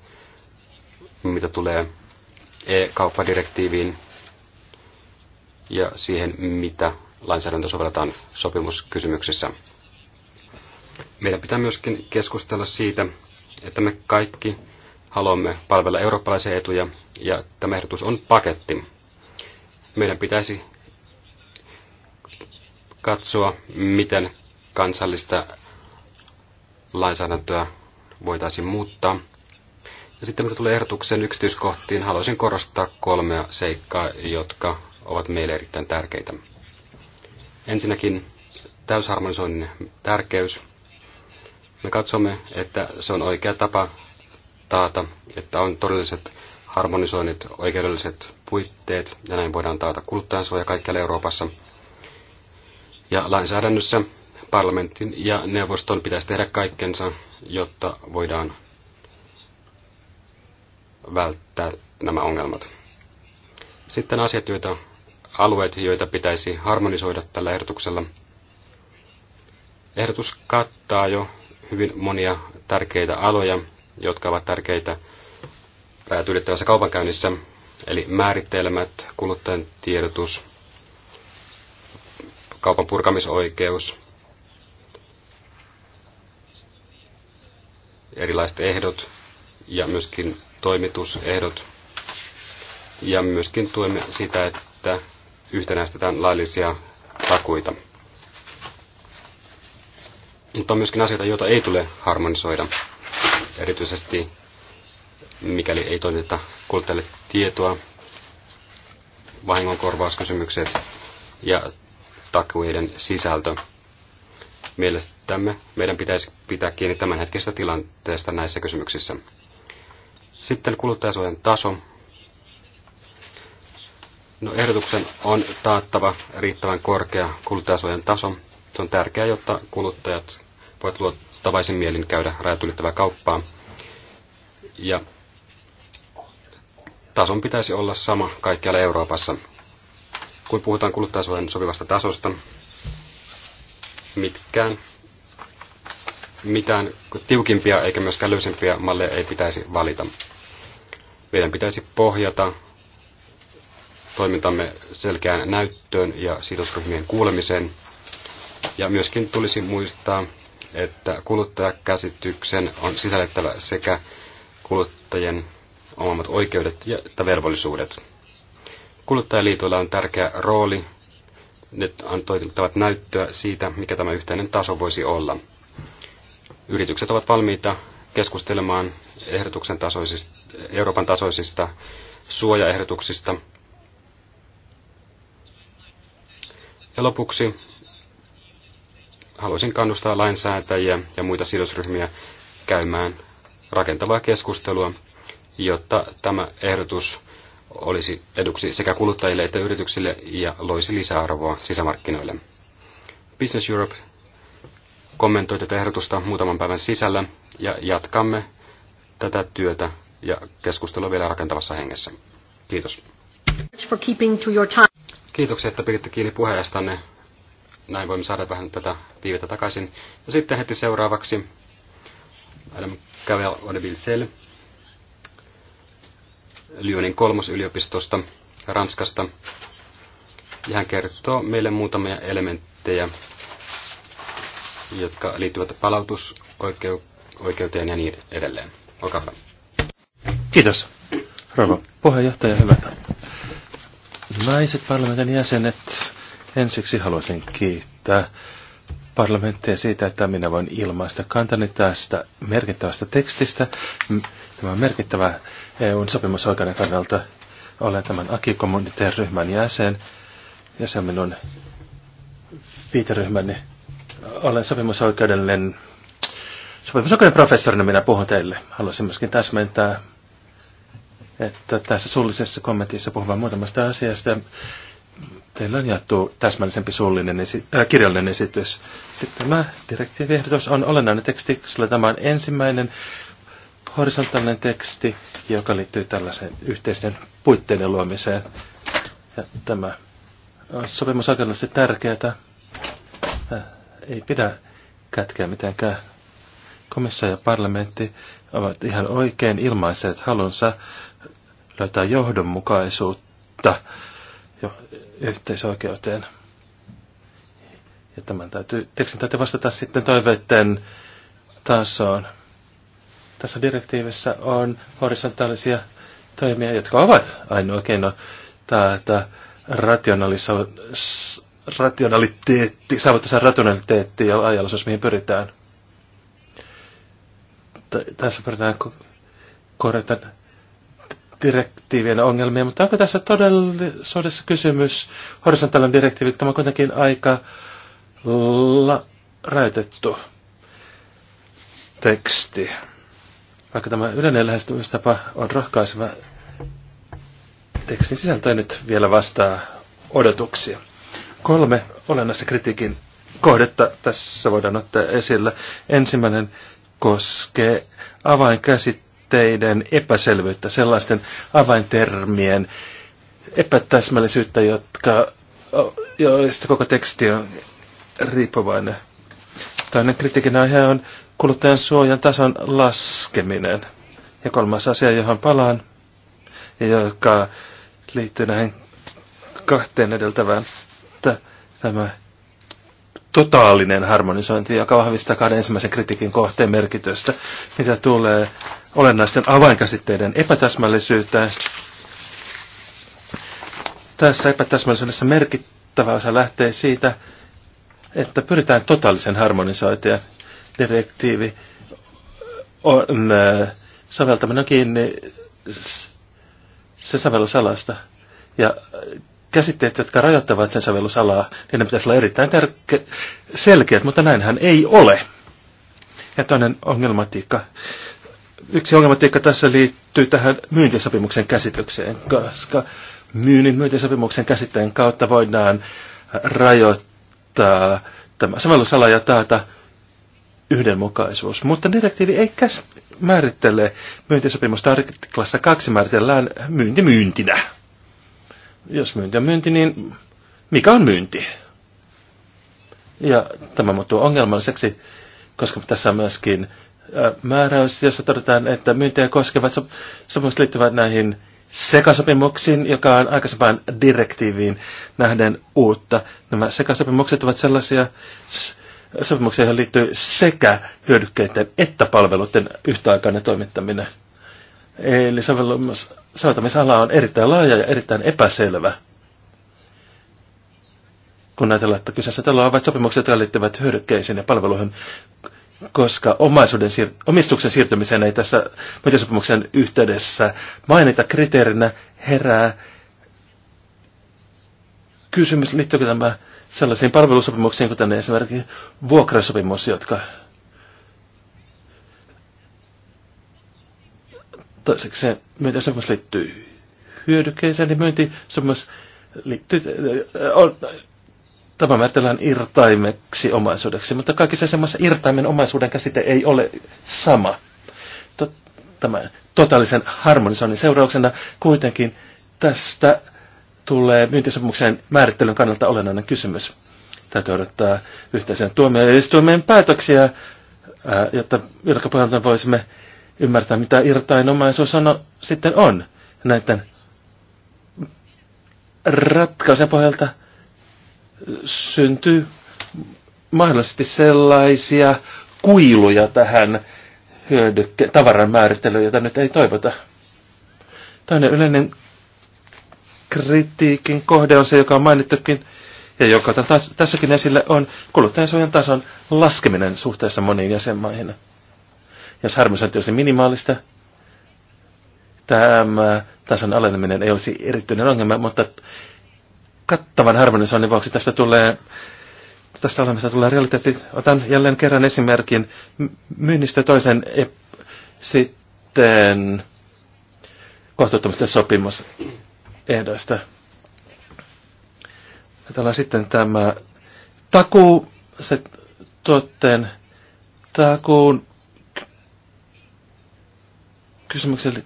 mitä tulee e-kauppadirektiiviin ja siihen, mitä lainsäädäntö sovelletaan sopimuskysymyksissä. Meidän pitää myöskin keskustella siitä, että me kaikki haluamme palvella eurooppalaisia etuja, ja tämä ehdotus on paketti. Meidän pitäisi katsoa, miten kansallista lainsäädäntöä voitaisiin muuttaa. Ja sitten mitä tulee ehdotuksen yksityiskohtiin, haluaisin korostaa kolmea seikkaa, jotka ovat meille erittäin tärkeitä. Ensinnäkin täysharmonisoinnin tärkeys. Me katsomme, että se on oikea tapa taata, että on todelliset harmonisoinnit, oikeudelliset puitteet, ja näin voidaan taata kuluttajansuoja kaikkialla Euroopassa. Ja lainsäädännössä parlamentin ja neuvoston pitäisi tehdä kaikkensa, jotta voidaan välttää nämä ongelmat. Sitten asiat, joita, alueet, joita pitäisi harmonisoida tällä ehdotuksella. Ehdotus kattaa jo hyvin monia tärkeitä aloja, jotka ovat tärkeitä rajat ylittävässä kaupankäynnissä, eli määrittelemät kuluttajan tiedotus, kaupan purkamisoikeus, erilaiset ehdot ja myöskin toimitusehdot. Ja myöskin tuemme sitä, että yhtenäistetään laillisia takuita. Mutta on myöskin asioita, joita ei tule harmonisoida. Erityisesti mikäli ei toimiteta kuluttajalle tietoa, vahingonkorvauskysymykset ja takuiden sisältö. Mielestämme meidän pitäisi pitää kiinni tämänhetkisestä tilanteesta näissä kysymyksissä. Sitten kuluttajasuojan taso. No, ehdotuksen on taattava riittävän korkea kuluttajasuojan taso. Se on tärkeää, jotta kuluttajat voivat luottavaisin mielin käydä rajat ylittävää kauppaa. Ja tason pitäisi olla sama kaikkialla Euroopassa. Kun puhutaan kuluttajasuojan sopivasta tasosta, mitkään, mitään tiukimpia eikä myöskään löysempiä malleja ei pitäisi valita. Meidän pitäisi pohjata toimintamme selkeään näyttöön ja sidosryhmien kuulemiseen. Ja myöskin tulisi muistaa, että kuluttajakäsityksen on sisällettävä sekä kuluttajien omat oikeudet ja velvollisuudet. Kuluttajaliitoilla on tärkeä rooli. Ne antoivat näyttöä siitä, mikä tämä yhteinen taso voisi olla. Yritykset ovat valmiita keskustelemaan ehdotuksen tasoisista, Euroopan tasoisista suojaehdotuksista. Ja lopuksi haluaisin kannustaa lainsäätäjiä ja muita sidosryhmiä käymään rakentavaa keskustelua jotta tämä ehdotus olisi eduksi sekä kuluttajille että yrityksille ja loisi lisäarvoa sisämarkkinoille. Business Europe kommentoi tätä ehdotusta muutaman päivän sisällä ja jatkamme tätä työtä ja keskustelua vielä rakentavassa hengessä. Kiitos. Kiitoksia, että piditte kiinni puheenjohtajanne. Näin voimme saada vähän tätä viivettä takaisin. Ja sitten heti seuraavaksi Adam Kavel Odeville Lyonin kolmosyliopistosta Ranskasta. Ja hän kertoo meille muutamia elementtejä, jotka liittyvät palautusoikeuteen ja niin edelleen. Olkaa hyvä. Kiitos. Rouva puheenjohtaja, hyvät naiset parlamentin jäsenet. Ensiksi haluaisin kiittää parlamenttia siitä, että minä voin ilmaista kantani tästä merkittävästä tekstistä, Tämä on merkittävä EUn sopimusoikeuden kannalta. Olen tämän ryhmän jäsen ja se on minun viiteryhmäni. Olen sopimusoikeudellinen sopimusoikeuden professorina minä puhun teille. Haluaisin myöskin täsmentää, että tässä suullisessa kommentissa puhuvan muutamasta asiasta. Teillä on jaettu täsmällisempi suullinen esi- äh, kirjallinen esitys. Tämä direktiiviehdotus on olennainen teksti, sillä tämä on ensimmäinen horisontaalinen teksti, joka liittyy tällaiseen yhteisten puitteiden luomiseen. Ja tämä on sopimus oikeudellisesti tärkeää. Ei pidä kätkeä mitenkään. Komissio ja parlamentti ovat ihan oikein ilmaiseet halunsa löytää johdonmukaisuutta jo yhteisoikeuteen. Ja tämän täytyy, tekstin täytyy vastata sitten toiveiden tasoon. Tässä direktiivissä on horisontaalisia toimia, jotka ovat ainoa keino taata rationaliteetti, saavuttaa rationaliteetti ja ajallisuus, mihin pyritään. T- tässä pyritään ko- korjata direktiivien ongelmia, mutta onko tässä todellisuudessa kysymys horisontaalinen direktiivi, tämä on kuitenkin aika la- rajoitettu teksti. Vaikka tämä yleinen lähestymistapa on rohkaiseva, tekstin sisältö ei nyt vielä vastaa odotuksia. Kolme olennaista kritiikin kohdetta tässä voidaan ottaa esillä. Ensimmäinen koskee avainkäsitteiden epäselvyyttä, sellaisten avaintermien epätäsmällisyyttä, jotka, joista koko teksti on riippuvainen. Toinen kritiikin aihe on kuluttajan suojan tason laskeminen. Ja kolmas asia, johon palaan, ja joka liittyy näihin kahteen edeltävään, tämä totaalinen harmonisointi, joka vahvistaa kahden ensimmäisen kritiikin kohteen merkitystä, mitä tulee olennaisten avainkäsitteiden epätäsmällisyyteen. Tässä epätäsmällisyydessä merkittävä osa lähtee siitä, että pyritään totaalisen harmonisointiin, direktiivi on äh, soveltaminen kiinni se sovellusalasta. Ja käsitteet, jotka rajoittavat sen sovellusalaa, niin ne pitäisi olla erittäin tärke- selkeät, mutta näinhän ei ole. Ja toinen ongelmatiikka. Yksi ongelmatiikka tässä liittyy tähän myyntisopimuksen käsitykseen, koska myynnin myyntisopimuksen käsitteen kautta voidaan rajoittaa tämä sovellusala ja taata yhdenmukaisuus. Mutta direktiivi ei käs määrittele myyntisopimusta artiklassa kaksi määritellään myynti myyntinä. Jos myynti on myynti, niin mikä on myynti? Ja tämä muuttuu ongelmalliseksi, koska tässä on myöskin määräys, jossa todetaan, että myyntiä koskevat sopimukset liittyvät näihin sekasopimuksiin, joka on aikaisempaan direktiiviin nähden uutta. Nämä sekasopimukset ovat sellaisia sopimukseen liittyy sekä hyödykkeiden että palveluiden yhtäaikainen toimittaminen. Eli soveltamisala on erittäin laaja ja erittäin epäselvä. Kun ajatellaan, että kyseessä tällä on vain sopimukset, jotka liittyvät hyödykkeisiin ja palveluihin, koska omaisuuden siir- omistuksen siirtymiseen ei tässä sopimuksen yhteydessä mainita kriteerinä herää kysymys, liittyykö tämä sellaisiin palvelusopimuksiin, kuten esimerkiksi vuokrasopimus, jotka toiseksi myyntisopimus liittyy hyödykkeeseen, niin myyntisopimus liittyy, äh, on, tämä määritellään irtaimeksi omaisuudeksi, mutta kaikissa asemassa irtaimen omaisuuden käsite ei ole sama. tämän totaalisen harmonisoinnin seurauksena kuitenkin tästä tulee myyntisopimuksen määrittelyn kannalta olennainen kysymys. Täytyy odottaa yhteisen tuomioistuimen siis päätöksiä, jotta jotka voisimme ymmärtää, mitä irtainomaisuus on, sitten on. Näiden ratkaisujen pohjalta syntyy mahdollisesti sellaisia kuiluja tähän hyödykke- tavaran määrittelyyn, jota nyt ei toivota. Toinen yleinen kritiikin kohde on se, joka on mainittukin, ja joka taas, tässäkin esille on kuluttajansuojan tason laskeminen suhteessa moniin jäsenmaihin. Ja harmissa tietysti minimaalista. Tämä tason aleneminen ei olisi erityinen ongelma, mutta kattavan harmonisoinnin vuoksi tästä tulee tästä olemista tulee realiteetti. Otan jälleen kerran esimerkin myynnistä toisen e- sitten kohtuuttomista sopimus ehdoista. Ajatellaan sitten tämä takuu, se tuotteen takuun kysymykselle.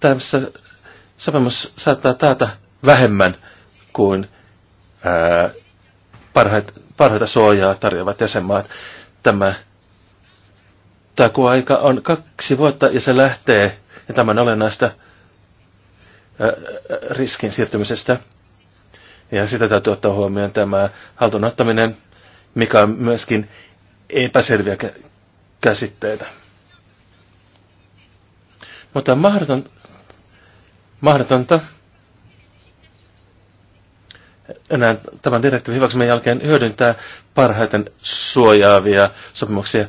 Tässä sopimus saattaa taata vähemmän kuin ää, parhaita, parhaita suojaa tarjoavat jäsenmaat. Tämä takuaika on kaksi vuotta ja se lähtee, ja tämän olennaista, riskin siirtymisestä. Ja sitä täytyy ottaa huomioon tämä haltuunottaminen, mikä on myöskin epäselviä käsitteitä. Mutta on mahdoton, mahdotonta enää tämän direktiivin hyväksymisen jälkeen hyödyntää parhaiten suojaavia sopimuksia.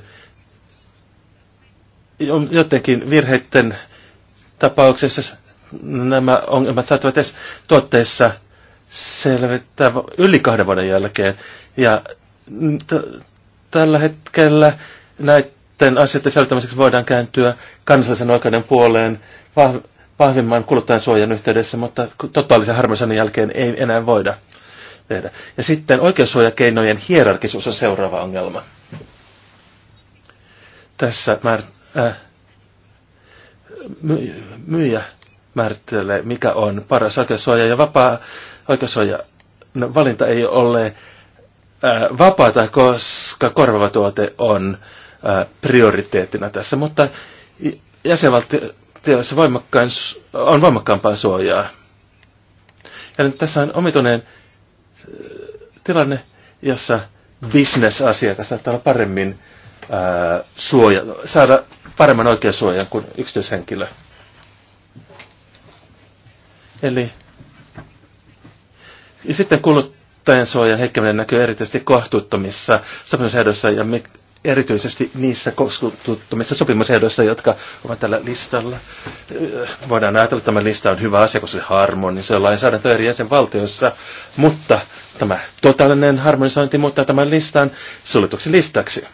Jotenkin virheiden tapauksessa nämä ongelmat saattavat edes tuotteessa selvittää yli kahden vuoden jälkeen. Ja tällä hetkellä näiden asioiden selvittämiseksi voidaan kääntyä kansallisen oikeuden puoleen vahv- vahvimman suojan yhteydessä, mutta totaalisen harmonisoinnin jälkeen ei enää voida tehdä. Ja sitten oikeussuojakeinojen hierarkisuus on seuraava ongelma. Tässä mä, äh, myyjä määrittelee, mikä on paras oikeussuoja. Ja vapaa oikeussuoja, no, valinta ei ole ää, äh, vapaata, koska korvava tuote on ää, äh, prioriteettina tässä. Mutta jäsenvaltioissa voimakkain, on voimakkaampaa suojaa. Ja nyt tässä on omituinen äh, tilanne, jossa bisnesasiakas saattaa olla paremmin ää, suoja, saada paremman oikeasuojan kuin yksityishenkilö. Eli ja sitten kuluttajan suojan heikkeminen näkyy erityisesti kohtuuttomissa sopimusehdoissa ja erityisesti niissä kohtuuttomissa sopimusehdoissa, jotka ovat tällä listalla. Voidaan ajatella, että tämä lista on hyvä asia, koska se se on lainsäädäntö eri jäsenvaltioissa, mutta tämä totaalinen harmonisointi muuttaa tämän listan suljetuksi listaksi.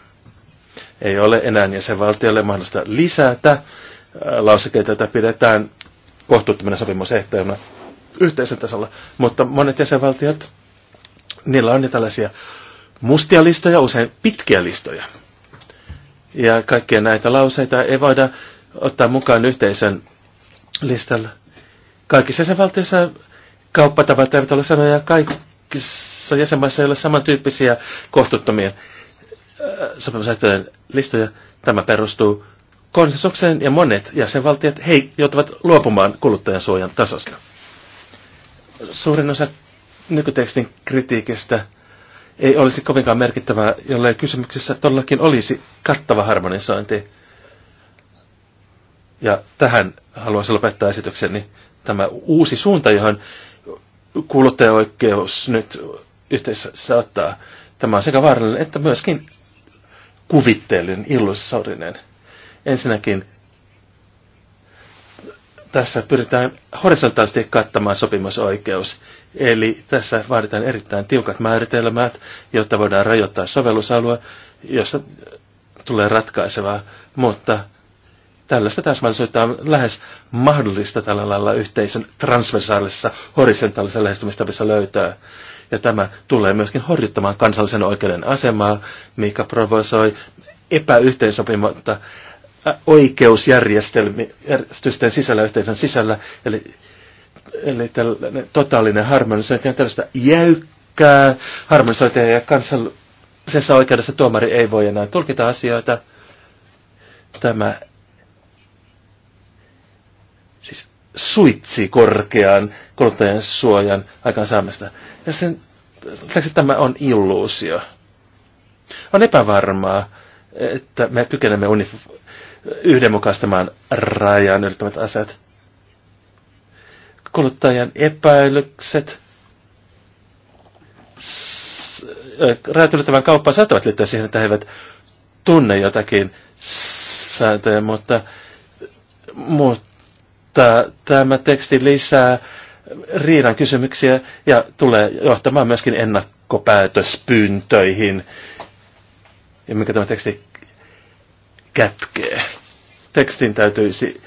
Ei ole enää jäsenvaltiolle mahdollista lisätä lausekkeita, joita pidetään kohtuuttomina sopimusehtoina yhteisön tasolla, mutta monet jäsenvaltiot, niillä on jo tällaisia mustia listoja, usein pitkiä listoja. Ja kaikkia näitä lauseita ei voida ottaa mukaan yhteisön listalla. Kaikissa jäsenvaltioissa kauppatavat eivät ole sanoja, kaikissa jäsenmaissa ei ole samantyyppisiä kohtuuttomia äh, sopimusehtojen listoja. Tämä perustuu konsensuksen ja monet jäsenvaltiot hei, joutuvat luopumaan kuluttajansuojan tasosta. Suurin osa nykytekstin kritiikistä ei olisi kovinkaan merkittävää, jollei kysymyksessä todellakin olisi kattava harmonisointi. Ja tähän haluaisin lopettaa esitykseni tämä uusi suunta, johon kuluttajaoikeus nyt yhteisössä ottaa. Tämä on sekä vaarallinen että myöskin kuvitteellinen, illusorinen. Ensinnäkin tässä pyritään horisontaalisesti kattamaan sopimusoikeus. Eli tässä vaaditaan erittäin tiukat määritelmät, jotta voidaan rajoittaa sovellusalue, jossa tulee ratkaisevaa, mutta tällaista täsmällisyyttä on lähes mahdollista tällä lailla yhteisön transversaalisessa horisontaalisessa lähestymistavissa löytää. Ja tämä tulee myöskin horjuttamaan kansallisen oikeuden asemaa, mikä provosoi epäyhteensopimatta oikeusjärjestysten sisällä, yhteisön sisällä, eli, eli tällainen totaalinen harmonisointi on tällaista jäykkää harmonisointia ja kansallisessa oikeudessa tuomari ei voi enää tulkita asioita. Tämä siis suitsi korkean kuluttajan suojan aikaansaamista. Ja sen lisäksi tämä on illuusio. On epävarmaa että me kykenemme unif- yhdenmukaistamaan rajan ylittävät asiat. Kuluttajan epäilykset äh, rajat ylittävän kauppaan saattavat liittyä siihen, että he eivät tunne jotakin sääntöjä, mutta, mutta tämä teksti lisää riidan kysymyksiä ja tulee johtamaan myöskin ennakkopäätöspyyntöihin. Ja mikä tämä teksti kätkee. Tekstin täytyisi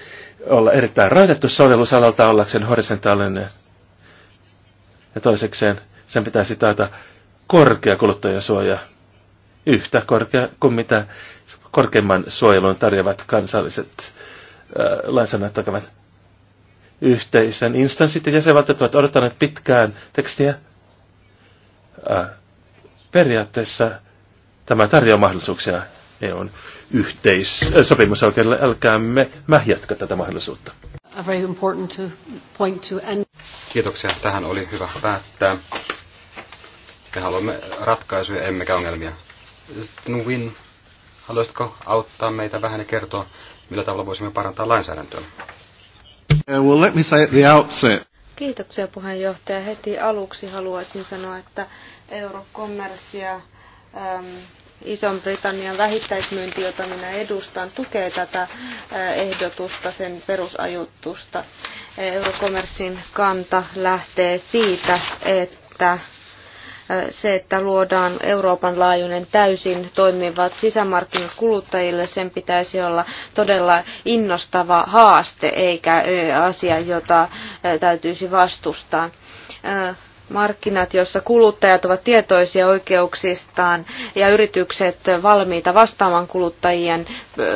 olla erittäin rajoitettu sovellusalalta ollakseen horisontaalinen. Ja toisekseen sen pitäisi taata korkea kuluttajasuoja, yhtä korkea kuin mitä korkeimman suojelun tarjoavat kansalliset äh, lainsäädännöt takavat yhteisen instanssit ja jäsenvaltiot ovat odottaneet pitkään tekstiä. Äh, periaatteessa tämä tarjoaa mahdollisuuksia EUn yhteissopimusoikeudelle. Äh, Älkäämme jatka tätä mahdollisuutta. Kiitoksia. Tähän oli hyvä päättää. Me haluamme ratkaisuja, emmekä ongelmia. Nuvin, haluaisitko auttaa meitä vähän ja kertoa, millä tavalla voisimme parantaa lainsäädäntöä? Uh, well, let me say at the outset. Kiitoksia puheenjohtaja. Heti aluksi haluaisin sanoa, että eurokommersia ähm, um, Ison-Britannian vähittäismyynti, jota minä edustan, tukee tätä ehdotusta, sen perusajuttusta. Eurokommerssin kanta lähtee siitä, että se, että luodaan Euroopan laajuinen täysin toimivat sisämarkkinat kuluttajille, sen pitäisi olla todella innostava haaste eikä asia, jota täytyisi vastustaa markkinat, joissa kuluttajat ovat tietoisia oikeuksistaan ja yritykset valmiita vastaamaan kuluttajien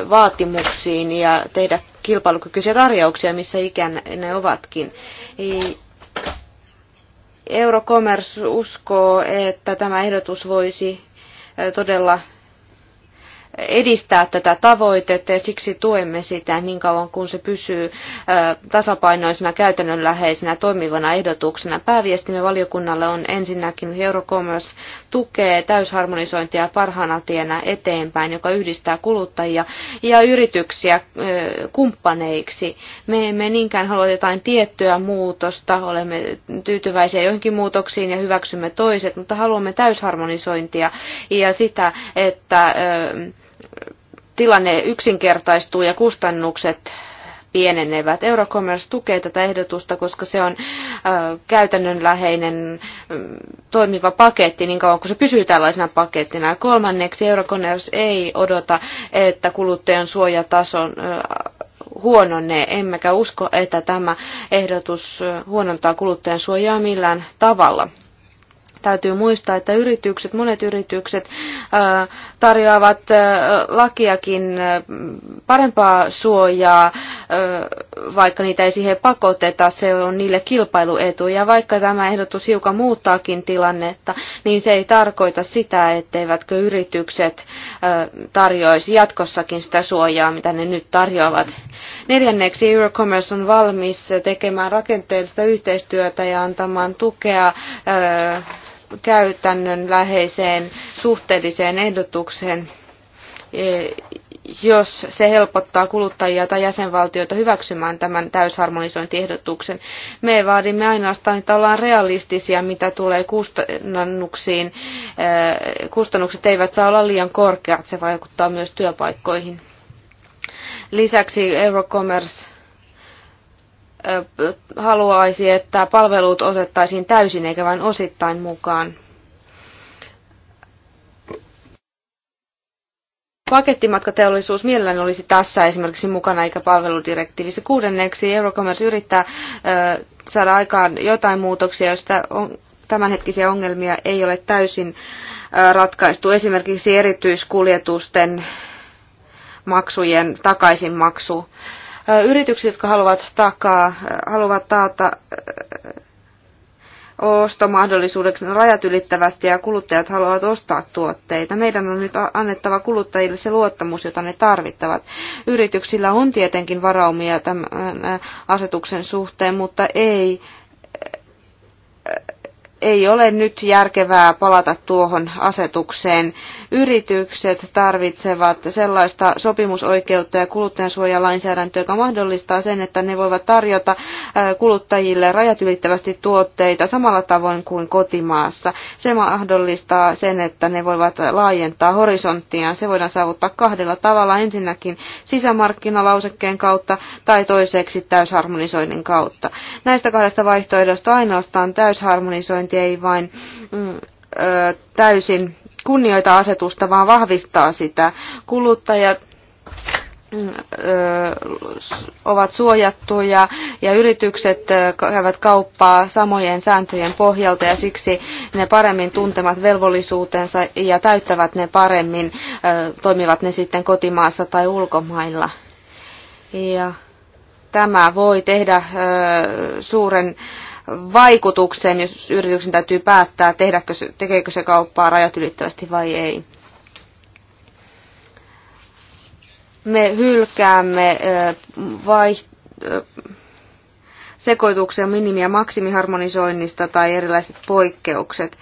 vaatimuksiin ja tehdä kilpailukykyisiä tarjouksia, missä ikään ne ovatkin. Eurocommerce uskoo, että tämä ehdotus voisi todella edistää tätä tavoitetta ja siksi tuemme sitä niin kauan kuin se pysyy tasapainoisena, käytännönläheisenä, toimivana ehdotuksena. Pääviestimme valiokunnalle on ensinnäkin Eurocommerce tukee täysharmonisointia parhaana tienä eteenpäin, joka yhdistää kuluttajia ja yrityksiä kumppaneiksi. Me emme niinkään halua jotain tiettyä muutosta, olemme tyytyväisiä joihinkin muutoksiin ja hyväksymme toiset, mutta haluamme täysharmonisointia ja sitä, että tilanne yksinkertaistuu ja kustannukset pienenevät. Eurocommerce tukee tätä ehdotusta, koska se on käytännönläheinen toimiva paketti niin kauan kuin se pysyy tällaisena pakettina. kolmanneksi Eurocommerce ei odota, että kuluttajan suojatason huononee, emmekä usko, että tämä ehdotus huonontaa kuluttajan suojaa millään tavalla. Täytyy muistaa, että yritykset, monet yritykset tarjoavat lakiakin parempaa suojaa, vaikka niitä ei siihen pakoteta. Se on niille kilpailuetu. Ja vaikka tämä ehdotus hiukan muuttaakin tilannetta, niin se ei tarkoita sitä, etteivätkö yritykset tarjoaisi jatkossakin sitä suojaa, mitä ne nyt tarjoavat. Neljänneksi Eurocommerce on valmis tekemään rakenteellista yhteistyötä ja antamaan tukea käytännön läheiseen suhteelliseen ehdotukseen, e, jos se helpottaa kuluttajia tai jäsenvaltioita hyväksymään tämän täysharmonisointiehdotuksen. Me vaadimme ainoastaan, että ollaan realistisia, mitä tulee kustannuksiin. E, kustannukset eivät saa olla liian korkeat, se vaikuttaa myös työpaikkoihin. Lisäksi Eurocommerce haluaisi, että palvelut osettaisiin täysin eikä vain osittain mukaan. Pakettimatkateollisuus mielellään olisi tässä esimerkiksi mukana eikä palveludirektiivissä. Kuudenneksi Eurocommerce yrittää ö, saada aikaan jotain muutoksia, joista on, tämänhetkisiä ongelmia ei ole täysin ö, ratkaistu. Esimerkiksi erityiskuljetusten maksujen takaisinmaksu. maksu yritykset, jotka haluavat, takaa, haluavat taata ostomahdollisuudeksi rajat ylittävästi ja kuluttajat haluavat ostaa tuotteita. Meidän on nyt annettava kuluttajille se luottamus, jota ne tarvittavat. Yrityksillä on tietenkin varaumia tämän asetuksen suhteen, mutta ei, ei ole nyt järkevää palata tuohon asetukseen yritykset tarvitsevat sellaista sopimusoikeutta ja kuluttajansuojalainsäädäntöä, joka mahdollistaa sen, että ne voivat tarjota äh, kuluttajille rajat ylittävästi tuotteita samalla tavoin kuin kotimaassa. Se mahdollistaa sen, että ne voivat laajentaa horisonttiaan. Se voidaan saavuttaa kahdella tavalla. Ensinnäkin sisämarkkinalausekkeen kautta tai toiseksi täysharmonisoinnin kautta. Näistä kahdesta vaihtoehdosta ainoastaan täysharmonisointi ei vain mm, ö, täysin kunnioita asetusta, vaan vahvistaa sitä. Kuluttajat mm, ovat suojattuja ja yritykset käyvät kauppaa samojen sääntöjen pohjalta ja siksi ne paremmin tuntemat velvollisuutensa ja täyttävät ne paremmin, toimivat ne sitten kotimaassa tai ulkomailla. Ja tämä voi tehdä suuren vaikutukseen, jos yrityksen täytyy päättää, tehdäkö, tekeekö se kauppaa rajat ylittävästi vai ei. Me hylkäämme sekoituksia minimi- ja maksimiharmonisoinnista tai erilaiset poikkeukset.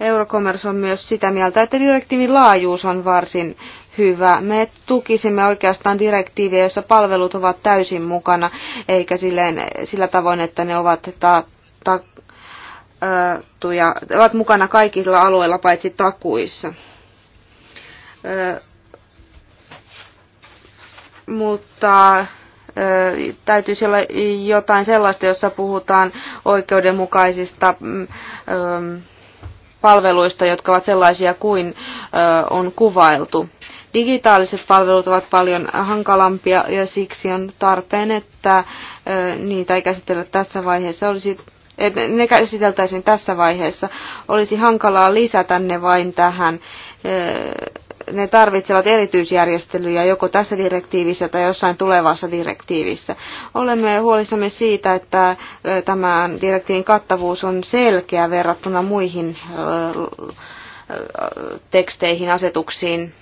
Eurocommerce on myös sitä mieltä, että direktiivin laajuus on varsin hyvä. Me tukisimme oikeastaan direktiiviä, jossa palvelut ovat täysin mukana, eikä silleen, sillä tavoin, että ne ovat ta- taktuja, ovat mukana kaikilla alueilla paitsi takuissa. Mutta täytyisi olla jotain sellaista, jossa puhutaan oikeudenmukaisista mm, palveluista, jotka ovat sellaisia kuin on kuvailtu. Digitaaliset palvelut ovat paljon hankalampia ja siksi on tarpeen, että niitä ei käsitellä tässä vaiheessa. Olisi ne käsiteltäisiin tässä vaiheessa. Olisi hankalaa lisätä ne vain tähän. Ne tarvitsevat erityisjärjestelyjä joko tässä direktiivissä tai jossain tulevassa direktiivissä. Olemme huolissamme siitä, että tämän direktiivin kattavuus on selkeä verrattuna muihin teksteihin, asetuksiin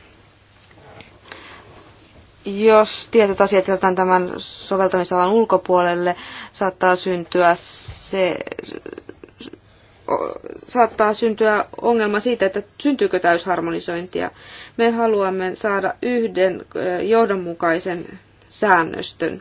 jos tietyt asiat jätetään tämän soveltamisalan ulkopuolelle, saattaa syntyä se saattaa syntyä ongelma siitä, että syntyykö täysharmonisointia. Me haluamme saada yhden johdonmukaisen säännöstön.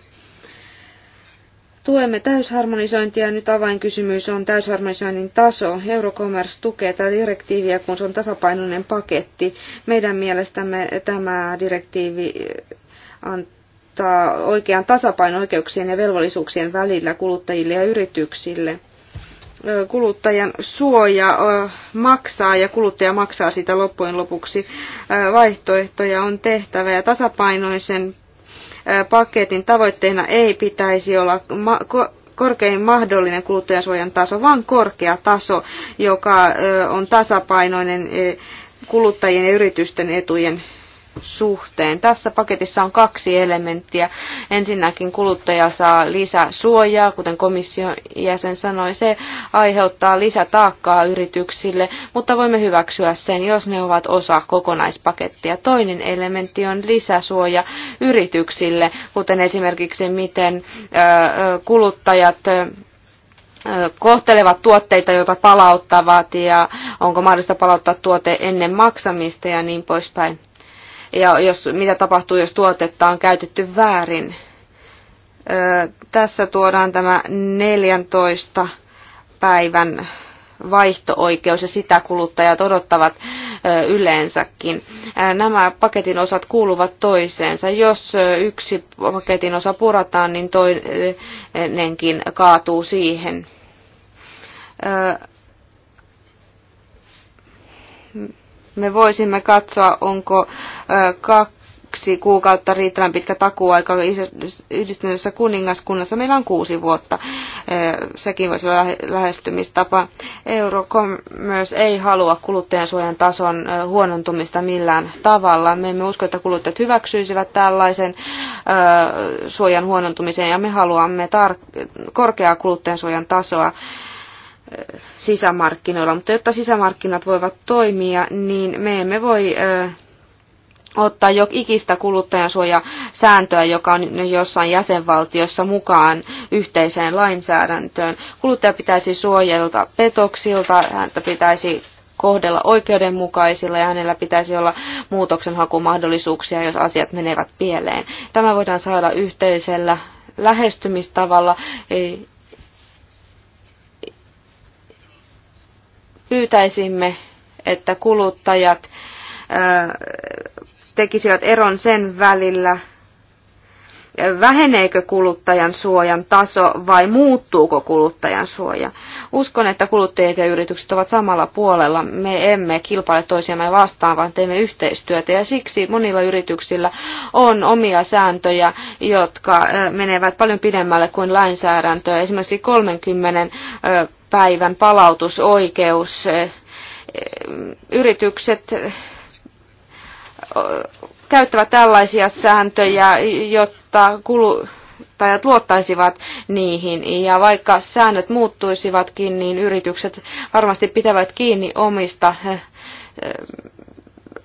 Tuemme täysharmonisointia. Nyt avainkysymys on täysharmonisoinnin taso. Eurocommerce tukee tätä direktiiviä, kun se on tasapainoinen paketti. Meidän mielestämme tämä direktiivi antaa oikean tasapainon oikeuksien ja velvollisuuksien välillä kuluttajille ja yrityksille. Kuluttajan suoja maksaa ja kuluttaja maksaa sitä loppujen lopuksi. Vaihtoehtoja on tehtävä ja tasapainoisen paketin tavoitteena ei pitäisi olla korkein mahdollinen kuluttajansuojan taso, vaan korkea taso, joka on tasapainoinen kuluttajien ja yritysten etujen suhteen. Tässä paketissa on kaksi elementtiä. Ensinnäkin kuluttaja saa lisäsuojaa, kuten komission jäsen sanoi, se aiheuttaa lisätaakkaa yrityksille, mutta voimme hyväksyä sen, jos ne ovat osa kokonaispakettia. Toinen elementti on lisäsuoja yrityksille, kuten esimerkiksi miten kuluttajat kohtelevat tuotteita, joita palauttavat ja onko mahdollista palauttaa tuote ennen maksamista ja niin poispäin ja jos, mitä tapahtuu, jos tuotetta on käytetty väärin. Tässä tuodaan tämä 14 päivän vaihto-oikeus ja sitä kuluttajat odottavat yleensäkin. Nämä paketin osat kuuluvat toiseensa. Jos yksi paketin osa purataan, niin toinenkin kaatuu siihen me voisimme katsoa, onko kaksi kuukautta riittävän pitkä takuaika yhdistyneessä kuningaskunnassa. Meillä on kuusi vuotta. Sekin voisi olla lähestymistapa. Eurocommerce ei halua kuluttajansuojan tason huonontumista millään tavalla. Me emme usko, että kuluttajat hyväksyisivät tällaisen suojan huonontumisen ja me haluamme tar- korkeaa kuluttajansuojan tasoa sisämarkkinoilla. Mutta jotta sisämarkkinat voivat toimia, niin me emme voi ottaa jo ikistä kuluttajansuojasääntöä, joka on jossain jäsenvaltiossa mukaan yhteiseen lainsäädäntöön. Kuluttaja pitäisi suojelta petoksilta, häntä pitäisi kohdella oikeudenmukaisilla ja hänellä pitäisi olla muutoksenhakumahdollisuuksia, jos asiat menevät pieleen. Tämä voidaan saada yhteisellä lähestymistavalla, pyytäisimme, että kuluttajat tekisivät eron sen välillä, väheneekö kuluttajan suojan taso vai muuttuuko kuluttajan suoja. Uskon, että kuluttajat ja yritykset ovat samalla puolella. Me emme kilpaile toisiamme vastaan, vaan teemme yhteistyötä ja siksi monilla yrityksillä on omia sääntöjä, jotka menevät paljon pidemmälle kuin lainsäädäntöä. Esimerkiksi 30 päivän palautusoikeus. Eh, yritykset eh, käyttävät tällaisia sääntöjä, jotta kuluttajat luottaisivat niihin. Ja vaikka säännöt muuttuisivatkin, niin yritykset varmasti pitävät kiinni omista eh,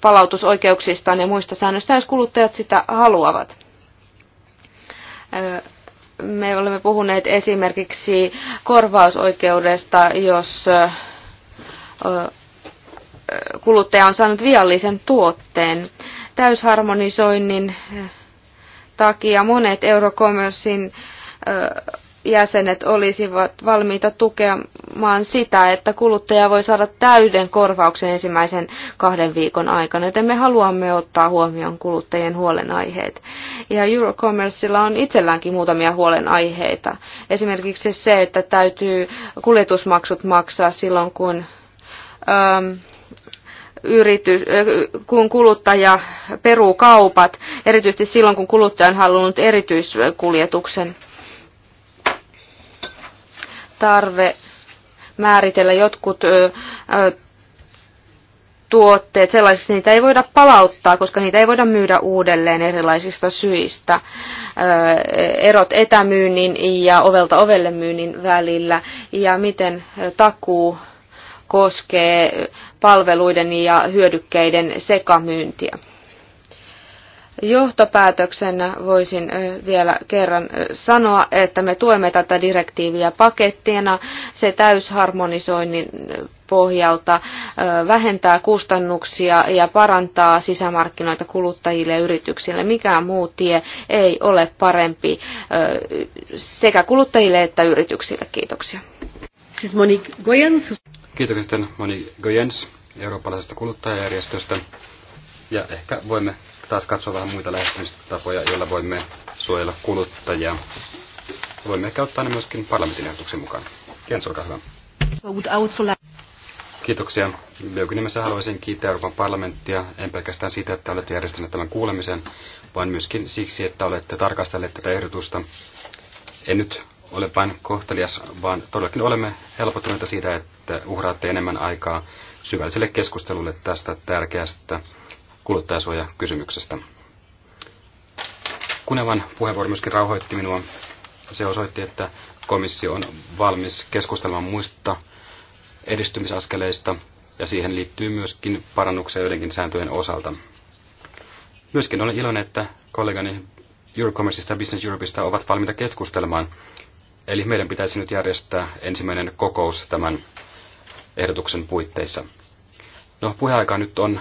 palautusoikeuksistaan ja muista säännöistä, jos kuluttajat sitä haluavat me olemme puhuneet esimerkiksi korvausoikeudesta, jos kuluttaja on saanut viallisen tuotteen. Täysharmonisoinnin takia monet Eurokommersin jäsenet olisivat valmiita tukemaan sitä, että kuluttaja voi saada täyden korvauksen ensimmäisen kahden viikon aikana, joten me haluamme ottaa huomioon kuluttajien huolenaiheet. Ja Eurocommercella on itselläänkin muutamia huolenaiheita. Esimerkiksi se, että täytyy kuljetusmaksut maksaa silloin, kun ähm, yritys, äh, kun kuluttaja peruu kaupat, erityisesti silloin, kun kuluttaja on halunnut erityiskuljetuksen tarve määritellä jotkut tuotteet sellaisiksi, niitä ei voida palauttaa, koska niitä ei voida myydä uudelleen erilaisista syistä. Erot etämyynnin ja ovelta ovelle myynnin välillä ja miten takuu koskee palveluiden ja hyödykkeiden sekamyyntiä johtopäätöksenä voisin vielä kerran sanoa, että me tuemme tätä direktiiviä pakettina. Se täysharmonisoinnin pohjalta vähentää kustannuksia ja parantaa sisämarkkinoita kuluttajille ja yrityksille. Mikään muu tie ei ole parempi sekä kuluttajille että yrityksille. Kiitoksia. Siis Monique Goyens. Kiitoksia Moni Goyens eurooppalaisesta kuluttajajärjestöstä. Ja ehkä voimme taas katsoa vähän muita lähestymistapoja, joilla voimme suojella kuluttajia. Voimme ehkä ottaa ne myöskin parlamentin ehdotuksen mukaan. Jens, olkaa hyvä. Kiitoksia. Löykynimessä haluaisin kiittää Euroopan parlamenttia, en pelkästään siitä, että olette järjestäneet tämän kuulemisen, vaan myöskin siksi, että olette tarkastelleet tätä ehdotusta. En nyt ole vain kohtelias, vaan todellakin olemme helpottuneita siitä, että uhraatte enemmän aikaa syvälliselle keskustelulle tästä tärkeästä Kuluttajasuoja-kysymyksestä. Kunevan puheenvuoro myöskin rauhoitti minua. Se osoitti, että komissio on valmis keskustelemaan muista edistymisaskeleista, ja siihen liittyy myöskin parannuksia joidenkin sääntöjen osalta. Myöskin olen iloinen, että kollegani Eurocommerceista ja Business Europeista ovat valmiita keskustelemaan. Eli meidän pitäisi nyt järjestää ensimmäinen kokous tämän ehdotuksen puitteissa. No, puheaika nyt on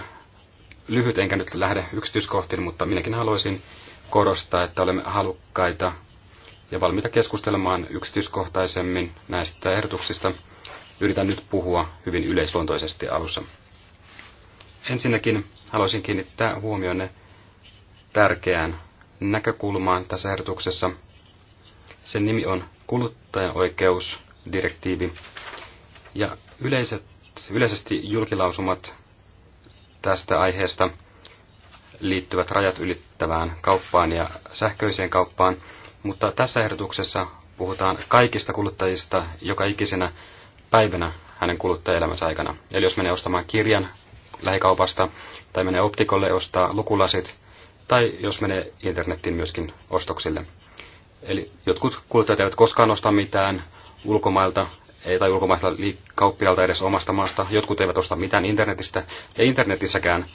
lyhyt, enkä nyt lähde yksityiskohtiin, mutta minäkin haluaisin korostaa, että olemme halukkaita ja valmiita keskustelemaan yksityiskohtaisemmin näistä ehdotuksista. Yritän nyt puhua hyvin yleisluontoisesti alussa. Ensinnäkin haluaisin kiinnittää huomionne tärkeään näkökulmaan tässä ehdotuksessa. Sen nimi on kuluttajan oikeusdirektiivi ja yleiset, yleisesti julkilausumat tästä aiheesta liittyvät rajat ylittävään kauppaan ja sähköiseen kauppaan, mutta tässä ehdotuksessa puhutaan kaikista kuluttajista joka ikisenä päivänä hänen kuluttajaelämänsä aikana. Eli jos menee ostamaan kirjan lähikaupasta, tai menee optikolle ostaa lukulasit, tai jos menee internetin myöskin ostoksille. Eli jotkut kuluttajat eivät koskaan osta mitään ulkomailta, tai ulkomaista kauppialta edes omasta maasta. Jotkut eivät osta mitään internetistä. Ja internetissäkään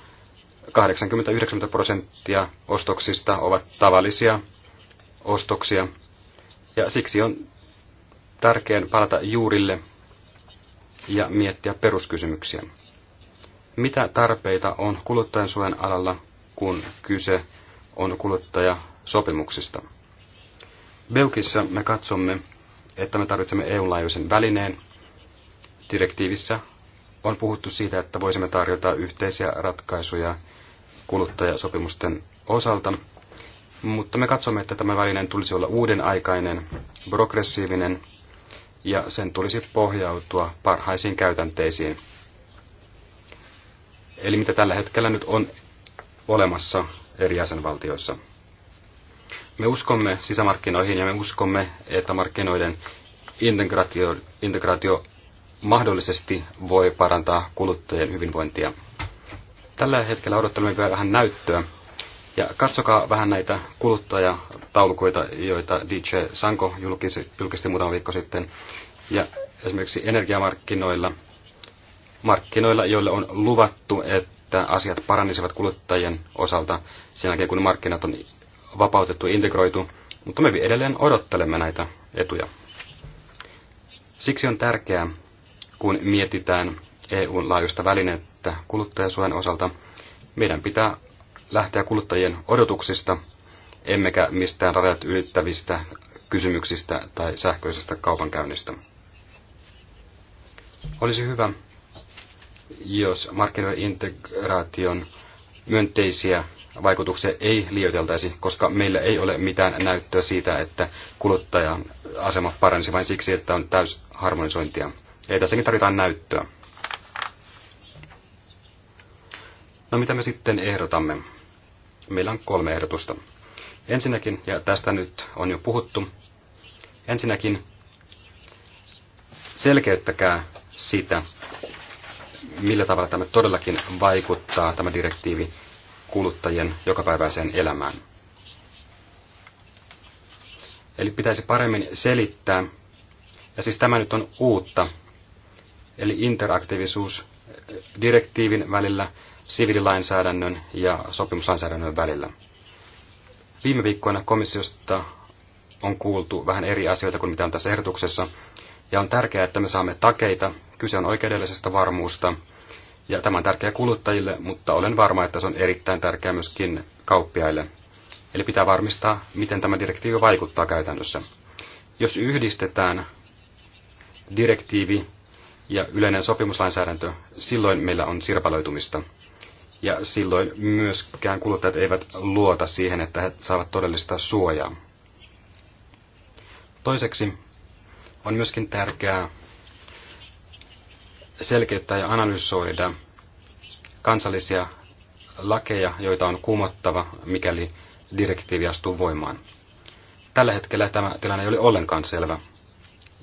80-90 prosenttia ostoksista ovat tavallisia ostoksia. Ja siksi on tärkeää palata juurille ja miettiä peruskysymyksiä. Mitä tarpeita on kuluttajansuojan alalla, kun kyse on kuluttajasopimuksista? Beukissa me katsomme, että me tarvitsemme EU-laajuisen välineen. Direktiivissä on puhuttu siitä, että voisimme tarjota yhteisiä ratkaisuja kuluttajasopimusten osalta, mutta me katsomme, että tämä välineen tulisi olla uuden aikainen, progressiivinen ja sen tulisi pohjautua parhaisiin käytänteisiin. Eli mitä tällä hetkellä nyt on olemassa eri jäsenvaltioissa. Me uskomme sisämarkkinoihin ja me uskomme, että markkinoiden integraatio, integraatio mahdollisesti voi parantaa kuluttajien hyvinvointia. Tällä hetkellä odottelemme vielä vähän näyttöä. Ja katsokaa vähän näitä kuluttajataulukoita, joita DJ Sanko julkisti muutama viikko sitten. Ja esimerkiksi energiamarkkinoilla, markkinoilla, joille on luvattu, että asiat paranisivat kuluttajien osalta sen jälkeen, kun markkinat on vapautettu ja integroitu, mutta me edelleen odottelemme näitä etuja. Siksi on tärkeää, kun mietitään EUn laajuista välinettä kuluttajasuojan osalta, meidän pitää lähteä kuluttajien odotuksista, emmekä mistään rajat ylittävistä kysymyksistä tai sähköisestä kaupankäynnistä. Olisi hyvä, jos markkinoiden integraation myönteisiä vaikutuksia ei liioiteltaisi, koska meillä ei ole mitään näyttöä siitä, että kuluttajan asema paransi vain siksi, että on täysharmonisointia. Ei tässäkin tarvitaan näyttöä. No mitä me sitten ehdotamme? Meillä on kolme ehdotusta. Ensinnäkin, ja tästä nyt on jo puhuttu, ensinnäkin selkeyttäkää sitä, millä tavalla tämä todellakin vaikuttaa, tämä direktiivi, kuluttajien jokapäiväiseen elämään. Eli pitäisi paremmin selittää, ja siis tämä nyt on uutta, eli interaktiivisuus eh, direktiivin välillä, siviililainsäädännön ja sopimuslainsäädännön välillä. Viime viikkoina komissiosta on kuultu vähän eri asioita kuin mitä on tässä ehdotuksessa, ja on tärkeää, että me saamme takeita. Kyse on oikeudellisesta varmuusta, ja tämä on tärkeä kuluttajille, mutta olen varma, että se on erittäin tärkeä myöskin kauppiaille. Eli pitää varmistaa, miten tämä direktiivi vaikuttaa käytännössä. Jos yhdistetään direktiivi ja yleinen sopimuslainsäädäntö, silloin meillä on sirpaloitumista. Ja silloin myöskään kuluttajat eivät luota siihen, että he saavat todellista suojaa. Toiseksi on myöskin tärkeää selkeyttää ja analysoida kansallisia lakeja, joita on kumottava, mikäli direktiivi astuu voimaan. Tällä hetkellä tämä tilanne ei ole ollenkaan selvä.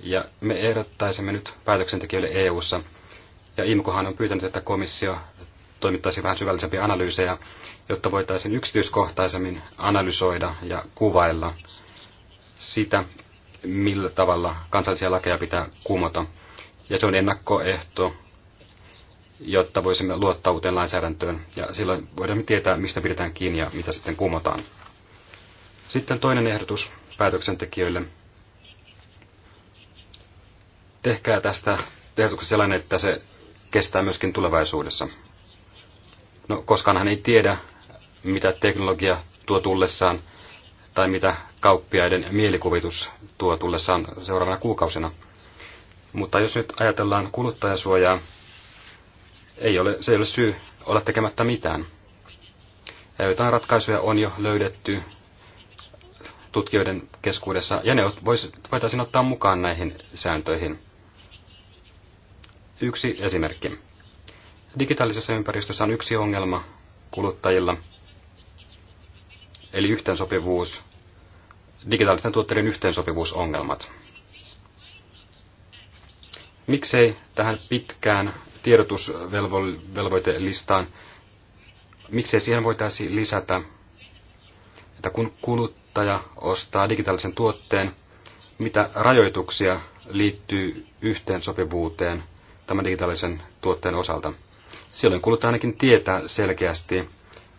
Ja me ehdottaisimme nyt päätöksentekijöille EU-ssa, ja IMKOhan on pyytänyt, että komissio toimittaisi vähän syvällisempiä analyysejä, jotta voitaisiin yksityiskohtaisemmin analysoida ja kuvailla sitä, millä tavalla kansallisia lakeja pitää kumota – ja se on ennakkoehto, jotta voisimme luottaa uuteen lainsäädäntöön, ja silloin voidaan tietää, mistä pidetään kiinni ja mitä sitten kumotaan. Sitten toinen ehdotus päätöksentekijöille. Tehkää tästä ehdotuksesta sellainen, että se kestää myöskin tulevaisuudessa. No, koskaan hän ei tiedä, mitä teknologia tuo tullessaan tai mitä kauppiaiden mielikuvitus tuo tullessaan seuraavana kuukausina – mutta jos nyt ajatellaan kuluttajasuojaa, ei ole, se ei ole syy olla tekemättä mitään. Ja joitain ratkaisuja on jo löydetty tutkijoiden keskuudessa, ja ne vois, voitaisiin ottaa mukaan näihin sääntöihin. Yksi esimerkki. Digitaalisessa ympäristössä on yksi ongelma kuluttajilla, eli yhteensopivuus, digitaalisten tuotteiden yhteensopivuusongelmat. Miksei tähän pitkään tiedotusvelvoitelistaan, miksei siihen voitaisiin lisätä, että kun kuluttaja ostaa digitaalisen tuotteen, mitä rajoituksia liittyy yhteensopivuuteen tämän digitaalisen tuotteen osalta. Silloin kuluttaja ainakin tietää selkeästi,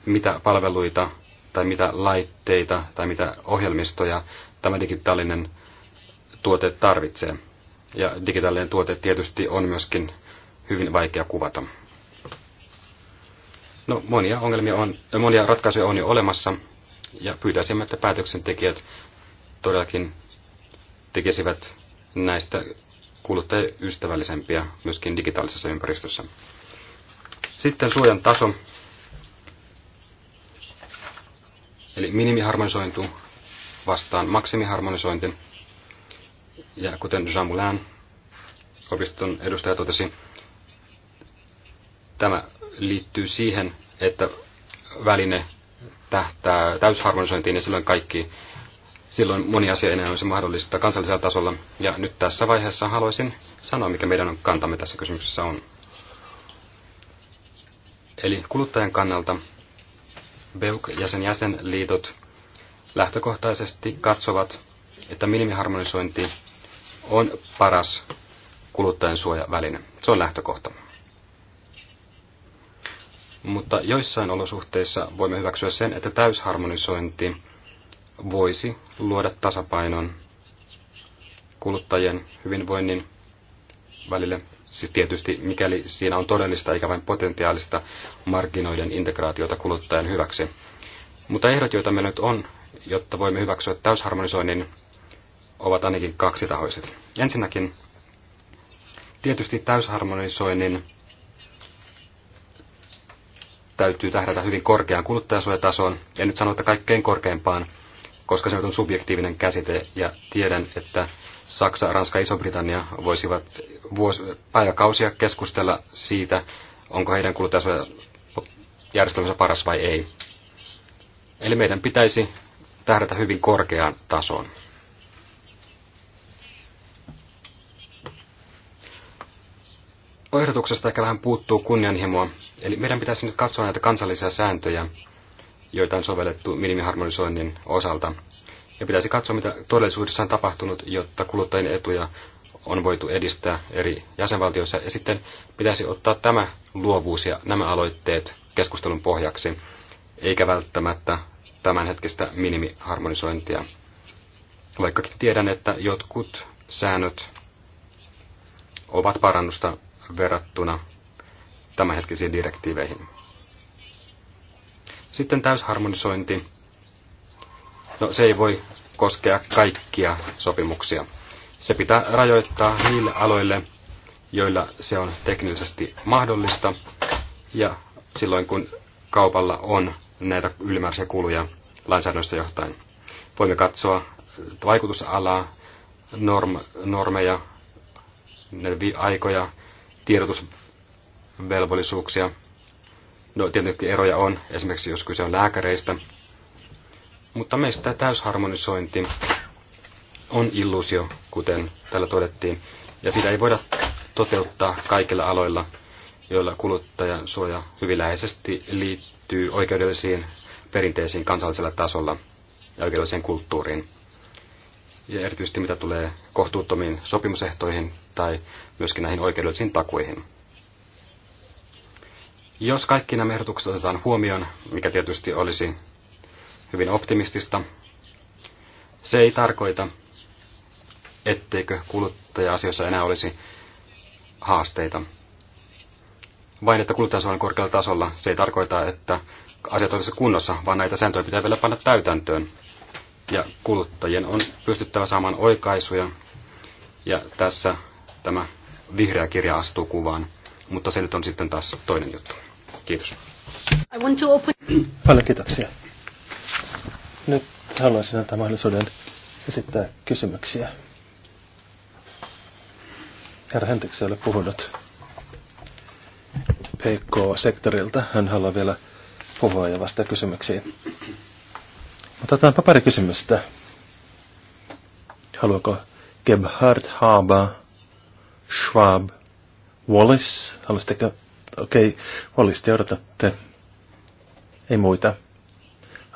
mitä palveluita tai mitä laitteita tai mitä ohjelmistoja tämä digitaalinen tuote tarvitsee. Ja digitaalinen tuote tietysti on myöskin hyvin vaikea kuvata. No, monia, ongelmia on, monia ratkaisuja on jo olemassa, ja pyytäisimme, että päätöksentekijät todellakin tekisivät näistä kuluttajaystävällisempiä myöskin digitaalisessa ympäristössä. Sitten suojan taso, eli minimiharmonisointu vastaan maksimiharmonisointi. Ja kuten Jean Moulin, opiston edustaja totesi, tämä liittyy siihen, että väline tähtää täysharmonisointiin ja silloin kaikki, silloin moni asia enää olisi mahdollista kansallisella tasolla. Ja nyt tässä vaiheessa haluaisin sanoa, mikä meidän kantamme tässä kysymyksessä on. Eli kuluttajan kannalta BEUK ja sen jäsenliitot lähtökohtaisesti katsovat, että minimiharmonisointi on paras kuluttajan suojaväline. Se on lähtökohta. Mutta joissain olosuhteissa voimme hyväksyä sen, että täysharmonisointi voisi luoda tasapainon kuluttajien hyvinvoinnin välille. Siis tietysti mikäli siinä on todellista eikä vain potentiaalista markkinoiden integraatiota kuluttajan hyväksi. Mutta ehdot, joita meillä nyt on, jotta voimme hyväksyä täysharmonisoinnin, ovat ainakin kaksitahoiset. Ensinnäkin tietysti täysharmonisoinnin täytyy tähdätä hyvin korkeaan kuluttajasuojatasoon, en nyt sano, että kaikkein korkeimpaan, koska se on subjektiivinen käsite, ja tiedän, että Saksa, Ranska ja Iso-Britannia voisivat vuos, päiväkausia keskustella siitä, onko heidän kuluttajasuojajärjestelmänsä paras vai ei. Eli meidän pitäisi tähdätä hyvin korkeaan tasoon. ehdotuksesta ehkä vähän puuttuu kunnianhimoa. Eli meidän pitäisi nyt katsoa näitä kansallisia sääntöjä, joita on sovellettu minimiharmonisoinnin osalta. Ja pitäisi katsoa, mitä todellisuudessa on tapahtunut, jotta kuluttajien etuja on voitu edistää eri jäsenvaltioissa. Ja sitten pitäisi ottaa tämä luovuus ja nämä aloitteet keskustelun pohjaksi, eikä välttämättä tämänhetkistä minimiharmonisointia. Vaikkakin tiedän, että jotkut säännöt ovat parannusta verrattuna tämänhetkisiin direktiiveihin. Sitten täysharmonisointi. No, se ei voi koskea kaikkia sopimuksia. Se pitää rajoittaa niille aloille, joilla se on teknisesti mahdollista, ja silloin kun kaupalla on näitä ylimääräisiä kuluja lainsäädännöstä johtain. Voimme katsoa vaikutusalaa, norm, normeja, aikoja, tiedotusvelvollisuuksia. No tietenkin eroja on, esimerkiksi jos kyse on lääkäreistä. Mutta meistä täysharmonisointi on illuusio, kuten täällä todettiin, ja sitä ei voida toteuttaa kaikilla aloilla, joilla kuluttajan suoja hyvin läheisesti liittyy oikeudellisiin perinteisiin kansallisella tasolla ja oikeudelliseen kulttuuriin. Ja erityisesti mitä tulee kohtuuttomiin sopimusehtoihin tai myöskin näihin oikeudellisiin takuihin. Jos kaikki nämä ehdotukset otetaan huomioon, mikä tietysti olisi hyvin optimistista, se ei tarkoita, etteikö kuluttaja-asioissa enää olisi haasteita. Vain että kuluttajansuojan korkealla tasolla se ei tarkoita, että asiat olisivat kunnossa, vaan näitä sääntöjä pitää vielä panna täytäntöön. Ja kuluttajien on pystyttävä saamaan oikaisuja. Ja tässä tämä vihreä kirja astuu kuvaan, mutta se nyt on sitten taas toinen juttu. Kiitos. I want to open... Paljon kiitoksia. Nyt haluaisin antaa mahdollisuuden esittää kysymyksiä. Herra Henteksi ole puhunut PK-sektorilta. Hän haluaa vielä puhua ja vastaa kysymyksiin. Mutta otetaanpa pari kysymystä. Haluaako Gebhard Haaba Schwab, Wallis. Haluaisitteko? Okei, okay. Wallis, te odotatte. Ei muita.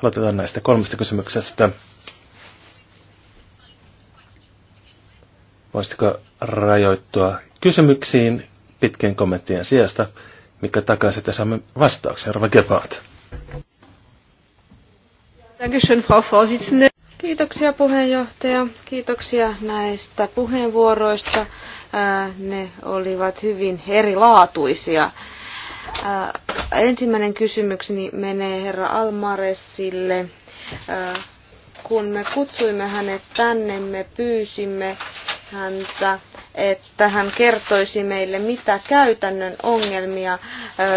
Aloitetaan näistä kolmesta kysymyksestä. Voisitko rajoittua kysymyksiin pitkien kommenttien sijasta, mikä takaisin, että saamme vastauksen. Rava Gebhardt. Kiitoksia puheenjohtaja. Kiitoksia näistä puheenvuoroista ne olivat hyvin erilaatuisia. Ensimmäinen kysymykseni menee herra Almaresille. Kun me kutsuimme hänet tänne, me pyysimme häntä, että hän kertoisi meille, mitä käytännön ongelmia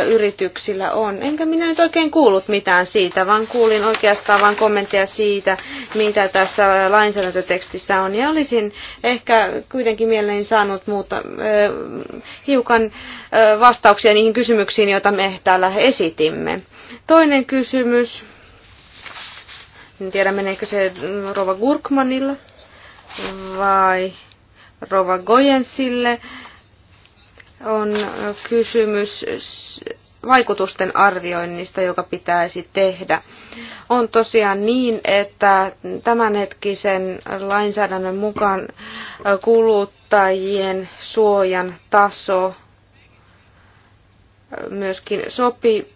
yrityksillä on. Enkä minä nyt oikein kuullut mitään siitä, vaan kuulin oikeastaan vain kommentteja siitä, mitä tässä lainsäädäntötekstissä on. Ja olisin ehkä kuitenkin mieleen saanut muuta, hiukan vastauksia niihin kysymyksiin, joita me täällä esitimme. Toinen kysymys. En tiedä, meneekö se Rova Gurkmanilla vai Rova Gojensille on kysymys vaikutusten arvioinnista, joka pitäisi tehdä. On tosiaan niin, että tämänhetkisen lainsäädännön mukaan kuluttajien suojan taso myöskin sopii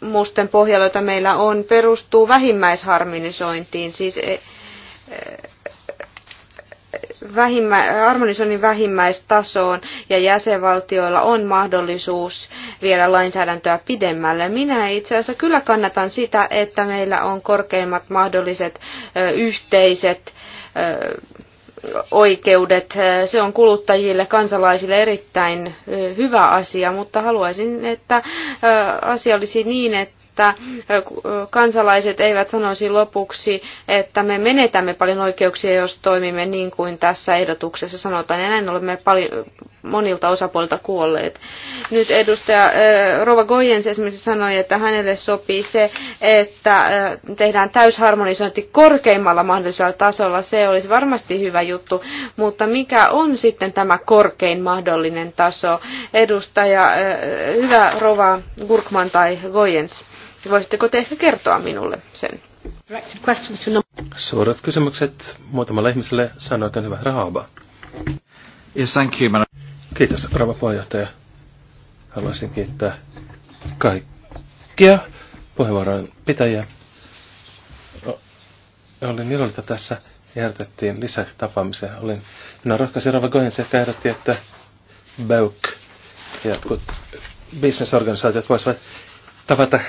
musten pohjalla, jota meillä on, perustuu vähimmäisharminisointiin, siis e, e, vähimmä, harmonisoinnin vähimmäistasoon ja jäsenvaltioilla on mahdollisuus viedä lainsäädäntöä pidemmälle. Minä itse asiassa kyllä kannatan sitä, että meillä on korkeimmat mahdolliset yhteiset oikeudet. Se on kuluttajille, kansalaisille erittäin hyvä asia, mutta haluaisin, että asia olisi niin, että että kansalaiset eivät sanoisi lopuksi, että me menetämme paljon oikeuksia, jos toimimme niin kuin tässä ehdotuksessa sanotaan. Ja näin olemme paljon, monilta osapuolilta kuolleet. Nyt edustaja Rova Goyens esimerkiksi sanoi, että hänelle sopii se, että tehdään täysharmonisointi korkeimmalla mahdollisella tasolla. Se olisi varmasti hyvä juttu, mutta mikä on sitten tämä korkein mahdollinen taso? Edustaja, hyvä Rova Gurkman tai Goyens. Niin voisitteko te ehkä kertoa minulle sen? Suorat kysymykset muutamalle ihmiselle. Sano oikein hyvä Rahaba. Yes, thank you, Kiitos, rouva puheenjohtaja. Haluaisin kiittää kaikkia puheenvuoron pitäjiä. Olin iloinen, että tässä järjestettiin lisätapaamisia. Olin, minä no, rohkaisin Rava Goins, että ehdotti, että BEUK ja jotkut bisnesorganisaatiot voisivat tavata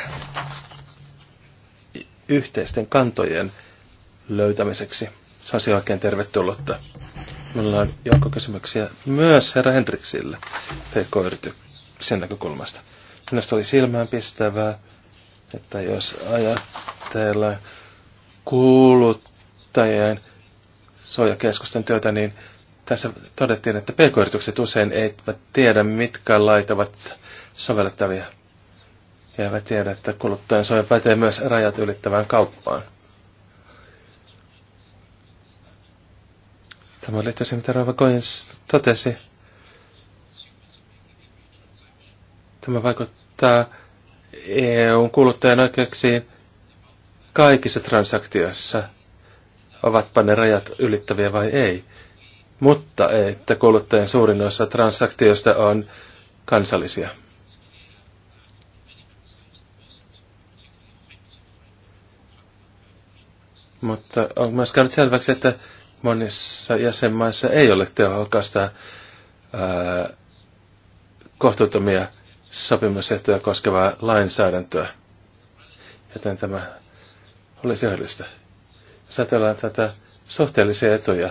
yhteisten kantojen löytämiseksi. Se olisi oikein tervetullutta. Meillä on joukko kysymyksiä myös herra Henriksille pk sen näkökulmasta. Minusta oli silmäänpistävää, että jos ajatellaan kuluttajien suojakeskusten työtä, niin tässä todettiin, että pk-yritykset usein eivät tiedä, mitkä lait ovat sovellettavia he eivät tiedä, että kuluttajansuoja pätee myös rajat ylittävään kauppaan. Tämä liittyy tosi, mitä Rova Goins totesi. Tämä vaikuttaa EUn kuluttajan oikeuksiin kaikissa transaktioissa, ovatpa ne rajat ylittäviä vai ei. Mutta että kuluttajan suurin osa transaktioista on kansallisia. Mutta on myös käynyt selväksi, että monissa jäsenmaissa ei ole tehokasta ää, kohtuuttomia sopimusehtoja koskevaa lainsäädäntöä. Joten tämä olisi hyödyllistä. Jos ajatellaan tätä suhteellisia etuja,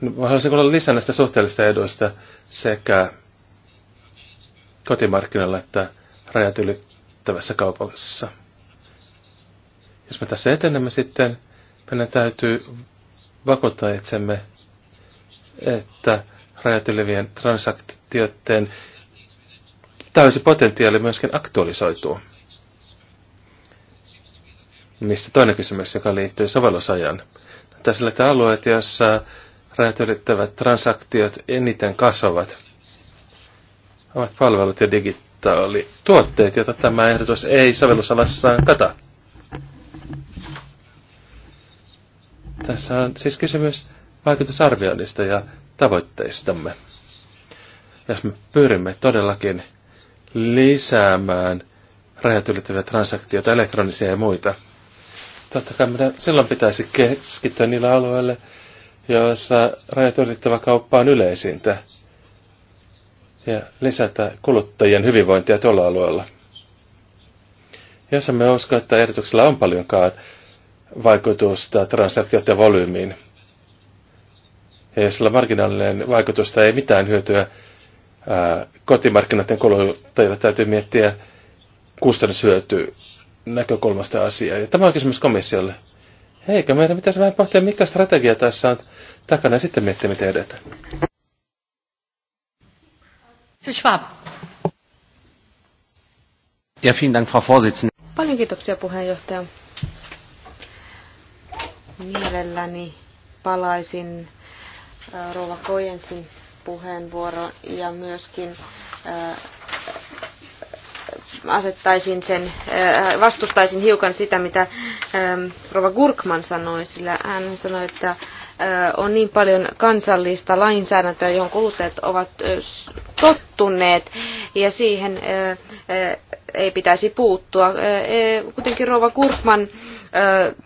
niin haluaisin kuulla lisää näistä suhteellista eduista sekä kotimarkkinoilla että rajat ylittävässä kaupassa. Jos me tässä etenemme sitten, meidän täytyy vakuuttaa itsemme, että rajat ylivien transaktioiden täysi potentiaali myöskin aktualisoituu. Mistä toinen kysymys, joka liittyy sovellusajan. No, tässä on alueet, joissa rajat ylittävät transaktiot eniten kasvavat, ovat palvelut ja digitaalituotteet, joita tämä ehdotus ei sovellusalassaan kata. Tässä on siis kysymys vaikutusarvioinnista ja tavoitteistamme. Jos me pyrimme todellakin lisäämään rajat ylittäviä transaktioita, elektronisia ja muita, totta kai meidän silloin pitäisi keskittyä niillä alueille, joissa rajat ylittävä kauppa on yleisintä ja lisätä kuluttajien hyvinvointia tuolla alueella. Jos me usko, että ehdotuksella on paljonkaan vaikutusta transaktioiden volyymiin. Ja jos sillä marginaalinen vaikutusta ei mitään hyötyä, ää, kotimarkkinoiden kuluttajilla täytyy miettiä kustannushyöty näkökulmasta asiaa. Ja tämä on kysymys komissiolle. Eikä meidän pitäisi vähän pohtia, mikä strategia tässä on takana ja sitten miettiä, miten edetään. Schwab. Ja, vielen Dank, Frau Vorsitzende. Paljon kiitoksia puheenjohtaja. Mielelläni palaisin Rova Kojensin puheenvuoroon ja myöskin asettaisin sen, vastustaisin hiukan sitä, mitä Rova Gurkman sanoi, sillä hän sanoi, että on niin paljon kansallista lainsäädäntöä, johon kuluttajat ovat tottuneet ja siihen ei pitäisi puuttua. Kuitenkin Rova Gurkman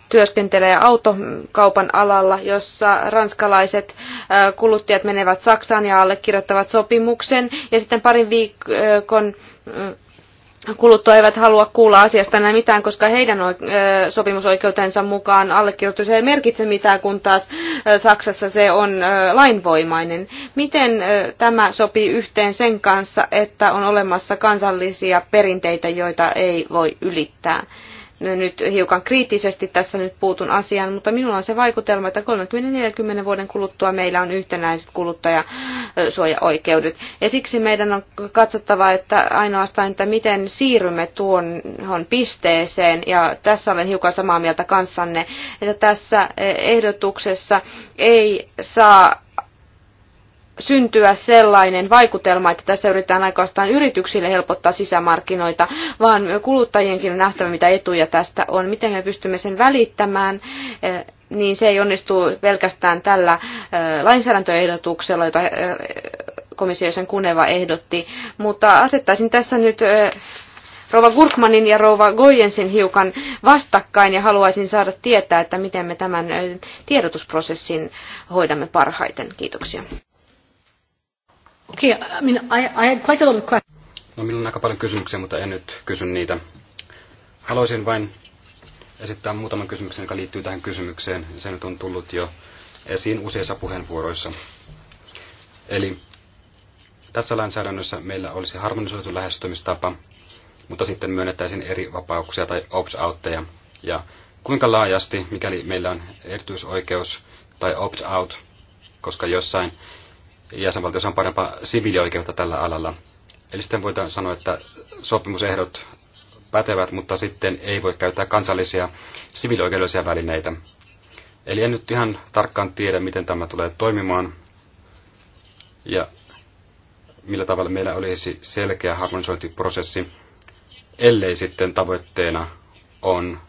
työskentelee autokaupan alalla, jossa ranskalaiset kuluttajat menevät Saksaan ja allekirjoittavat sopimuksen ja sitten parin viikon mm, kuluttua eivät halua kuulla asiasta enää mitään, koska heidän sopimusoikeutensa mukaan allekirjoitus ei merkitse mitään, kun taas Saksassa se on lainvoimainen. Miten tämä sopii yhteen sen kanssa, että on olemassa kansallisia perinteitä, joita ei voi ylittää? nyt hiukan kriittisesti tässä nyt puutun asiaan, mutta minulla on se vaikutelma, että 30-40 vuoden kuluttua meillä on yhtenäiset kuluttajasuojaoikeudet. Ja siksi meidän on katsottava, että ainoastaan, että miten siirrymme tuohon pisteeseen, ja tässä olen hiukan samaa mieltä kanssanne, että tässä ehdotuksessa ei saa syntyä sellainen vaikutelma, että tässä yritetään aikaistaan yrityksille helpottaa sisämarkkinoita, vaan kuluttajienkin on nähtävä, mitä etuja tästä on, miten me pystymme sen välittämään, eh, niin se ei onnistu pelkästään tällä eh, lainsäädäntöehdotuksella, jota eh, komissio sen Kuneva ehdotti, mutta asettaisin tässä nyt rouva Gurkmanin ja rouva Goyensin hiukan vastakkain ja haluaisin saada tietää, että miten me tämän tiedotusprosessin hoidamme parhaiten. Kiitoksia. Okay, I mean, I, I had quite a lot of questions. No, minulla on aika paljon kysymyksiä, mutta en nyt kysy niitä. Haluaisin vain esittää muutaman kysymyksen, joka liittyy tähän kysymykseen. Se nyt on tullut jo esiin useissa puheenvuoroissa. Eli tässä lainsäädännössä meillä olisi harmonisoitu lähestymistapa, mutta sitten myönnettäisiin eri vapauksia tai opt-outteja. Ja kuinka laajasti, mikäli meillä on erityisoikeus tai opt-out, koska jossain jäsenvaltiossa on parempaa siviilioikeutta tällä alalla. Eli sitten voidaan sanoa, että sopimusehdot pätevät, mutta sitten ei voi käyttää kansallisia siviilioikeudellisia välineitä. Eli en nyt ihan tarkkaan tiedä, miten tämä tulee toimimaan ja millä tavalla meillä olisi selkeä harmonisointiprosessi, ellei sitten tavoitteena on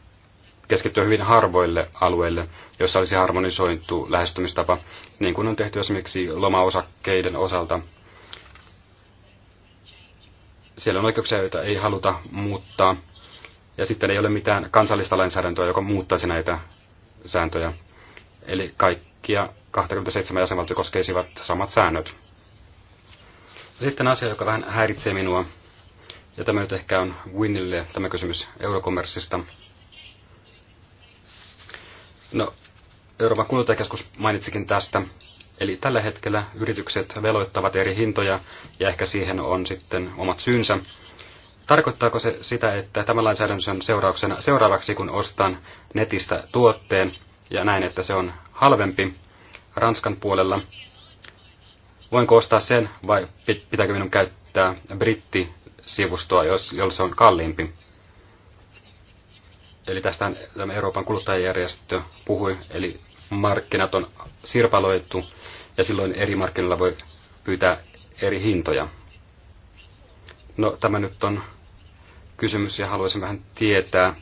keskittyä hyvin harvoille alueille, jossa olisi harmonisointu lähestymistapa, niin kuin on tehty esimerkiksi lomaosakkeiden osalta. Siellä on oikeuksia, joita ei haluta muuttaa, ja sitten ei ole mitään kansallista lainsäädäntöä, joka muuttaisi näitä sääntöjä. Eli kaikkia 27 jäsenvaltio koskeisivat samat säännöt. Sitten asia, joka vähän häiritsee minua, ja tämä nyt ehkä on Winnille tämä kysymys Eurokommerssista. No, Euroopan kuluttajakeskus mainitsikin tästä. Eli tällä hetkellä yritykset veloittavat eri hintoja ja ehkä siihen on sitten omat syynsä. Tarkoittaako se sitä, että tämän lainsäädännön seurauksena seuraavaksi kun ostan netistä tuotteen ja näin, että se on halvempi Ranskan puolella, voinko ostaa sen vai pitääkö minun käyttää brittisivustoa, jos, jolla se on kalliimpi? Eli tästä tämä Euroopan kuluttajajärjestö puhui, eli markkinat on sirpaloitu ja silloin eri markkinoilla voi pyytää eri hintoja. No tämä nyt on kysymys ja haluaisin vähän tietää,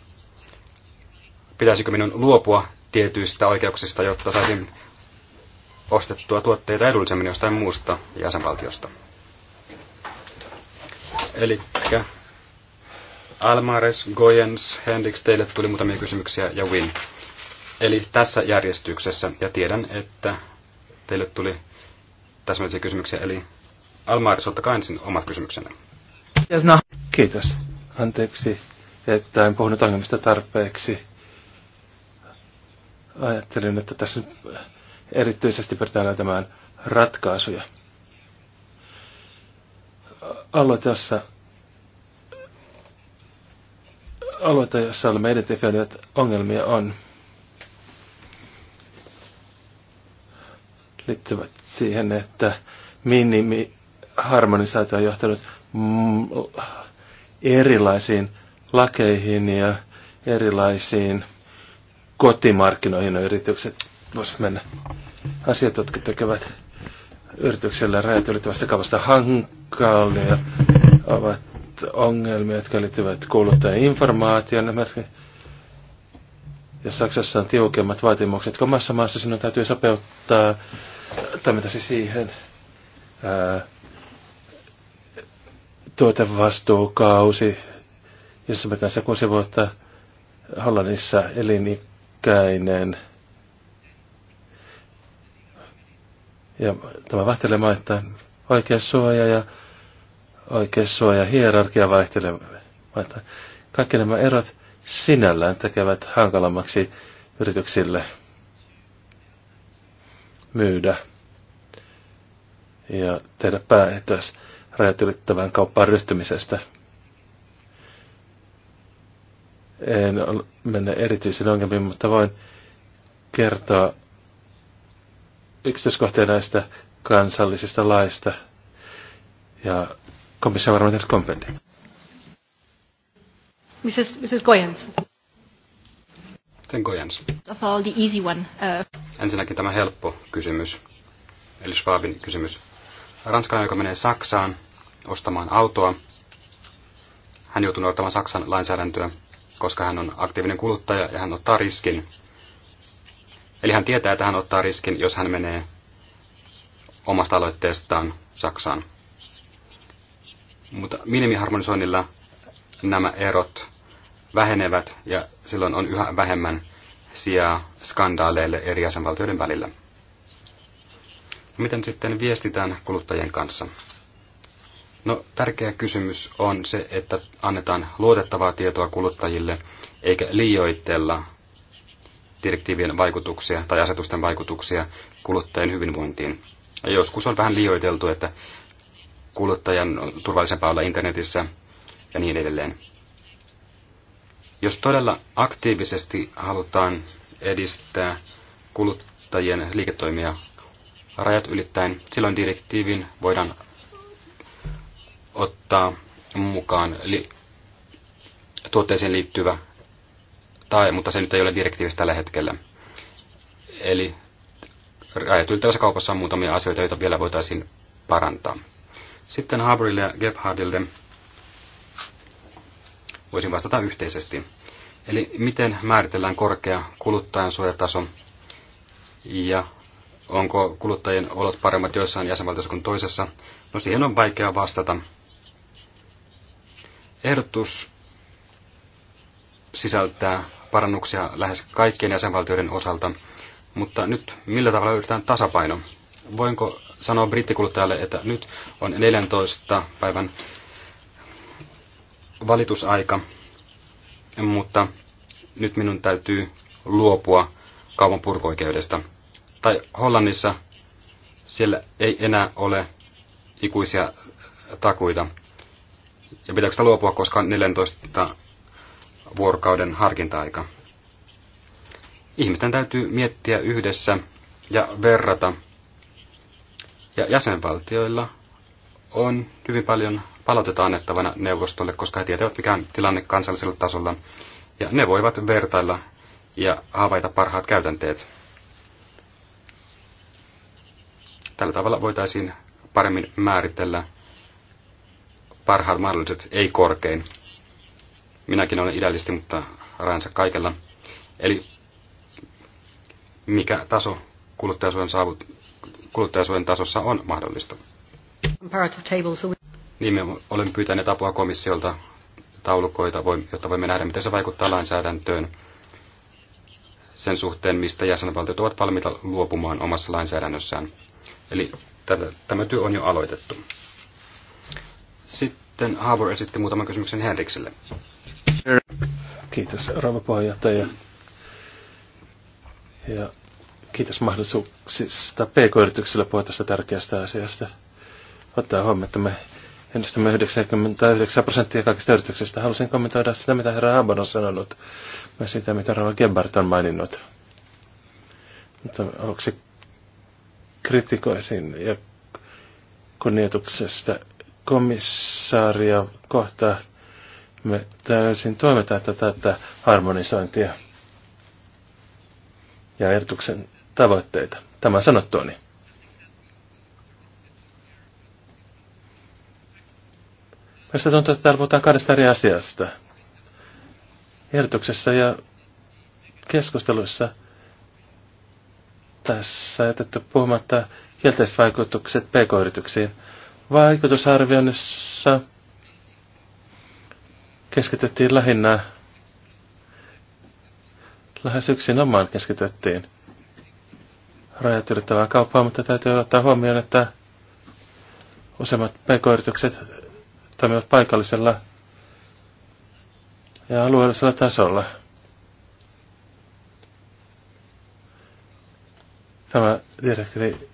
pitäisikö minun luopua tietyistä oikeuksista, jotta saisin ostettua tuotteita edullisemmin jostain muusta jäsenvaltiosta. Eli Almares, Goyens, Hendrix, teille tuli muutamia kysymyksiä ja Win. Eli tässä järjestyksessä, ja tiedän, että teille tuli täsmällisiä kysymyksiä, eli Almares, ottakaa ensin omat kysymyksenne. Yes, no. Kiitos. Anteeksi, että en puhunut ongelmista tarpeeksi. Ajattelin, että tässä erityisesti pyritään näytämään ratkaisuja. Aloitassa alueita, joissa olemme identifioineet ongelmia, on liittyvät siihen, että minimiharmonisaatio on johtanut mm, erilaisiin lakeihin ja erilaisiin kotimarkkinoihin no yritykset voisivat mennä. Asiat, jotka tekevät yritykselle rajat ylittävästä kaupasta hankalia, ovat ongelmia, jotka liittyvät kuluttajien informaatioon. Ja Saksassa on tiukemmat vaatimukset. Kun omassa maassa sinun täytyy sopeuttaa toimintasi siihen tuotevastuukausi, jossa me tässä kuusi vuotta Hollannissa elinikäinen. Ja tämä vaihtelee maittain oikea suoja ja oikeussuoja, hierarkia vaihtelevat. Kaikki nämä erot sinällään tekevät hankalammaksi yrityksille myydä ja tehdä päätös rajat ylittävään kauppaan ryhtymisestä. En mene erityisen ongelmiin, mutta voin kertoa yksityiskohtia näistä kansallisista laista ja komissio varmaan tehnyt kommentin. Mrs. Mrs. Goyens. Sen Goyens. Of all the easy one. Uh... Ensinnäkin tämä helppo kysymys, eli Schwabin kysymys. Ranskalainen, joka menee Saksaan ostamaan autoa, hän joutuu noudattamaan Saksan lainsäädäntöä, koska hän on aktiivinen kuluttaja ja hän ottaa riskin. Eli hän tietää, että hän ottaa riskin, jos hän menee omasta aloitteestaan Saksaan. Mutta minimiharmonisoinnilla nämä erot vähenevät ja silloin on yhä vähemmän sijaa skandaaleille eri jäsenvaltioiden välillä. Miten sitten viestitään kuluttajien kanssa? No, tärkeä kysymys on se, että annetaan luotettavaa tietoa kuluttajille, eikä liioitella direktiivien vaikutuksia tai asetusten vaikutuksia kuluttajien hyvinvointiin. Ja joskus on vähän liioiteltu, että kuluttajan turvallisempaa olla internetissä ja niin edelleen. Jos todella aktiivisesti halutaan edistää kuluttajien liiketoimia rajat ylittäen, silloin direktiivin voidaan ottaa mukaan li- tuotteeseen liittyvä, tai, mutta se nyt ei ole direktiivistä tällä hetkellä. Eli rajat ylittävässä kaupassa on muutamia asioita, joita vielä voitaisiin parantaa. Sitten Haberille ja Gebhardille voisin vastata yhteisesti. Eli miten määritellään korkea kuluttajansuojataso ja onko kuluttajien olot paremmat joissain jäsenvaltioissa kuin toisessa? No siihen on vaikea vastata. Ehdotus sisältää parannuksia lähes kaikkien jäsenvaltioiden osalta, mutta nyt millä tavalla yritetään tasapaino? Voinko sanoa brittikuluttajalle, että nyt on 14 päivän valitusaika, mutta nyt minun täytyy luopua kaupan purkoikeudesta. Tai Hollannissa siellä ei enää ole ikuisia takuita. Ja pitääkö sitä luopua, koska on 14 vuorokauden harkinta-aika. Ihmisten täytyy miettiä yhdessä ja verrata – ja jäsenvaltioilla on hyvin paljon palautetta annettavana neuvostolle, koska he tietävät, mikä on tilanne kansallisella tasolla. Ja ne voivat vertailla ja havaita parhaat käytänteet. Tällä tavalla voitaisiin paremmin määritellä parhaat mahdolliset, ei korkein. Minäkin olen idealisti, mutta rajansa kaikella. Eli mikä taso kuluttajasuojan saavut, kuluttajasuojan tasossa on mahdollista. Niin me olemme pyytäneet apua komissiolta taulukoita, jotta voimme nähdä, miten se vaikuttaa lainsäädäntöön sen suhteen, mistä jäsenvaltiot ovat valmiita luopumaan omassa lainsäädännössään. Eli tämä työ on jo aloitettu. Sitten Haavor esitti muutaman kysymyksen Henrikselle. Kiitos, rouva puheenjohtaja. Ja Kiitos mahdollisuuksista PK-yrityksillä puhua tästä tärkeästä asiasta. Ottaa huomioon, että me ennustamme 99 prosenttia kaikista yrityksistä. Haluaisin kommentoida sitä, mitä herra Abon on sanonut, myös sitä, mitä Rova Gebhardt on maininnut. Mutta aluksi kritikoisin ja kunnioituksesta komissaaria kohtaa, me täysin toimitaan tätä, tätä harmonisointia ja ehdotuksen tavoitteita. Tämä sanottuani. Niin. Minusta tuntuu, että täällä puhutaan kahdesta eri asiasta. Ehdotuksessa ja keskusteluissa tässä jätetty puhumatta kielteiset vaikutukset pk-yrityksiin. Vaikutusarvioinnissa keskityttiin lähinnä, lähes yksin omaan keskityttiin rajat ylittävää kauppaa, mutta täytyy ottaa huomioon, että useimmat pk-yritykset toimivat paikallisella ja alueellisella tasolla. Tämä direktiivi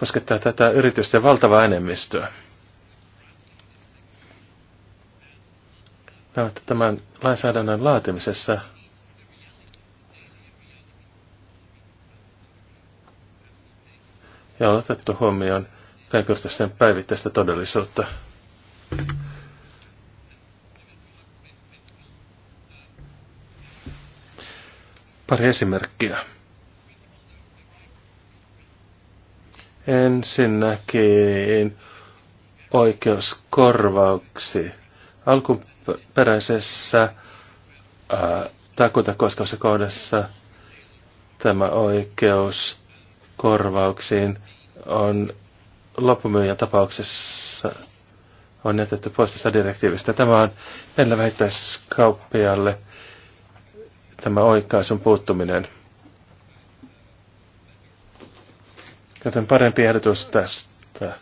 koskettaa tätä yritysten valtavaa enemmistöä. Näyttää tämän lainsäädännön laatimisessa ja on otettu huomioon kaikenlaisten päivittäistä todellisuutta. Pari esimerkkiä. Ensinnäkin oikeuskorvauksi. Alkuperäisessä ää, takuta koskevassa kohdassa tämä oikeus korvauksiin on loppumyyjän tapauksessa on jätetty pois tästä direktiivistä. Tämä on meillä vähittäiskauppialle tämä oikaisun puuttuminen. Joten parempi ehdotus tästä.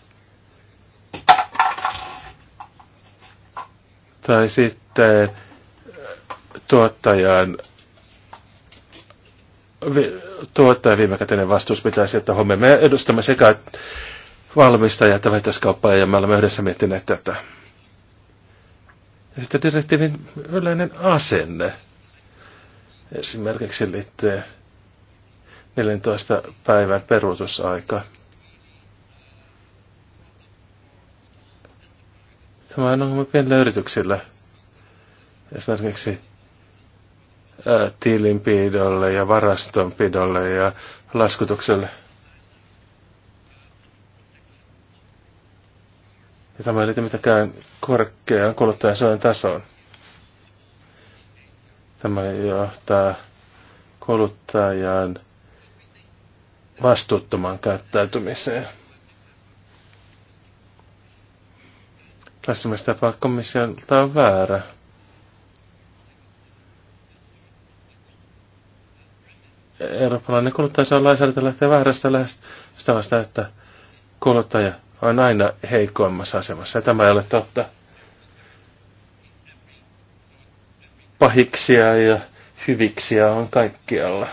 Tai sitten tuottajan tuottaja viimekätinen vastuus pitäisi, että homme me edustamme sekä valmistajia että vähittäiskauppaa ja me olemme yhdessä miettineet tätä. Ja sitten direktiivin yleinen asenne esimerkiksi liittyen 14 päivän peruutusaika. Tämä on ongelma pienillä yrityksillä. Esimerkiksi tilinpidolle ja varastonpidolle ja laskutukselle. Ja tämä ei liity mitenkään korkeaan kuluttajansuojan tasoon. Tämä johtaa kuluttajan vastuuttomaan käyttäytymiseen. Lähestymistapa komissiolta on väärä. eurooppalainen kuluttaja saa lainsäädäntö lähtee väärästä lähestä vasta, että kuluttaja on aina heikoimmassa asemassa. Ja tämä ei ole totta. Pahiksia ja hyviksiä on kaikkialla.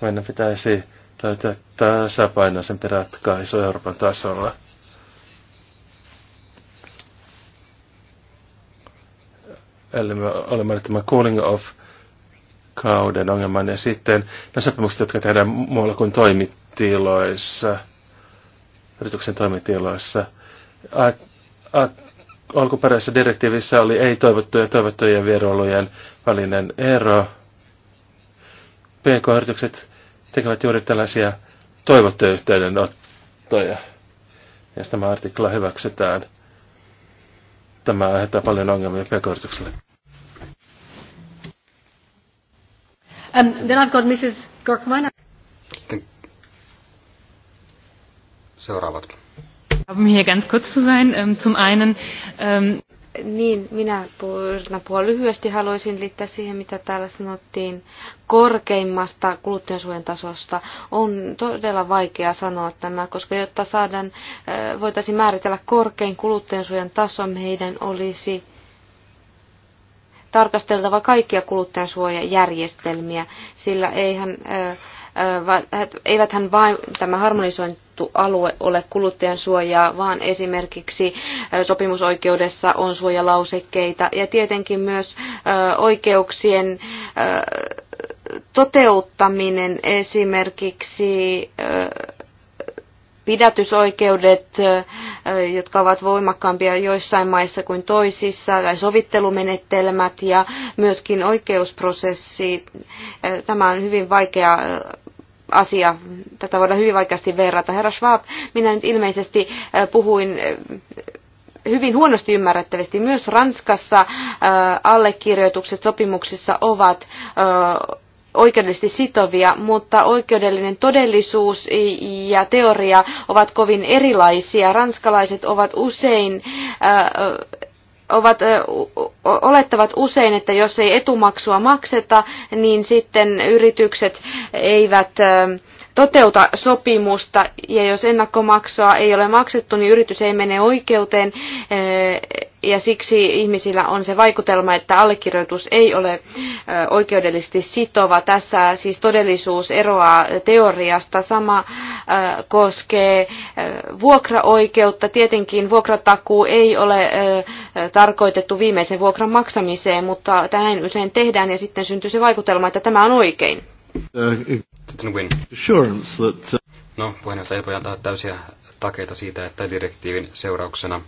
Meidän pitäisi löytää tasapainoisempi ratkaisu Euroopan tasolla. Eli me olemme tämä cooling off kauden ongelman. Ja sitten ne sopimukset, jotka tehdään muualla kuin toimitiloissa, yrityksen toimitiloissa. A, a, alkuperäisessä direktiivissä oli ei-toivottujen ja toivottujen vierailujen välinen ero. PK-yritykset tekevät juuri tällaisia toivottuja yhteydenottoja. Ja tämä artikla hyväksytään. Tämä aiheuttaa paljon ongelmia pk Um, then I've got Mrs. Gorkman. Sitten seuraavat. Um hier ganz kurz zu sein. Um, zum einen... Um, niin, minä no, puhun lyhyesti. Haluaisin liittää siihen, mitä täällä sanottiin korkeimmasta kuluttajansuojan tasosta. On todella vaikea sanoa tämä, koska jotta saadaan, äh, voitaisiin määritellä korkein kuluttajansuojan taso, meidän olisi tarkasteltava kaikkia kuluttajansuojajärjestelmiä, sillä eihän, eiväthän vain tämä harmonisointu alue ole kuluttajansuojaa, vaan esimerkiksi sopimusoikeudessa on suojalausekkeita ja tietenkin myös oikeuksien toteuttaminen esimerkiksi pidätysoikeudet, jotka ovat voimakkaampia joissain maissa kuin toisissa, tai sovittelumenetelmät ja myöskin oikeusprosessi. Tämä on hyvin vaikea asia. Tätä voidaan hyvin vaikeasti verrata. Herra Schwab, minä nyt ilmeisesti puhuin hyvin huonosti ymmärrettävästi. Myös Ranskassa allekirjoitukset sopimuksissa ovat oikeudellisesti sitovia, mutta oikeudellinen todellisuus ja teoria ovat kovin erilaisia. Ranskalaiset ovat usein ovat, olettavat usein, että jos ei etumaksua makseta, niin sitten yritykset eivät toteuta sopimusta ja jos ennakkomaksua ei ole maksettu, niin yritys ei mene oikeuteen ja siksi ihmisillä on se vaikutelma, että allekirjoitus ei ole oikeudellisesti sitova. Tässä siis todellisuus eroaa teoriasta. Sama koskee vuokraoikeutta. Tietenkin vuokratakuu ei ole tarkoitettu viimeisen vuokran maksamiseen, mutta näin usein tehdään ja sitten syntyy se vaikutelma, että tämä on oikein. Uh, no, puheenjohtaja ei voi antaa täysiä takeita siitä, että direktiivin seurauksena –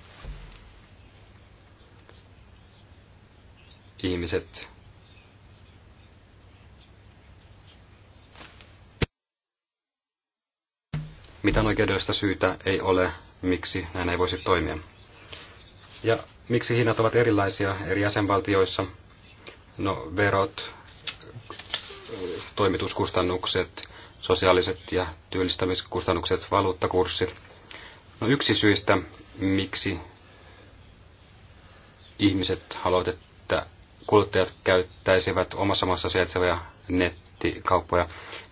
ihmiset mitään oikeudellista syytä ei ole, miksi näin ei voisi toimia. Ja miksi hinnat ovat erilaisia eri jäsenvaltioissa? No verot, toimituskustannukset, sosiaaliset ja työllistämiskustannukset, valuuttakurssit. No yksi syistä, miksi ihmiset haluavat, että kuluttajat käyttäisivät omassa maassa sijaitsevia nettikauppoja.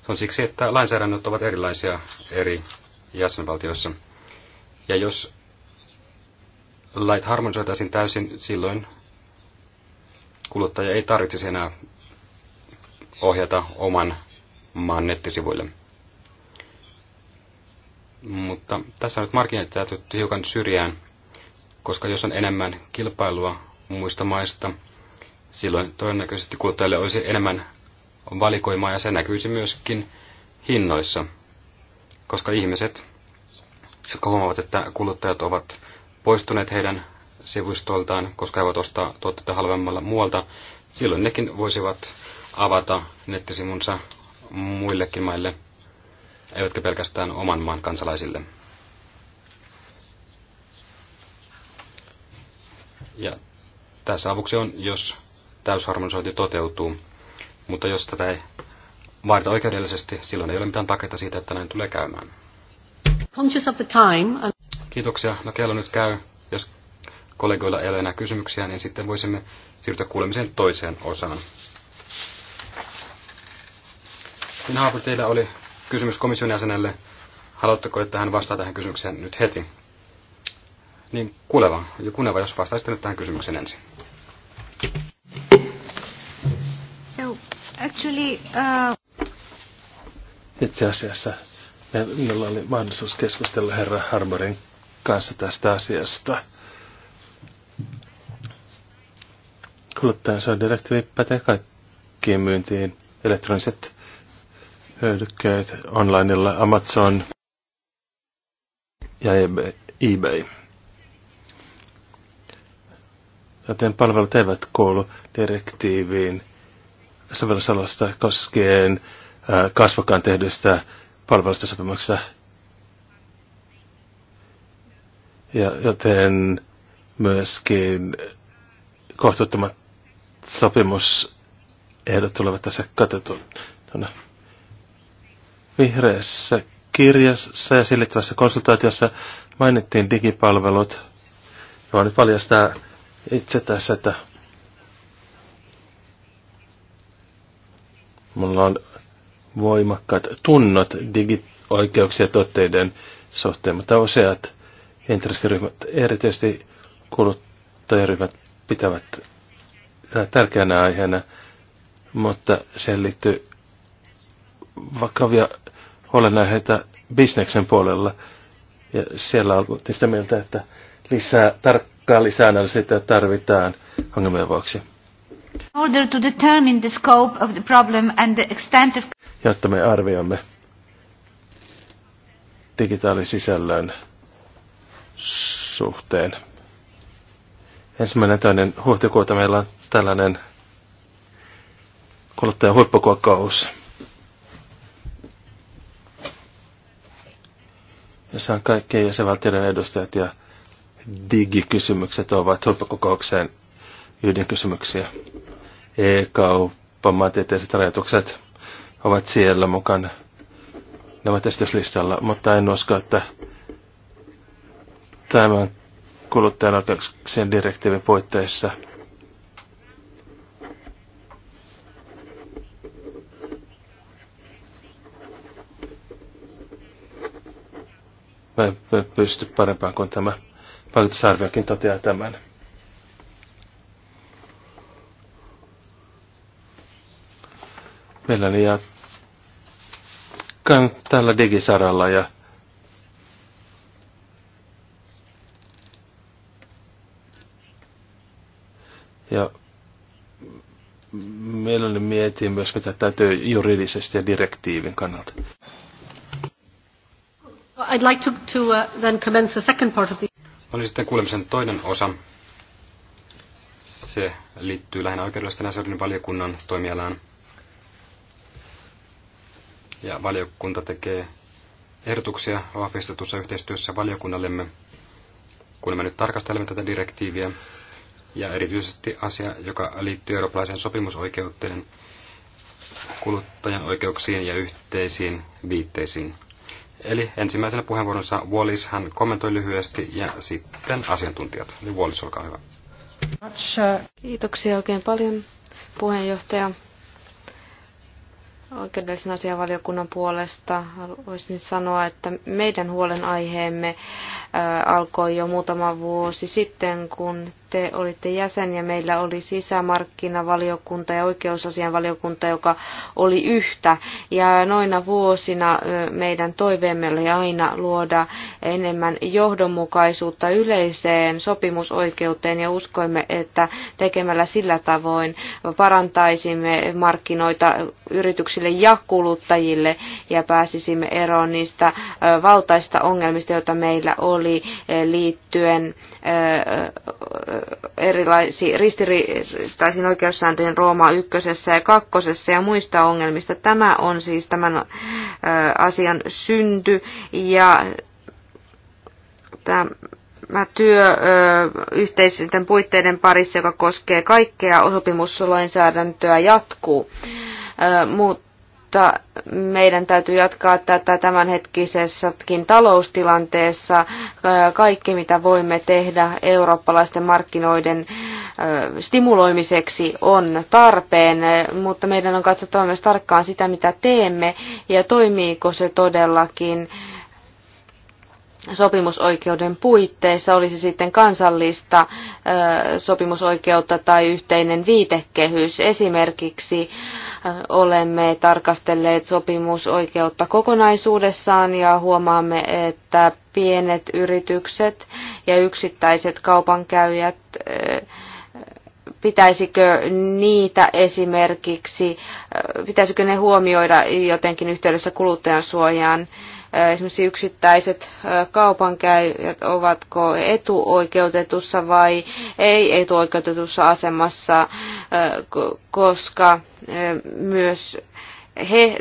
Se on siksi, että lainsäädännöt ovat erilaisia eri jäsenvaltioissa. Ja jos lait harmonisoitaisiin täysin, silloin kuluttaja ei tarvitsisi enää ohjata oman maan nettisivuille. Mutta tässä nyt markkinat täytyy hiukan syrjään, koska jos on enemmän kilpailua muista maista, Silloin todennäköisesti kuluttajille olisi enemmän valikoimaa ja se näkyisi myöskin hinnoissa, koska ihmiset, jotka huomaavat, että kuluttajat ovat poistuneet heidän sivustoltaan, koska he voivat ostaa tuotteita halvemmalla muualta, silloin nekin voisivat avata nettisivunsa muillekin maille, eivätkä pelkästään oman maan kansalaisille. Ja tässä avuksi on, jos täysharmonisointi toteutuu. Mutta jos tätä ei vaadita oikeudellisesti, silloin ei ole mitään takeita siitä, että näin tulee käymään. Uh, Kiitoksia. No kello nyt käy. Jos kollegoilla ei ole enää kysymyksiä, niin sitten voisimme siirtyä kuulemisen toiseen osaan. Minä Haapur, teillä oli kysymys komission jäsenelle. Haluatteko, että hän vastaa tähän kysymykseen nyt heti? Niin kuuleva, ja kuuleva jos vastaisitte nyt tähän kysymykseen ensin. So, actually, uh... Itse asiassa minulla oli mahdollisuus keskustella herra Harmarin kanssa tästä asiasta. direktiivi pätee kaikkiin myyntiin. Elektroniset hyödykkeet onlineilla Amazon ja eBay. Joten palvelut eivät kuulu direktiiviin – sovellusalasta koskien kasvokkaan tehdystä palvelusta sopimuksesta. Ja joten myöskin kohtuuttomat sopimusehdot tulevat tässä katettuna. Vihreässä kirjassa ja sillittävässä konsultaatiossa mainittiin digipalvelut. Mä nyt paljastaa itse tässä, että Mulla on voimakkaat tunnot digioikeuksia tuotteiden suhteen, mutta useat intressiryhmät, erityisesti kuluttajaryhmät, pitävät tärkeänä aiheena, mutta siihen liittyy vakavia huolenaiheita bisneksen puolella. Ja siellä on sitä mieltä, että lisää, tarkkaa sitä tarvitaan ongelmien vuoksi order to determine the scope of the problem and the extent of... Jotta me arvioimme digitaalisisällön suhteen. Ensimmäinen toinen huhtikuuta meillä on tällainen kuluttajan huippukokous. Jossa on kaikkien jäsenvaltioiden edustajat ja digikysymykset ovat huippukokoukseen yhden kysymyksiä e-kauppamaantieteelliset rajoitukset ovat siellä mukana. Ne ovat esityslistalla, mutta en usko, että tämän kuluttajan oikeuksien direktiivin puitteissa Mä en pysty parempaan kuin tämä vaikutusarviokin toteaa tämän. mielelläni jatkan tällä digisaralla ja ja mielelläni mietin myös, mitä täytyy juridisesti ja direktiivin kannalta. I'd like to, to uh, then commence the second part of the... Oli sitten kuulemisen toinen osa. Se liittyy lähinnä oikeudellisten asioiden valiokunnan toimialaan ja valiokunta tekee ehdotuksia vahvistetussa yhteistyössä valiokunnallemme, kun me nyt tarkastelemme tätä direktiiviä, ja erityisesti asia, joka liittyy eurooppalaiseen sopimusoikeuteen, kuluttajan oikeuksiin ja yhteisiin viitteisiin. Eli ensimmäisenä puheenvuoronsa Wallis hän kommentoi lyhyesti ja sitten asiantuntijat. Wallis, olkaa hyvä. Kiitoksia oikein paljon puheenjohtaja oikeudellisen asianvaliokunnan puolesta voisin sanoa, että meidän huolenaiheemme alkoi jo muutama vuosi sitten, kun te olitte jäsen ja meillä oli sisämarkkinavaliokunta ja oikeusasianvaliokunta, joka oli yhtä. Ja noina vuosina meidän toiveemme oli aina luoda enemmän johdonmukaisuutta yleiseen sopimusoikeuteen ja uskoimme, että tekemällä sillä tavoin parantaisimme markkinoita yrityksille ja kuluttajille ja pääsisimme eroon niistä valtaista ongelmista, joita meillä oli liittyen erilaisiin ristiriitaisiin oikeussääntöihin Rooma ykkösessä ja kakkosessa ja muista ongelmista. Tämä on siis tämän asian synty ja tämä työ yhteisten puitteiden parissa, joka koskee kaikkea sopimuslainsäädäntöä, jatkuu. mut mutta meidän täytyy jatkaa tätä tämänhetkisessäkin taloustilanteessa. Kaikki, mitä voimme tehdä eurooppalaisten markkinoiden stimuloimiseksi on tarpeen, mutta meidän on katsottava myös tarkkaan sitä, mitä teemme ja toimiiko se todellakin sopimusoikeuden puitteissa, olisi sitten kansallista sopimusoikeutta tai yhteinen viitekehys. Esimerkiksi olemme tarkastelleet sopimusoikeutta kokonaisuudessaan ja huomaamme, että pienet yritykset ja yksittäiset kaupankäyjät pitäisikö niitä esimerkiksi, pitäisikö ne huomioida jotenkin yhteydessä kuluttajansuojaan? suojaan Äh, esimerkiksi yksittäiset äh, kaupankäyjät, ovatko etuoikeutetussa vai ei etuoikeutetussa asemassa, äh, koska myös he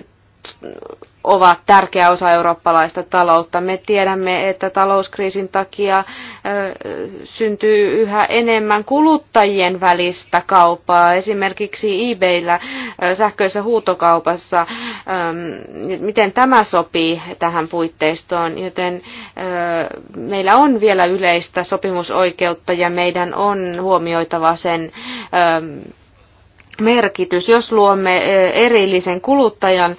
ovat tärkeä osa eurooppalaista taloutta. Me tiedämme, että talouskriisin takia syntyy yhä enemmän kuluttajien välistä kauppaa, esimerkiksi eBayllä sähköisessä huutokaupassa. Miten tämä sopii tähän puitteistoon, joten meillä on vielä yleistä sopimusoikeutta ja meidän on huomioitava sen merkitys. Jos luomme eh, erillisen kuluttajan eh,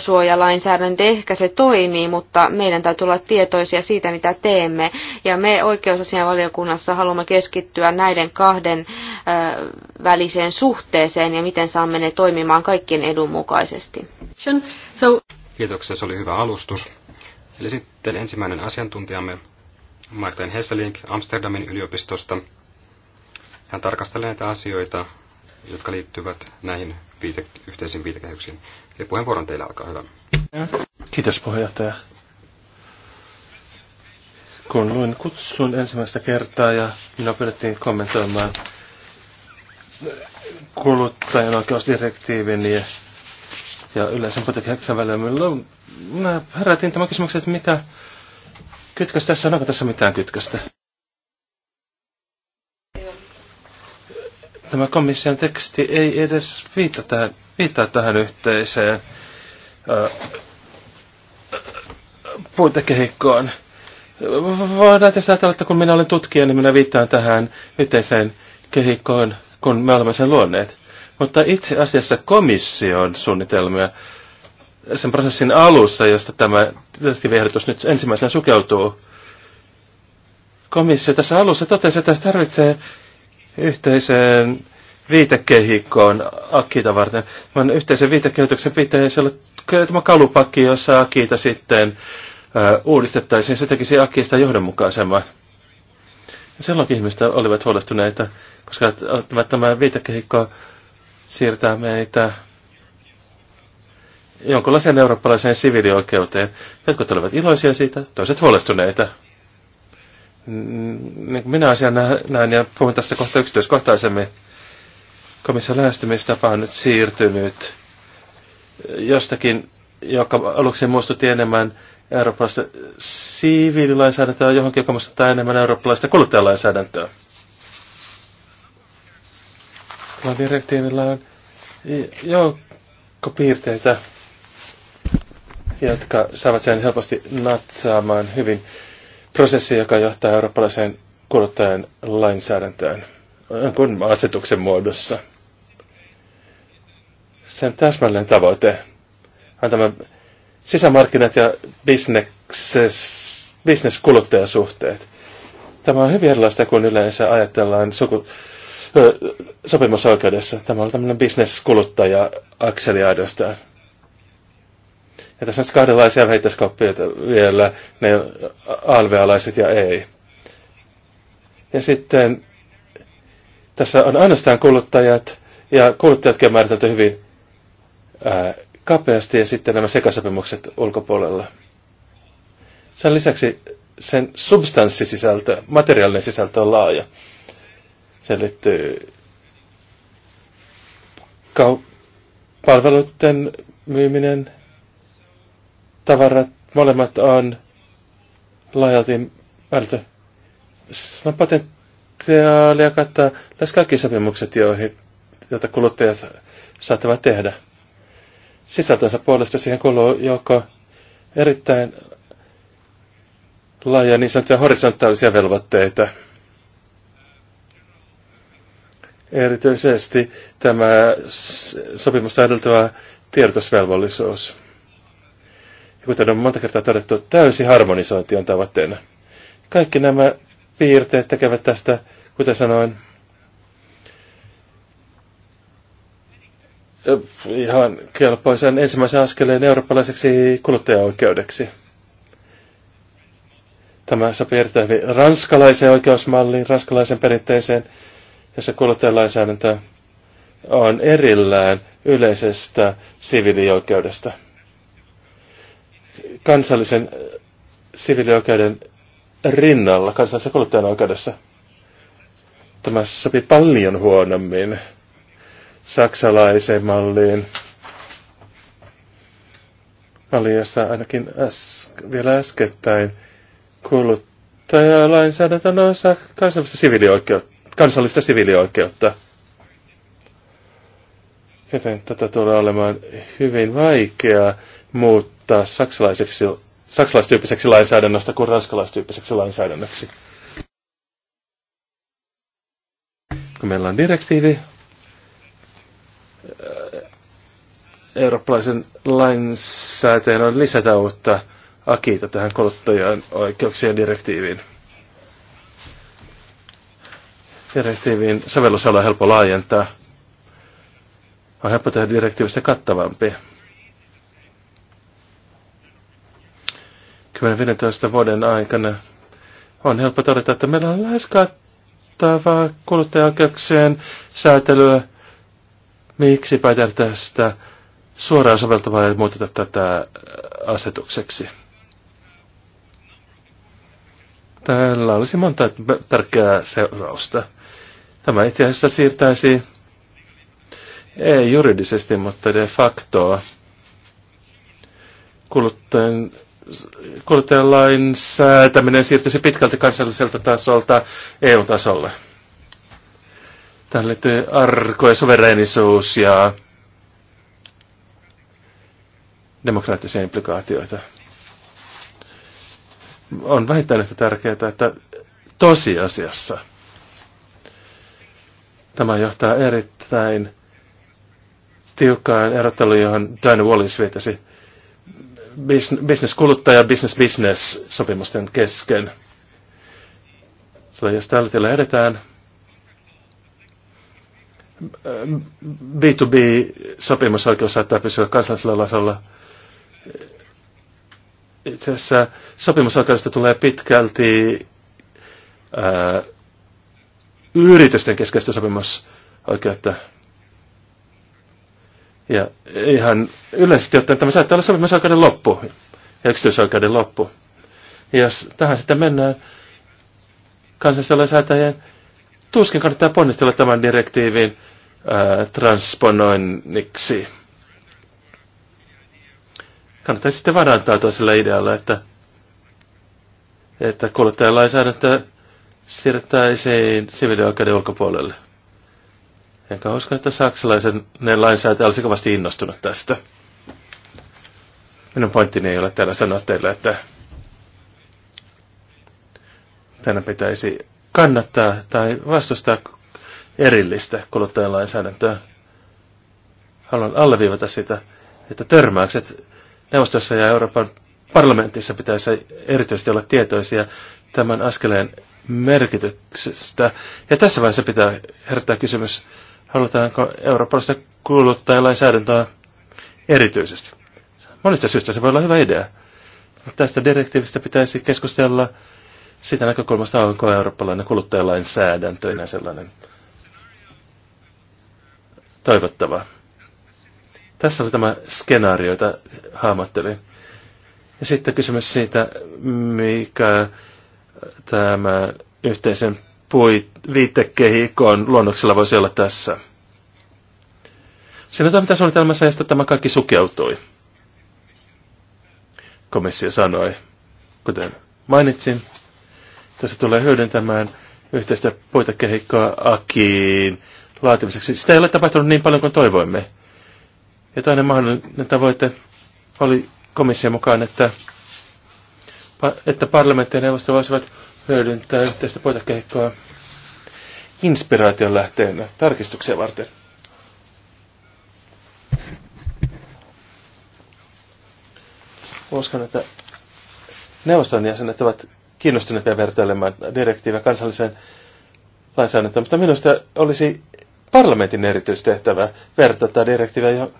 suojalainsäädäntö, niin ehkä se toimii, mutta meidän täytyy olla tietoisia siitä, mitä teemme. Ja me oikeusasianvaliokunnassa haluamme keskittyä näiden kahden eh, väliseen suhteeseen ja miten saamme ne toimimaan kaikkien edun mukaisesti. Kiitoksia, se oli hyvä alustus. Eli sitten ensimmäinen asiantuntijamme, Martin Hesselink Amsterdamin yliopistosta. Hän tarkastelee näitä asioita jotka liittyvät näihin viite, yhteisiin viitekehyksiin. Eli puheenvuoron teille alkaa hyvä. Kiitos puheenjohtaja. Kun luin kutsun ensimmäistä kertaa ja minä pyydettiin kommentoimaan kuluttajan oikeusdirektiivin ja, ja yleisen putekehyksen välillä, minä herätin tämän kysymyksen, että mikä kytkös tässä on, onko tässä mitään kytköstä. Tämä komission teksti ei edes viita tähän, viittaa tähän yhteiseen puitekehikkoon. Voidaan tietysti ajatella, että kun minä olen tutkija, niin minä viittaan tähän yhteiseen kehikkoon, kun me olemme sen luonneet. Mutta itse asiassa komission suunnitelmia sen prosessin alussa, josta tämä tietysti nyt ensimmäisenä sukeutuu, komissio tässä alussa totesi, että tässä tarvitsee yhteiseen viitekehikkoon Akita varten. Tämän yhteisen viitekehityksen pitäisi olla tämä kalupakki, jossa Akita sitten ö, uudistettaisiin. Se tekisi Akista johdonmukaisemman. Ja silloin ihmiset olivat huolestuneita, koska tämä viitekehikko siirtää meitä jonkunlaiseen eurooppalaiseen siviilioikeuteen. Jotkut olivat iloisia siitä, toiset huolestuneita niin kuin minä asian näen ja puhun tästä kohta yksityiskohtaisemmin, komission lähestymistapa on nyt siirtynyt jostakin, joka aluksi muistutti enemmän eurooppalaista siviililainsäädäntöä johonkin, joka muistuttaa enemmän eurooppalaista kuluttajalainsäädäntöä. Tällä direktiivillä on joukko piirteitä, jotka saavat sen helposti natsaamaan hyvin prosessi, joka johtaa eurooppalaiseen kuluttajan lainsäädäntöön kun asetuksen muodossa. Sen täsmällinen tavoite on tämä sisämarkkinat ja bisneskuluttajasuhteet. Tämä on hyvin erilaista kuin yleensä ajatellaan suku, sopimusoikeudessa. Tämä on tämmöinen bisneskuluttaja akseli aidostaan. Ja tässä on siis kahdenlaisia vähittäiskauppioita vielä, ne alvealaiset ja ei. Ja sitten tässä on ainoastaan kuluttajat, ja kuluttajatkin on määritelty hyvin ää, kapeasti, ja sitten nämä sekasopimukset ulkopuolella. Sen lisäksi sen substanssisisältö, materiaalinen sisältö on laaja. Se liittyy palveluiden myyminen, tavarat molemmat on laajalti määritelty. Sillä on potentiaalia kattaa lähes kaikki sopimukset, joihin, joita kuluttajat saattavat tehdä. Sisältönsä puolesta siihen kuuluu joko erittäin laaja niin sanottuja horisontaalisia velvoitteita. Erityisesti tämä sopimusta edeltävä tiedotusvelvollisuus kuten on monta kertaa todettu, täysi harmonisointi on tavoitteena. Kaikki nämä piirteet tekevät tästä, kuten sanoin, ihan kelpoisen ensimmäisen askeleen eurooppalaiseksi kuluttajaoikeudeksi. Tämä sopii erittäin hyvin ranskalaiseen oikeusmalliin, ranskalaisen perinteeseen, jossa kuluttajalainsäädäntö on erillään yleisestä siviilioikeudesta kansallisen äh, siviilioikeuden rinnalla kansallisessa kuluttajan oikeudessa. Tämä sopii paljon huonommin saksalaiseen malliin. Malli, jossa ainakin äs, vielä äskettäin kuluttajalainsäädäntö on osa kansallista siviilioikeutta. Kansallista siviilioikeutta. Joten tätä tulee olemaan hyvin vaikeaa muuttaa saksalaiseksi, saksalaistyyppiseksi lainsäädännöstä kuin ranskalaistyyppiseksi lainsäädännöksi. Kun meillä on direktiivi, eurooppalaisen lainsäätäjän on lisätä uutta akiita tähän kuluttajan oikeuksien direktiiviin. Direktiivin sovellusala on helppo laajentaa. On helppo tehdä direktiivistä kattavampi. 10-15 vuoden aikana, on helppo todeta, että meillä on lähes kattavaa kuluttajaoikeuksien säätelyä. Miksipä tästä suoraan soveltavaa ei muuteta tätä äh, asetukseksi? Tällä olisi monta tärkeää seurausta. Tämä itse asiassa siirtäisi, ei juridisesti, mutta de facto, kuluttajan kuluttajalain säätäminen siirtyisi pitkälti kansalliselta tasolta EU-tasolle. Tähän liittyy arko ja suvereenisuus ja demokraattisia implikaatioita. On vähintään yhtä tärkeää, että tosiasiassa tämä johtaa erittäin tiukkaan erotteluun, johon Dan Wallis viitasi business-kuluttaja, business-business-sopimusten kesken. jos tällä tiellä edetään, B2B-sopimusoikeus saattaa pysyä kansallisella tasolla. Itse asiassa sopimusoikeudesta tulee pitkälti ää, yritysten keskeistä sopimusoikeutta. Ja ihan yleisesti ottaen tämä saattaa olla sopimusoikeuden loppu yksityisoikeuden loppu. Ja jos tähän sitten mennään kansallisella tuskin kannattaa ponnistella tämän direktiivin ää, transponoinniksi. Kannattaa sitten varantaa toiselle idealle, että, että kuluttajalainsäädäntö siirrettäisiin siviilioikeuden ulkopuolelle. Enkä usko, että saksalaisen lainsäätäjä olisi kovasti innostunut tästä. Minun pointtini ei ole täällä sanoa teille, että tänä pitäisi kannattaa tai vastustaa erillistä kuluttajan lainsäädäntöä. Haluan alleviivata sitä, että törmäykset neuvostossa ja Euroopan parlamentissa pitäisi erityisesti olla tietoisia tämän askeleen merkityksestä. Ja tässä vaiheessa pitää herättää kysymys, halutaanko Euroopassa kuluttaa lainsäädäntöä erityisesti. Monista syistä se voi olla hyvä idea. Tästä direktiivistä pitäisi keskustella sitä näkökulmasta, onko eurooppalainen kuluttajalainsäädäntö enää sellainen toivottava. Tässä oli tämä skenaario, jota haamattelin. Ja sitten kysymys siitä, mikä tämä yhteisen puit, viitekehikon luonnoksella voisi olla tässä. Sen mitä suunnitelmassa ja tämä kaikki sukeutui. Komissio sanoi, kuten mainitsin, tässä tulee hyödyntämään yhteistä puitekehikkoa Akiin laatimiseksi. Sitä ei ole tapahtunut niin paljon kuin toivoimme. Ja toinen mahdollinen tavoite oli komission mukaan, että, että parlamentti ja neuvosto voisivat hyödyntää yhteistä poitakehikkoa inspiraation lähteenä tarkistuksia varten. Uskon, että neuvoston jäsenet ovat kiinnostuneita vertailemaan direktiivä kansalliseen lainsäädäntöön, mutta minusta olisi parlamentin erityistehtävä vertata direktiiviä jo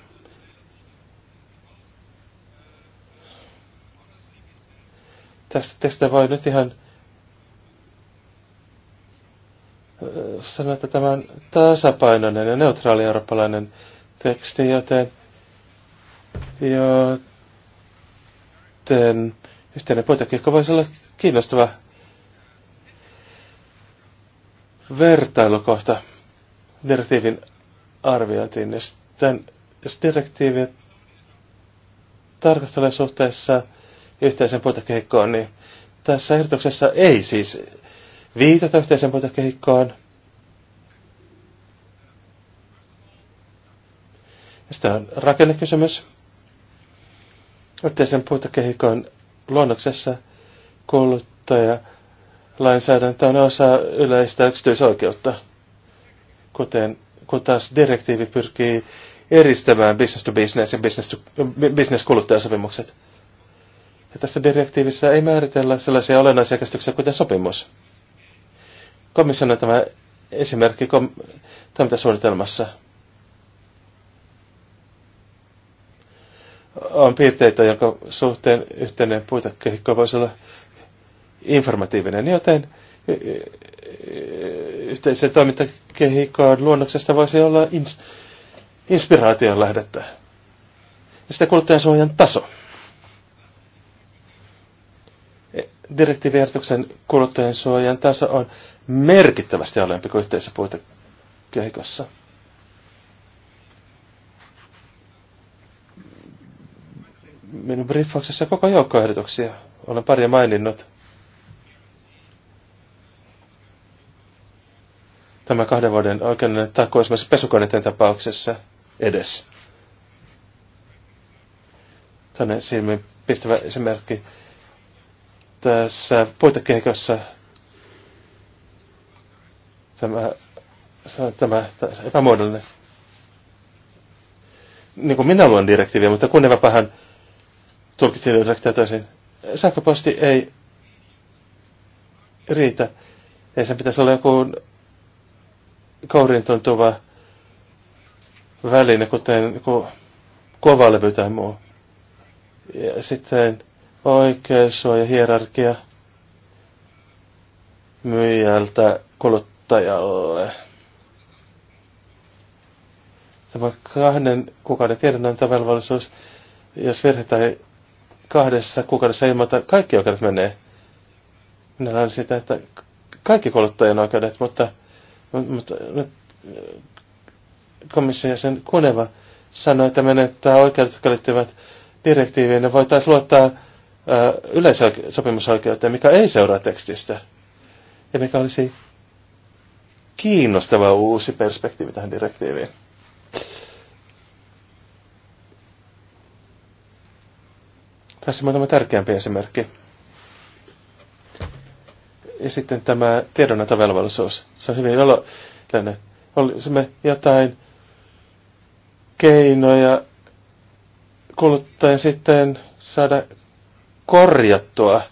tästä, tästä voi nyt ihan Äh, sanoa, että tämä on tasapainoinen ja neutraali eurooppalainen teksti, joten, joten yhteinen puitekehko voisi olla kiinnostava vertailukohta direktiivin arviointiin. Jos, tämän, jos direktiiviä tarkastelee suhteessa yhteisen puitekehikkoon, niin tässä ehdotuksessa ei siis viitata yhteisen puitekehikkoon. Sitten on rakennekysymys. Yhteisen puitekehikon luonnoksessa kuluttaja lainsäädäntö on osa yleistä yksityisoikeutta, kuten kun taas direktiivi pyrkii eristämään business to business ja business, to, business kuluttajasopimukset. Ja tässä direktiivissä ei määritellä sellaisia olennaisia käsityksiä kuten sopimus. Komission tämä esimerkki kom- toimintasuunnitelmassa. On piirteitä, jonka suhteen yhteinen puitekehikko voisi olla informatiivinen, joten yhteisen toimintakehikon luonnoksesta voisi olla ins- inspiraation lähdettä. Ja sitten kuluttajansuojan taso. E, direktiiviehdotuksen kuluttajansuojan taso on merkittävästi alempi kuin yhteisessä puitekehikossa. Minun briefauksessa koko joukko ehdotuksia. Olen pari maininnut. Tämä kahden vuoden oikeudellinen takko esimerkiksi pesukoneiden tapauksessa edes. Tänne silmiin pistävä esimerkki. Tässä puitekehikossa tämä, tämä, tämä epämuodollinen. Niin kuin minä luen direktiiviä, mutta kun vähän tulkitsin direktiä toisin. Sähköposti ei riitä. Ei sen pitäisi olla joku kourin tuntuva väline, kuten joku levy tai muu. Ja sitten ja hierarkia myyjältä kulut kuluttajalle. Tämä kahden kuukauden tiedonantovelvollisuus, jos virhe tai kahdessa kuukaudessa ilmoittaa, kaikki oikeudet menee. Minä näen sitä, että kaikki kuluttajien oikeudet, mutta, mutta nyt äh, komissio sen Kuneva sanoi, että menettää oikeudet, jotka liittyvät direktiiviin, ne voitaisiin luottaa äh, yleisopimusoikeuteen, mikä ei seuraa tekstistä. Ja mikä olisi kiinnostava uusi perspektiivi tähän direktiiviin. Tässä on tämä tärkeämpi esimerkki. Ja sitten tämä tiedonantovelvollisuus. Se on hyvin oloinen. Olisimme jotain keinoja kuluttajan sitten saada korjattua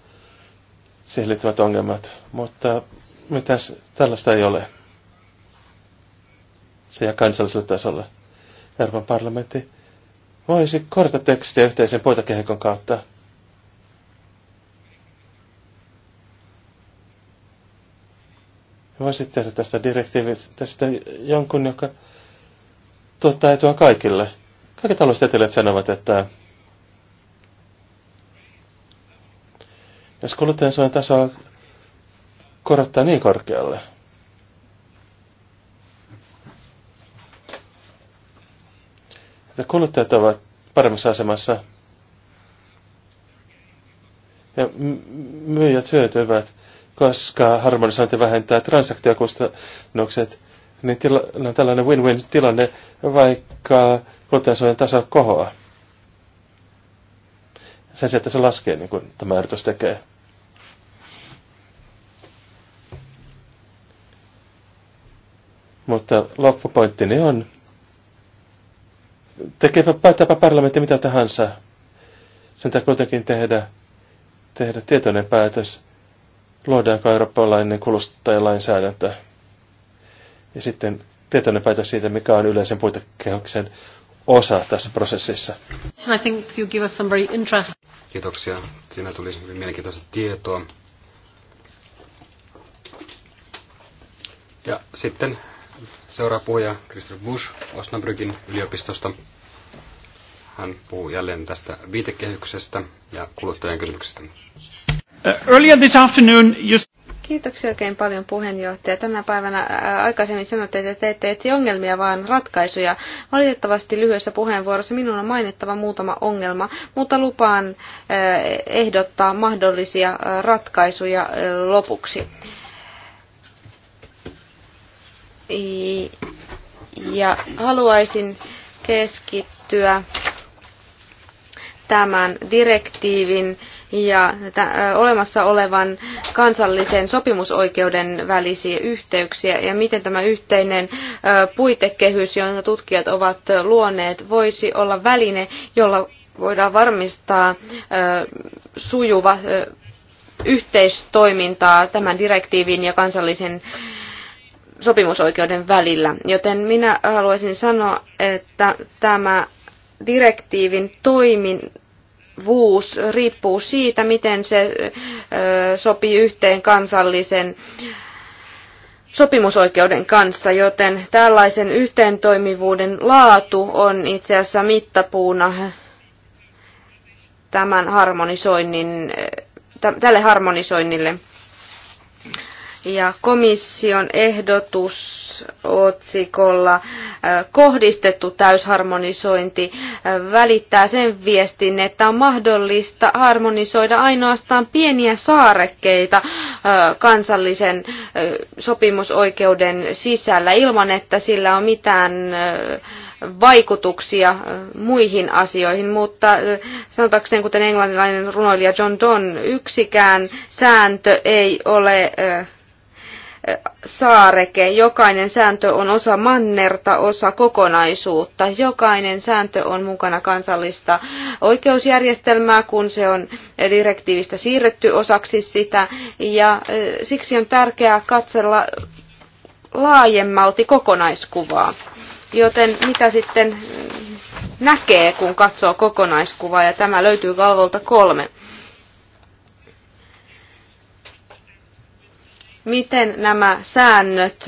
siihen liittyvät ongelmat, mutta mitäs tällaista ei ole ja kansallisella tasolla. Euroopan parlamentti voisi korjata tekstiä yhteisen poitakehikon kautta. Voisi tehdä tästä direktiivistä sitten jonkun, joka tuottaa etua kaikille. Kaikki taloustieteilijät sanovat, että jos kuluttajansuojan tasoa korottaa niin korkealle, että kuluttajat ovat paremmassa asemassa ja myyjät hyötyvät, koska harmonisointi vähentää transaktiokustannukset, niin tila, on no, tällainen win-win-tilanne, vaikka kuluttajansuojan taso kohoaa. Sen sijaan, että se laskee, niin kuin tämä ehdotus tekee. Mutta loppupointtini on, Tekeepä päättääpä parlamentti mitä tahansa. Sen täytyy kuitenkin tehdä, tehdä tietoinen päätös, luodaanko eurooppalainen kuluttajalainsäädäntö. Ja sitten tietoinen päätös siitä, mikä on yleisen puitekehoksen osa tässä prosessissa. I think you give us some very Kiitoksia. Siinä tuli hyvin mielenkiintoista tietoa. Ja sitten Seuraava puhuja Christopher Bush Osnabrykin yliopistosta. Hän puhuu jälleen tästä viitekehyksestä ja kuluttajien kysymyksestä. Uh, earlier this afternoon you... Kiitoksia oikein paljon puheenjohtaja. Tänä päivänä aikaisemmin sanoitte, että te ette etsi ongelmia, vaan ratkaisuja. Valitettavasti lyhyessä puheenvuorossa minun on mainittava muutama ongelma, mutta lupaan ehdottaa mahdollisia ratkaisuja lopuksi. Ja haluaisin keskittyä tämän direktiivin ja olemassa olevan kansallisen sopimusoikeuden välisiä yhteyksiä ja miten tämä yhteinen puitekehys, jonka tutkijat ovat luoneet, voisi olla väline, jolla voidaan varmistaa sujuva yhteistoimintaa tämän direktiivin ja kansallisen sopimusoikeuden välillä. Joten minä haluaisin sanoa, että tämä direktiivin toimin, vuus riippuu siitä, miten se sopii yhteen kansallisen sopimusoikeuden kanssa, joten tällaisen yhteentoimivuuden laatu on itse asiassa mittapuuna tämän harmonisoinnin, tälle harmonisoinnille ja komission ehdotus otsikolla äh, kohdistettu täysharmonisointi äh, välittää sen viestin, että on mahdollista harmonisoida ainoastaan pieniä saarekkeita äh, kansallisen sopimusoikeuden sisällä ilman, että sillä on mitään vaikutuksia muihin asioihin, mutta sanotakseen kuten englantilainen runoilija John Donne, yksikään sääntö ei ole äh, saareke. Jokainen sääntö on osa mannerta, osa kokonaisuutta. Jokainen sääntö on mukana kansallista oikeusjärjestelmää, kun se on direktiivistä siirretty osaksi sitä. Ja siksi on tärkeää katsella laajemmalti kokonaiskuvaa. Joten mitä sitten näkee, kun katsoo kokonaiskuvaa, ja tämä löytyy valvolta kolme. miten nämä säännöt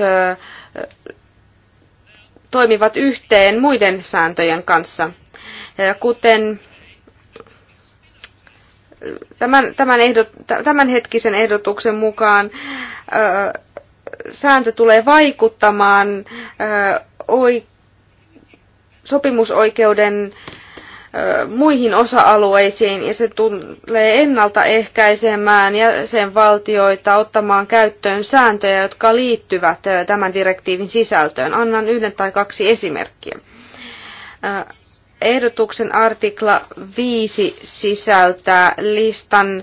toimivat yhteen muiden sääntöjen kanssa. Kuten tämän, tämän ehdot, hetkisen ehdotuksen mukaan sääntö tulee vaikuttamaan sopimusoikeuden muihin osa-alueisiin ja se tulee ennaltaehkäisemään jäsenvaltioita ottamaan käyttöön sääntöjä, jotka liittyvät tämän direktiivin sisältöön. Annan yhden tai kaksi esimerkkiä. Ehdotuksen artikla 5 sisältää listan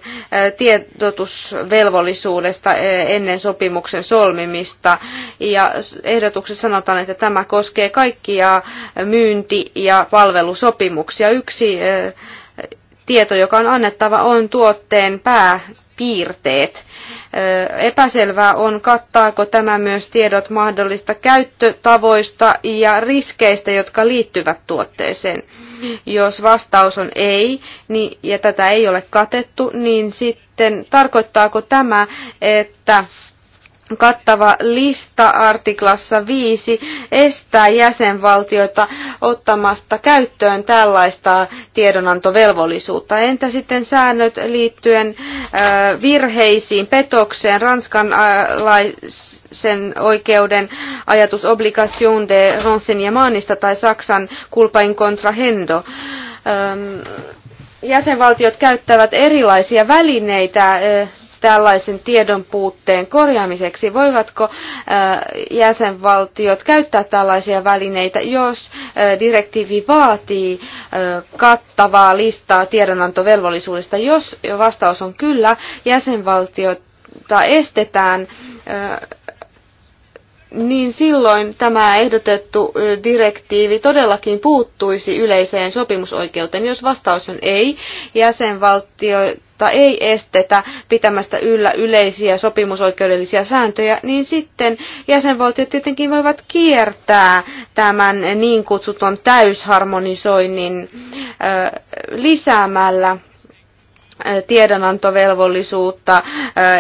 tiedotusvelvollisuudesta ennen sopimuksen solmimista ja ehdotuksessa sanotaan, että tämä koskee kaikkia myynti- ja palvelusopimuksia. Yksi tieto, joka on annettava, on tuotteen pääpiirteet. Epäselvää on, kattaako tämä myös tiedot mahdollista käyttötavoista ja riskeistä, jotka liittyvät tuotteeseen. Jos vastaus on ei, niin, ja tätä ei ole katettu, niin sitten tarkoittaako tämä, että kattava lista artiklassa 5 estää jäsenvaltioita ottamasta käyttöön tällaista tiedonantovelvollisuutta. Entä sitten säännöt liittyen virheisiin, petokseen, ranskanlaisen oikeuden ajatus obligation de renseignementista tai Saksan kulpain contrahendo? jäsenvaltiot käyttävät erilaisia välineitä tällaisen tiedon puutteen korjaamiseksi? Voivatko äh, jäsenvaltiot käyttää tällaisia välineitä, jos äh, direktiivi vaatii äh, kattavaa listaa tiedonantovelvollisuudesta? Jos vastaus on kyllä, jäsenvaltiot estetään niin silloin tämä ehdotettu direktiivi todellakin puuttuisi yleiseen sopimusoikeuteen. Jos vastaus on ei, jäsenvaltioita ei estetä pitämästä yllä yleisiä sopimusoikeudellisia sääntöjä, niin sitten jäsenvaltiot tietenkin voivat kiertää tämän niin kutsutun täysharmonisoinnin lisäämällä tiedonantovelvollisuutta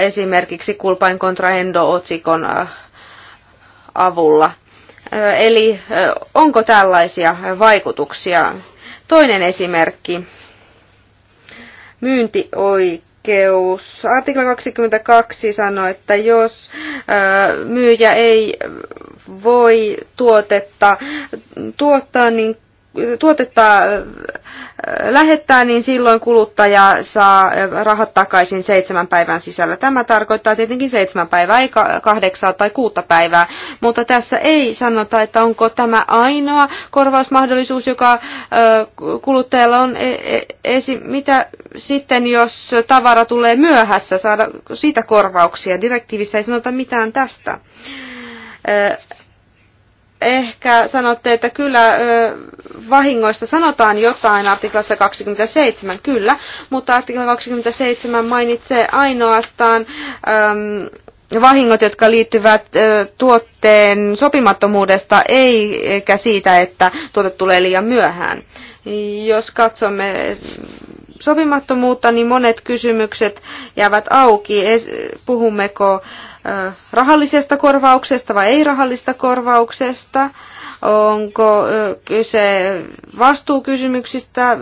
esimerkiksi kulpain kontraendo-otsikon avulla. Eli onko tällaisia vaikutuksia? Toinen esimerkki. Myyntioikeus. Artikla 22 sanoo, että jos myyjä ei voi tuotetta tuottaa, niin tuotetta lähettää, niin silloin kuluttaja saa eh, rahat takaisin seitsemän päivän sisällä. Tämä tarkoittaa tietenkin seitsemän päivää, ei kahdeksaa tai kuutta päivää, mutta tässä ei sanota, että onko tämä ainoa korvausmahdollisuus, joka eh, kuluttajalla on. E-, e-, esi- mitä sitten, jos tavara tulee myöhässä, saada siitä korvauksia? Direktiivissä ei sanota mitään tästä eh, ehkä sanotte, että kyllä vahingoista sanotaan jotain artiklassa 27, kyllä, mutta artikla 27 mainitsee ainoastaan ö, vahingot, jotka liittyvät tuotteen sopimattomuudesta, eikä siitä, että tuote tulee liian myöhään. Jos katsomme sopimattomuutta, niin monet kysymykset jäävät auki. Puhummeko Ö, rahallisesta korvauksesta vai ei-rahallista korvauksesta, onko kyse vastuukysymyksistä,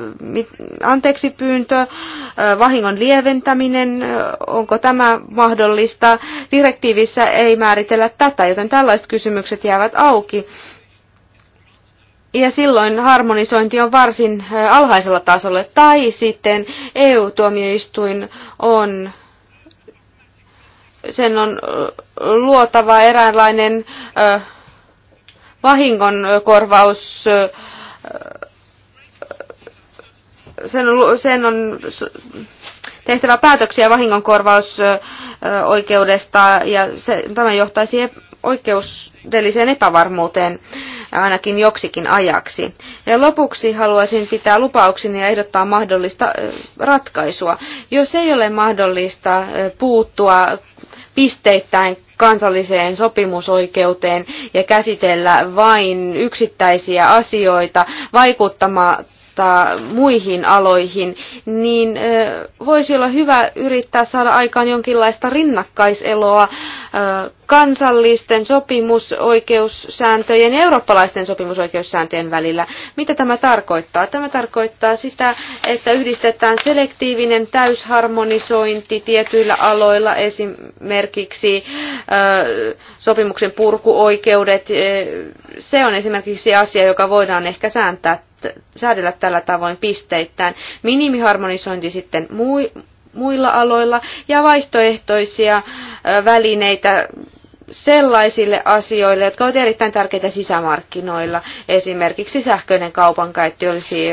anteeksi pyyntö, vahingon lieventäminen, onko tämä mahdollista. Direktiivissä ei määritellä tätä, joten tällaiset kysymykset jäävät auki. Ja silloin harmonisointi on varsin alhaisella tasolla. Tai sitten EU-tuomioistuin on sen on luotava eräänlainen vahingonkorvaus sen on, sen on tehtävä päätöksiä vahingonkorvausoikeudesta ja se, tämä johtaisi e-, oikeudelliseen epävarmuuteen ainakin joksikin ajaksi. Ja lopuksi haluaisin pitää lupauksen ja ehdottaa mahdollista ratkaisua. Jos ei ole mahdollista puuttua pisteittäin kansalliseen sopimusoikeuteen ja käsitellä vain yksittäisiä asioita vaikuttamatta tota, muihin aloihin, niin voisi olla hyvä yrittää saada aikaan jonkinlaista rinnakkaiseloa kansallisten sopimusoikeussääntöjen ja eurooppalaisten sopimusoikeussääntöjen välillä. Mitä tämä tarkoittaa? Tämä tarkoittaa sitä, että yhdistetään selektiivinen täysharmonisointi tietyillä aloilla, esimerkiksi sopimuksen purkuoikeudet. Se on esimerkiksi asia, joka voidaan ehkä sääntää säädellä tällä tavoin pisteittäin. Minimiharmonisointi sitten muilla aloilla ja vaihtoehtoisia välineitä sellaisille asioille, jotka ovat erittäin tärkeitä sisämarkkinoilla. Esimerkiksi sähköinen kaupankäyttö olisi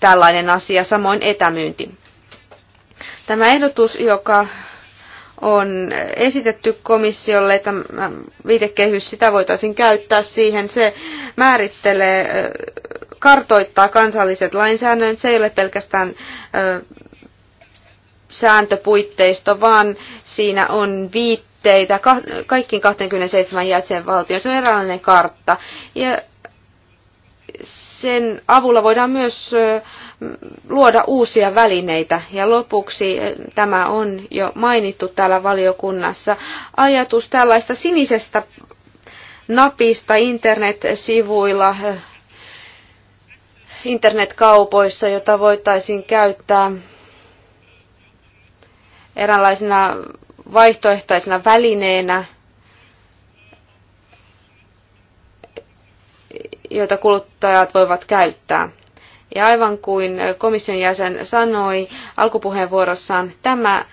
tällainen asia, samoin etämyynti. Tämä ehdotus, joka on esitetty komissiolle, että viitekehys sitä voitaisiin käyttää siihen. Se määrittelee, kartoittaa kansalliset lainsäädännöt. Se ei ole pelkästään sääntöpuitteisto, vaan siinä on viitteitä kaikkiin 27 jäsenvaltioon. Se on eräänlainen kartta. Ja sen avulla voidaan myös luoda uusia välineitä. Ja lopuksi, eh, tämä on jo mainittu täällä valiokunnassa, ajatus tällaista sinisestä napista internet-sivuilla eh, internetkaupoissa, jota voitaisiin käyttää eräänlaisena vaihtoehtoisena välineenä, joita kuluttajat voivat käyttää. Ja aivan kuin komission jäsen sanoi alkupuheenvuorossaan, tämä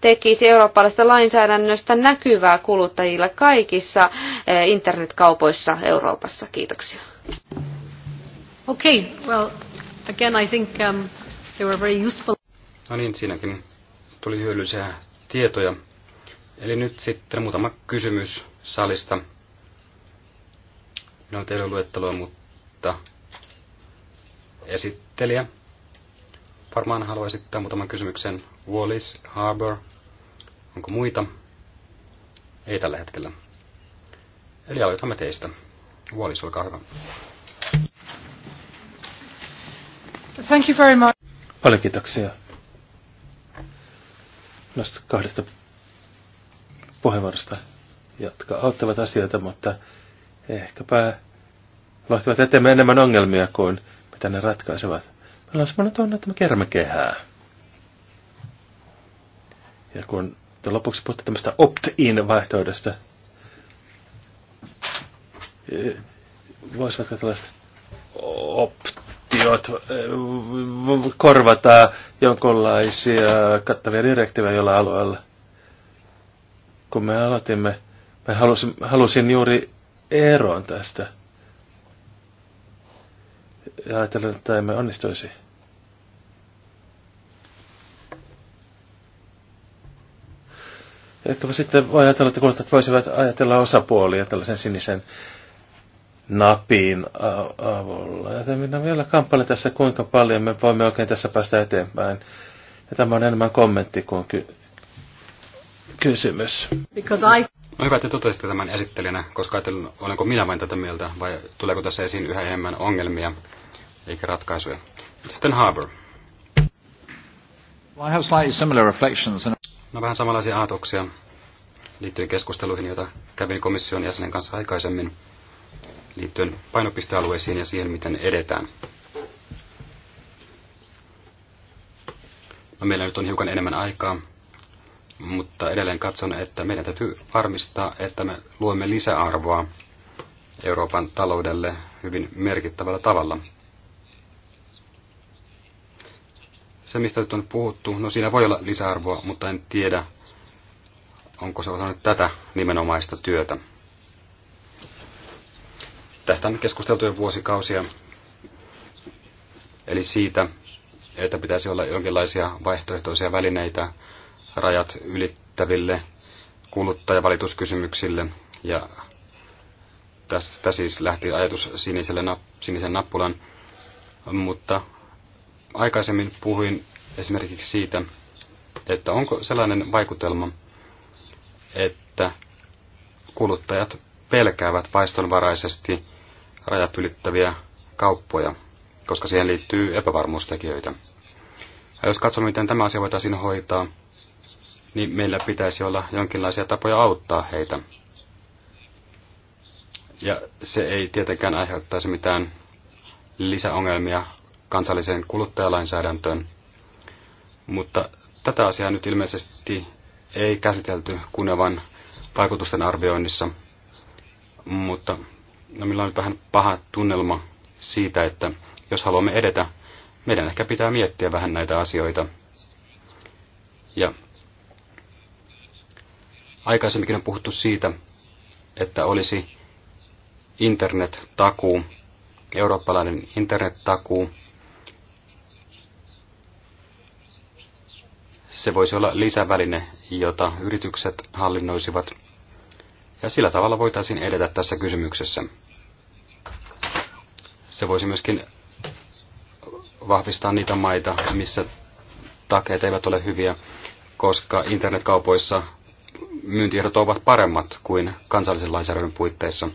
tekisi eurooppalaisesta lainsäädännöstä näkyvää kuluttajilla kaikissa eh, internetkaupoissa Euroopassa. Kiitoksia. Okay, well, again I think um, they were very useful. No niin, siinäkin tuli hyödyllisiä tietoja. Eli nyt sitten muutama kysymys salista. Minä olen teille luettelua, mutta esittelijä. Varmaan haluaa esittää muutaman kysymyksen. Wallis, Harbour, onko muita? Ei tällä hetkellä. Eli aloitamme teistä. Wallis, olkaa hyvä. Thank you very much. Paljon kiitoksia noista kahdesta puheenvuorosta, jotka auttavat asioita, mutta ehkäpä lohtivat eteenpäin enemmän ongelmia kuin mitä ne ratkaisevat. Meillä on semmoinen tuonne, että me kerromme kehää. Ja kun te lopuksi puhutte tämmöistä opt-in vaihtoehdosta, e, voisivatko tällaista optiot e, korvata jonkinlaisia kattavia direktiivejä jollain alueella? Kun me aloitimme, me halusin, halusin juuri eroon tästä – ja ajatellen, että emme onnistuisi. Ehkä sitten voi ajatella, että kuluttajat voisivat ajatella osapuolia tällaisen sinisen napin avulla. ja minä vielä kamppailen tässä, kuinka paljon me voimme oikein tässä päästä eteenpäin. Ja tämä on enemmän kommentti kuin ky- kysymys. Because I... No hyvä, että totesitte tämän esittelijänä, koska ajattelin, olenko minä vain tätä mieltä vai tuleeko tässä esiin yhä enemmän ongelmia, eikä ratkaisuja. Sitten Harbour. Well, I have slightly similar reflections. No vähän samanlaisia ajatuksia liittyen keskusteluihin, joita kävin komission jäsenen kanssa aikaisemmin liittyen painopistealueisiin ja siihen, miten edetään. No, meillä nyt on hiukan enemmän aikaa, mutta edelleen katson, että meidän täytyy varmistaa, että me luomme lisäarvoa Euroopan taloudelle hyvin merkittävällä tavalla – Se, mistä nyt on puhuttu, no siinä voi olla lisäarvoa, mutta en tiedä, onko se osannut tätä nimenomaista työtä. Tästä on keskusteltu jo vuosikausia, eli siitä, että pitäisi olla jonkinlaisia vaihtoehtoisia välineitä rajat ylittäville kuluttajavalituskysymyksille. Ja tästä siis lähti ajatus siniselle, sinisen nappulan, mutta aikaisemmin puhuin esimerkiksi siitä, että onko sellainen vaikutelma, että kuluttajat pelkäävät paistonvaraisesti rajat ylittäviä kauppoja, koska siihen liittyy epävarmuustekijöitä. Ja jos katsomme, miten tämä asia voitaisiin hoitaa, niin meillä pitäisi olla jonkinlaisia tapoja auttaa heitä. Ja se ei tietenkään aiheuttaisi mitään lisäongelmia kansalliseen kuluttajalainsäädäntöön. Mutta tätä asiaa nyt ilmeisesti ei käsitelty Kunevan vaikutusten arvioinnissa, mutta no, meillä on nyt vähän paha tunnelma siitä, että jos haluamme edetä, meidän ehkä pitää miettiä vähän näitä asioita. Ja aikaisemminkin on puhuttu siitä, että olisi internet-takuu, eurooppalainen internet-takuu, Se voisi olla lisäväline, jota yritykset hallinnoisivat, ja sillä tavalla voitaisiin edetä tässä kysymyksessä. Se voisi myöskin vahvistaa niitä maita, missä takeet eivät ole hyviä, koska internetkaupoissa myyntiehdot ovat paremmat kuin kansallisen lainsäädännön puitteissa.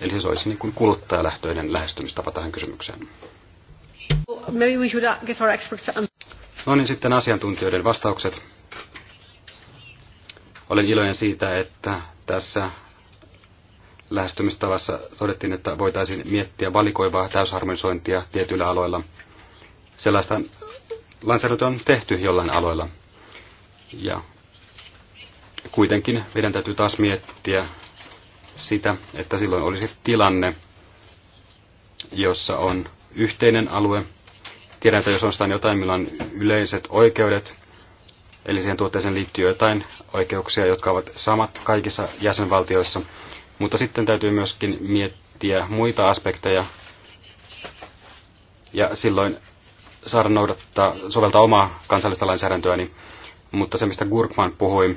Eli se olisi niin kuin kuluttajalähtöinen lähestymistapa tähän kysymykseen. Maybe we should get our experts to... No niin, sitten asiantuntijoiden vastaukset. Olen iloinen siitä, että tässä lähestymistavassa todettiin, että voitaisiin miettiä valikoivaa täysharmonisointia tietyillä aloilla. Sellaista lainsäädäntöä on tehty jollain aloilla. Ja kuitenkin meidän täytyy taas miettiä sitä, että silloin olisi tilanne, jossa on yhteinen alue, Tiedän, että jos ostan jotain, millä on yleiset oikeudet, eli siihen tuotteeseen liittyy jotain oikeuksia, jotka ovat samat kaikissa jäsenvaltioissa, mutta sitten täytyy myöskin miettiä muita aspekteja ja silloin saada noudattaa, soveltaa omaa kansallista lainsäädäntöäni. Niin, mutta se, mistä Gurkman puhui,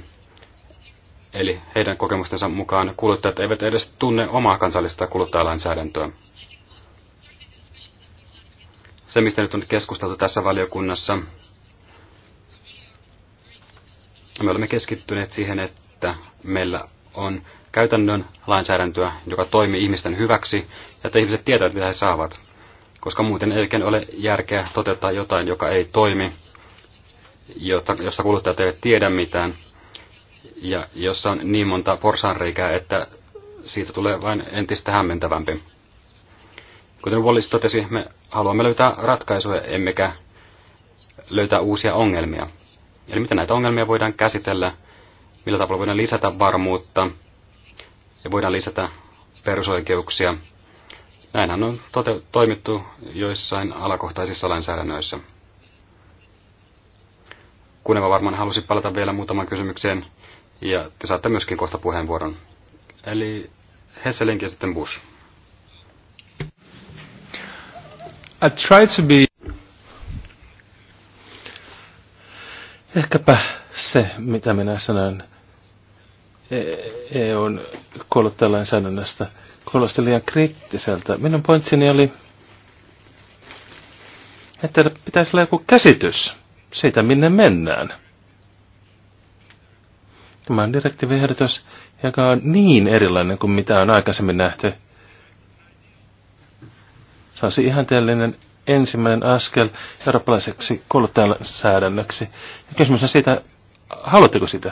eli heidän kokemustensa mukaan kuluttajat eivät edes tunne omaa kansallista kuluttajalainsäädäntöä se, mistä nyt on keskusteltu tässä valiokunnassa, me olemme keskittyneet siihen, että meillä on käytännön lainsäädäntöä, joka toimii ihmisten hyväksi, ja että ihmiset tietävät, mitä he saavat. Koska muuten ei oikein ole järkeä toteuttaa jotain, joka ei toimi, josta kuluttajat eivät tiedä mitään, ja jossa on niin monta porsanreikää, että siitä tulee vain entistä hämmentävämpi. Kuten Wallis totesi, me haluamme löytää ratkaisuja, emmekä löytää uusia ongelmia. Eli miten näitä ongelmia voidaan käsitellä, millä tavalla voidaan lisätä varmuutta ja voidaan lisätä perusoikeuksia. Näinhän on tote- toimittu joissain alakohtaisissa lainsäädännöissä. Kuneva varmaan halusi palata vielä muutaman kysymykseen, ja te saatte myöskin kohta puheenvuoron. Eli Hesselinkin sitten Bush. I try to be... Ehkäpä se, mitä minä sanon e, e on tällainen sanonnasta. kuulosti liian kriittiseltä. Minun pointsini oli, että pitäisi olla joku käsitys siitä, minne mennään. Tämä on direktiiviehdotus, joka on niin erilainen kuin mitä on aikaisemmin nähty – saisi olisi ihanteellinen ensimmäinen askel eurooppalaiseksi kuluttajansäädännöksi. Ja kysymys on siitä, haluatteko sitä?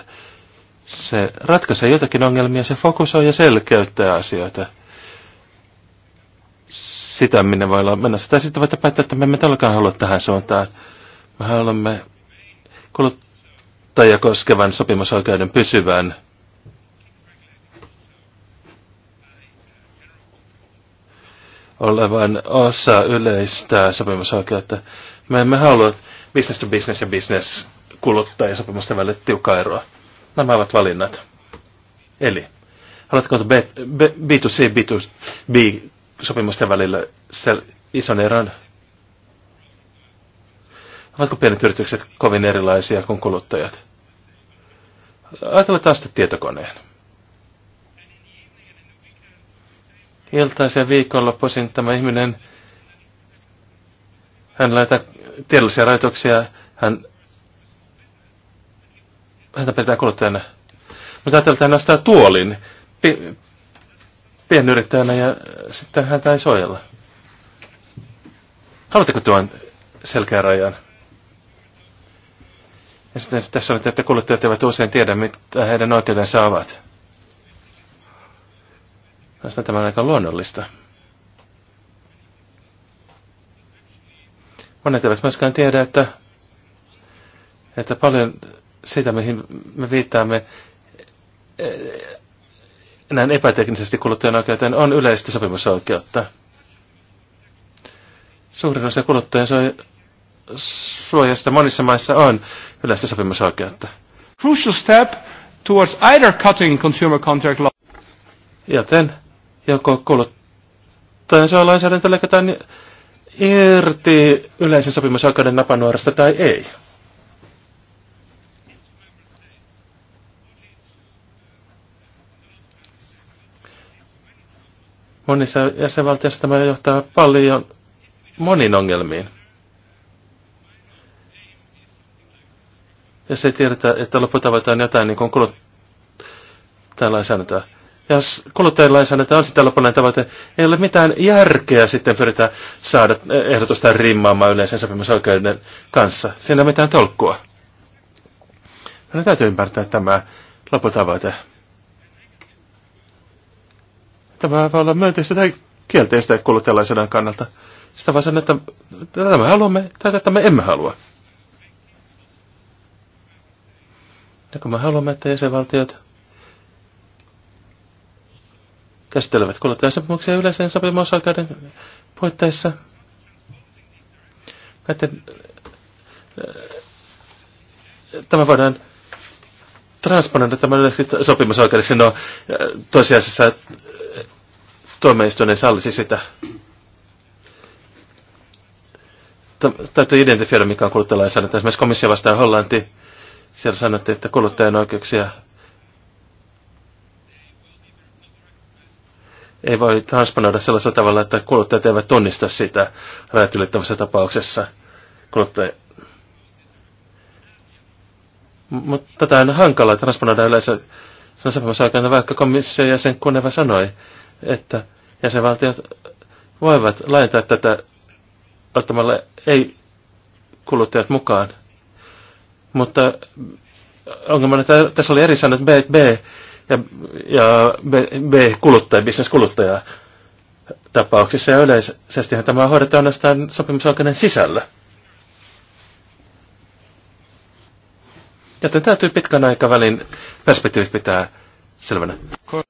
Se ratkaisee jotakin ongelmia, se fokusoi ja selkeyttää asioita. Sitä minne voi olla menossa. Tai sitten voitte päättää, että me emme todellakaan halua tähän suuntaan. Me haluamme kuluttajia koskevan sopimusoikeuden pysyvän olevan osa yleistä sopimusoikeutta. Me emme halua business to business ja business sopimusten välillä tiukkaa eroa. Nämä ovat valinnat. Eli haluatko B, B, B2C, B2B sopimusten välillä sel, ison eron? Ovatko pienet yritykset kovin erilaisia kuin kuluttajat? Ajatellaan taas tietokoneen. iltaisen viikonloppuisin tämä ihminen, hän laittaa tiedollisia rajoituksia, hän, häntä pitää kuluttajana. Mutta ajatellaan, että hän tuolin pi, pienyrittäjänä ja sitten häntä ei suojella. Haluatteko tuon rajan? Ja sitten tässä on, että kuluttajat eivät usein tiedä, mitä heidän oikeutensa ovat. Tästä tämä on aika luonnollista. Monet eivät myöskään tiedä, että, että paljon siitä, mihin me viittaamme näin epäteknisesti kuluttajan oikeuteen, on yleistä sopimusoikeutta. Suurin osa kuluttajan suojasta monissa maissa on yleistä sopimusoikeutta. Crucial step towards either cutting consumer contract law. Joten joko on lainsäädäntö leikataan irti yleisen sopimusoikeuden napanuorasta tai ei. Monissa jäsenvaltioissa tämä johtaa paljon monin ongelmiin. Jos ei tiedetä, että lopputavoite on jotain niin kuin kulut sanotaan jos kuluttajalainsäädäntö on sitä lopullinen tavoite, ei ole mitään järkeä sitten pyritä saada eh, ehdotusta rimmaamaan yleisen sopimusoikeuden kanssa. Siinä ei ole mitään tolkkua. Meidän no, täytyy ymmärtää tämä loputavoite. Tämä voi olla myönteistä tai kielteistä kuluttajalainsäädännön kannalta. Sitä vaan sen, että tätä me haluamme tai tätä me emme halua. Ja kun me haluamme, että jäsenvaltiot käsittelevät kuluttajasopimuksia yleisen sopimusoikeuden puitteissa. Näiden, äh, tämä voidaan transponoida tämän yleisesti sopimusoikeudessa. No äh, tosiasiassa äh, tuomioistuinen sallisi sitä. Täytyy identifioida, mikä on kuluttajalainsäädäntö. Esimerkiksi komissio vastaan Hollanti. Siellä sanottiin, että kuluttajan oikeuksia ei voi transponoida sellaisella tavalla, että kuluttajat eivät tunnista sitä rajat ylittävässä tapauksessa. Kuluttaja. Mutta tätä on hankala transponoida yleensä sen aikana, vaikka komission jäsen Kuneva sanoi, että jäsenvaltiot voivat laajentaa tätä ottamalla ei-kuluttajat mukaan. Mutta ongelmana tässä oli eri sanat B, B ja, ja B, B-kuluttaja, bisneskuluttaja tapauksissa. Ja yleisesti tämä hoidetaan ainoastaan sopimusoikeuden sisällä. Joten täytyy pitkän aikavälin perspektiivit pitää selvänä.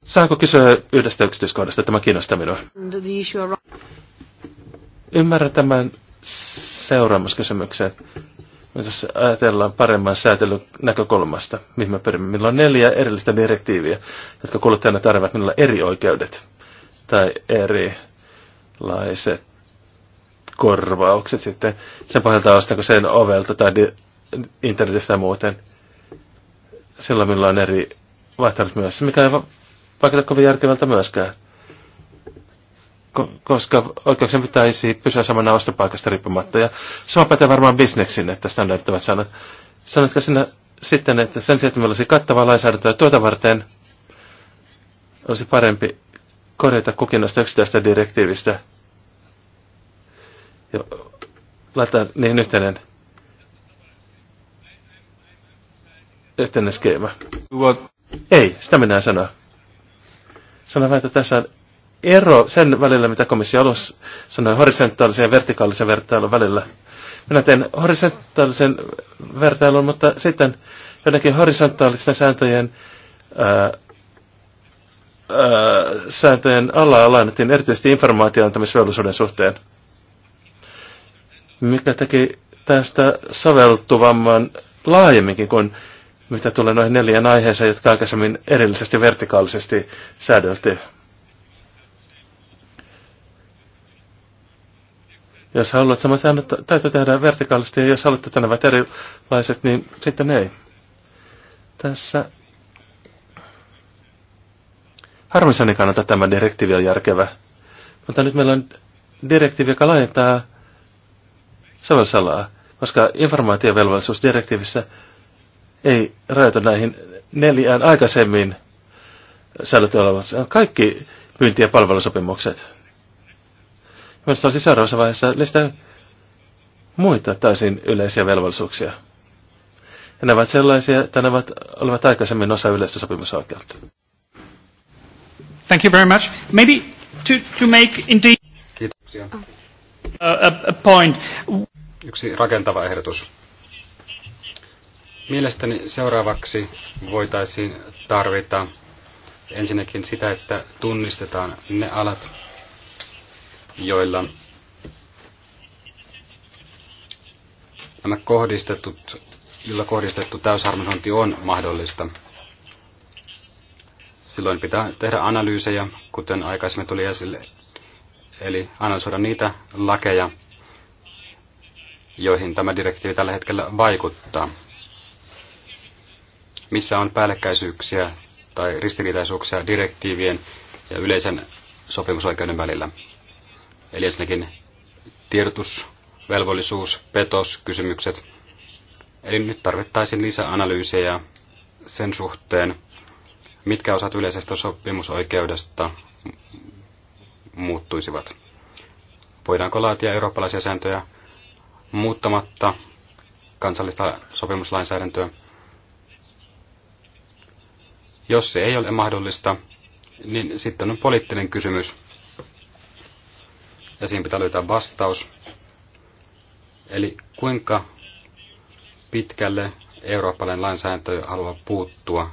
Saanko kysyä yhdestä yksityiskohdasta? Tämä kiinnostaa minua. Ymmärrän tämän seuraamuskysymyksen jos ajatellaan paremman säätelyn näkökulmasta, mihin me pyrimme. Meillä on neljä erillistä direktiiviä, jotka kuluttajana tarvitsevat minulla eri oikeudet tai erilaiset korvaukset sitten sen pohjalta, ostanko sen ovelta tai internetistä ja muuten. Silloin minulla on eri vaihtoehdot myös, mikä ei vaikuta kovin järkevältä myöskään koska oikeuksien pitäisi pysyä samana ostopaikasta riippumatta. Ja sama pätee varmaan bisneksin, että standardit ovat sanat. Sanotko sinä sitten, että sen sijaan, että meillä olisi kattavaa lainsäädäntöä tuota varten, olisi parempi korjata kukinnasta yksittäistä direktiivistä ja laittaa niihin yhteinen, yhteinen skeema. What? Ei, sitä minä en sano. Sano vain, että tässä on ero sen välillä, mitä komissio alussa sanoi horisontaalisen ja vertikaalisen vertailun välillä. Minä teen horisontaalisen vertailun, mutta sitten jotenkin horisontaalisten sääntöjen ää, ää, sääntöjen alla lainattiin erityisesti informaatioantamisvelvollisuuden suhteen, mikä teki tästä soveltuvamman laajemminkin kuin mitä tulee noihin neljään aiheeseen, jotka aikaisemmin erillisesti vertikaalisesti säädeltiin. Jos haluat samat säännöt, täytyy tehdä vertikaalisesti, ja jos haluatte tänne ovat erilaiset, niin sitten ei. Tässä harmissani niin kannalta tämä direktiivi on järkevä. Mutta nyt meillä on direktiivi, joka laajentaa sovellusalaa, koska informaatiovelvollisuusdirektiivissä ei rajoita näihin neljään aikaisemmin säädöt olevat. Kaikki myynti- ja palvelusopimukset. Myös siis olisi seuraavassa vaiheessa listaa muita täysin yleisiä velvollisuuksia. Ja ne ovat sellaisia, että ne ovat, olivat aikaisemmin osa yleistä sopimusoikeutta. Thank you very much. Maybe to, to make indeed Kiitoksia. Ah. A, a point. Yksi rakentava ehdotus. Mielestäni seuraavaksi voitaisiin tarvita ensinnäkin sitä, että tunnistetaan ne alat, joilla nämä kohdistetut, joilla kohdistettu täysharmonisointi on mahdollista. Silloin pitää tehdä analyysejä, kuten aikaisemmin tuli esille, eli analysoida niitä lakeja, joihin tämä direktiivi tällä hetkellä vaikuttaa. Missä on päällekkäisyyksiä tai ristiriitaisuuksia direktiivien ja yleisen sopimusoikeuden välillä. Eli ensinnäkin tiedotusvelvollisuus, kysymykset Eli nyt tarvittaisiin lisäanalyysejä sen suhteen, mitkä osat yleisestä sopimusoikeudesta muuttuisivat. Voidaanko laatia eurooppalaisia sääntöjä muuttamatta kansallista sopimuslainsäädäntöä? Jos se ei ole mahdollista, niin sitten on poliittinen kysymys, ja siihen pitää löytää vastaus. Eli kuinka pitkälle eurooppalainen lainsäädäntö haluaa puuttua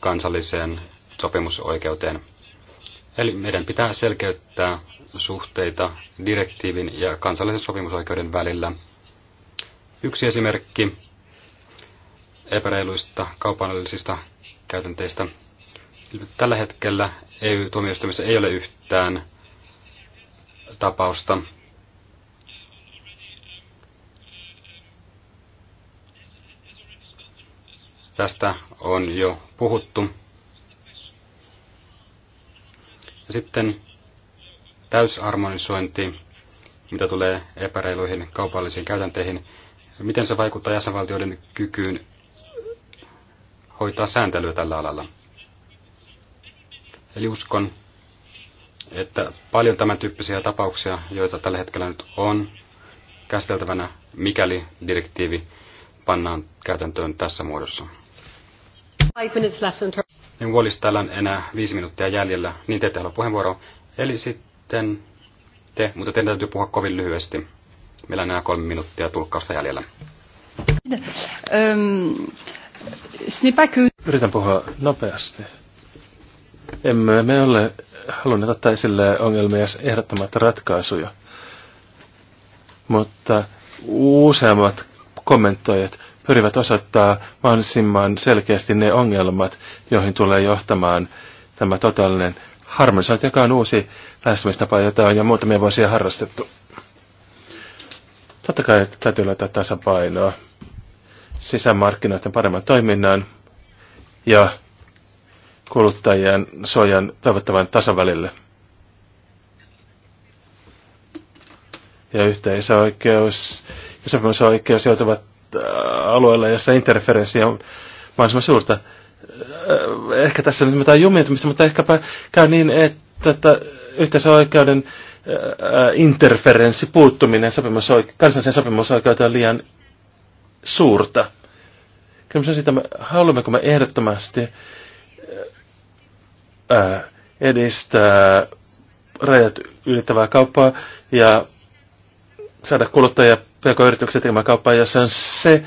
kansalliseen sopimusoikeuteen. Eli meidän pitää selkeyttää suhteita direktiivin ja kansallisen sopimusoikeuden välillä. Yksi esimerkki epäreiluista kaupallisista käytänteistä. Tällä hetkellä EU-tuomioistuimessa ei ole yhtään tapausta. Tästä on jo puhuttu. Ja sitten täysarmonisointi, mitä tulee epäreiluihin kaupallisiin käytänteihin. Miten se vaikuttaa jäsenvaltioiden kykyyn hoitaa sääntelyä tällä alalla? Eli uskon, että paljon tämän tyyppisiä tapauksia, joita tällä hetkellä nyt on käsiteltävänä, mikäli direktiivi pannaan käytäntöön tässä muodossa. Niin Wallis, täällä on enää viisi minuuttia jäljellä, niin te ette halua puheenvuoroa. Eli sitten te, mutta teidän täytyy puhua kovin lyhyesti. Meillä on enää kolme minuuttia tulkkausta jäljellä. Yritän puhua nopeasti. Emme me ole halunneet ottaa esille ongelmia ehdottamatta ratkaisuja. Mutta useammat kommentoijat pyrivät osoittaa mahdollisimman selkeästi ne ongelmat, joihin tulee johtamaan tämä totaalinen harmonisointi, joka on uusi lähestymistapa, jota on jo muutamia vuosia harrastettu. Totta kai täytyy löytää tasapainoa sisämarkkinoiden paremman toiminnan ja kuluttajien suojan toivottavan tasavälille. Ja yhteisöoikeus ja sopimusoikeus joutuvat äh, alueella, jossa interferenssi on mahdollisimman suurta. Äh, ehkä tässä nyt jotain jumiutumista, mutta ehkäpä käy niin, että, että yhteisöoikeuden äh, interferenssi, puuttuminen sopimusoike- kansalliseen sopimusoikeuteen on liian suurta. Kysymys on siitä, haluammeko me ehdottomasti edistää rajat ylittävää kauppaa ja saada kuluttajia pk-yrityksiä tekemään kauppaa, jossa on se,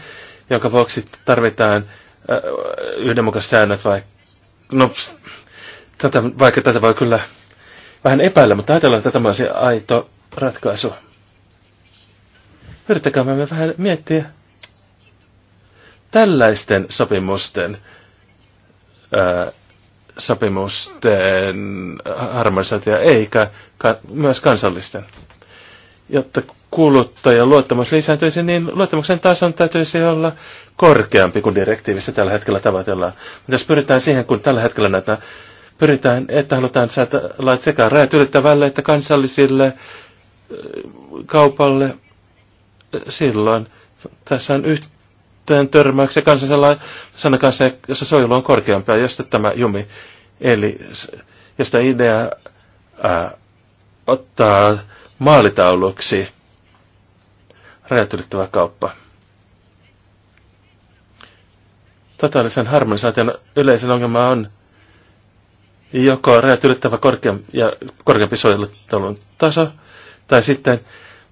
jonka vuoksi tarvitaan yhdenmukaiset säännöt vai... No, tätä, vaikka tätä voi kyllä vähän epäillä, mutta ajatellaan, että tämä olisi aito ratkaisu. Yrittäkää me vähän miettiä tällaisten sopimusten ää, sopimusten harmonisaatio, eikä ka- myös kansallisten. Jotta kuluttajan luottamus lisääntyisi, niin luottamuksen tason täytyisi olla korkeampi kuin direktiivissä tällä hetkellä tavoitellaan. Mutta jos pyritään siihen, kun tällä hetkellä näitä pyritään, että halutaan saada lait sekä rajat ylittävälle että kansallisille kaupalle, silloin tässä on yht, sitten kanssa sellainen kanssa, jossa soilu on korkeampaa, sitten tämä jumi, eli josta idea ää, ottaa maalitauluksi rajat kauppa. Totaalisen harmonisaation yleisin ongelma on joko rajat ylittävä korkeam, ja korkeampi suojelutalun taso, tai sitten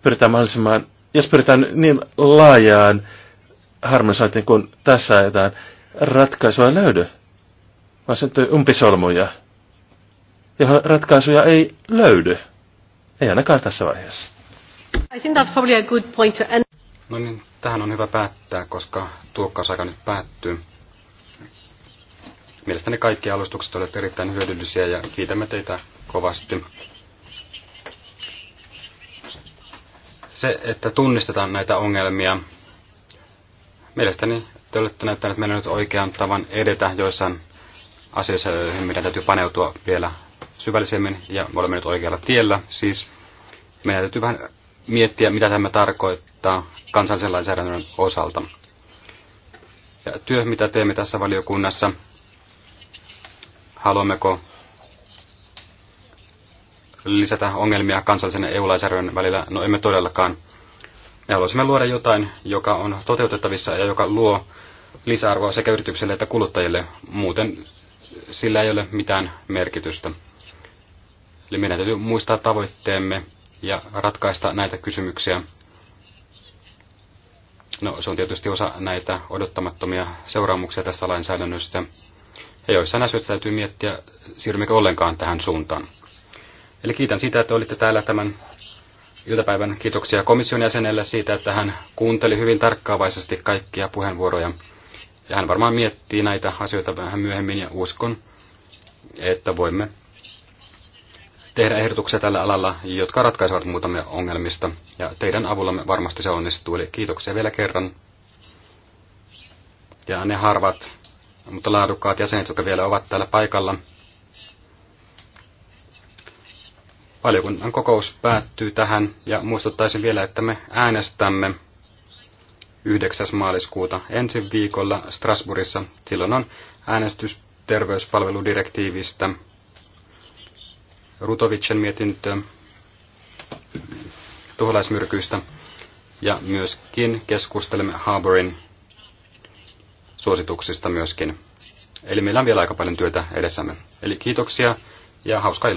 pyritään mahdollisimman, jos pyritään niin laajaan harmonisointiin, kun tässä ajetaan ratkaisua löydy, vaan syntyy umpisolmuja, johon ratkaisuja ei löydy. Ei ainakaan tässä vaiheessa. I think that's probably a good point to end. No niin, tähän on hyvä päättää, koska tuokkausaika nyt päättyy. Mielestäni kaikki alustukset olivat erittäin hyödyllisiä ja kiitämme teitä kovasti. Se, että tunnistetaan näitä ongelmia Mielestäni te olette näyttäneet meille nyt oikean tavan edetä joissain asioissa, joihin meidän täytyy paneutua vielä syvällisemmin, ja me olemme nyt oikealla tiellä. Siis meidän täytyy vähän miettiä, mitä tämä tarkoittaa kansallisen lainsäädännön osalta. Ja työ, mitä teemme tässä valiokunnassa, haluammeko lisätä ongelmia kansallisen EU-lainsäädännön välillä? No emme todellakaan. Me haluaisimme luoda jotain, joka on toteutettavissa ja joka luo lisäarvoa sekä yritykselle että kuluttajille. Muuten sillä ei ole mitään merkitystä. Eli meidän täytyy muistaa tavoitteemme ja ratkaista näitä kysymyksiä. No, se on tietysti osa näitä odottamattomia seuraamuksia tästä lainsäädännöstä. Ja joissain asioissa täytyy miettiä, siirrymmekö ollenkaan tähän suuntaan. Eli kiitän siitä, että olitte täällä tämän iltapäivän. Kiitoksia komission jäsenelle siitä, että hän kuunteli hyvin tarkkaavaisesti kaikkia puheenvuoroja. Ja hän varmaan miettii näitä asioita vähän myöhemmin ja uskon, että voimme tehdä ehdotuksia tällä alalla, jotka ratkaisevat muutamia ongelmista. Ja teidän avullamme varmasti se onnistuu. Eli kiitoksia vielä kerran. Ja ne harvat, mutta laadukkaat jäsenet, jotka vielä ovat täällä paikalla, Valiokunnan kokous päättyy tähän ja muistuttaisin vielä, että me äänestämme 9. maaliskuuta ensi viikolla Strasbourgissa. Silloin on äänestys terveyspalveludirektiivistä, Rutovicen mietintö tuholaismyrkyistä ja myöskin keskustelemme Harborin suosituksista myöskin. Eli meillä on vielä aika paljon työtä edessämme. Eli kiitoksia ja hauskaa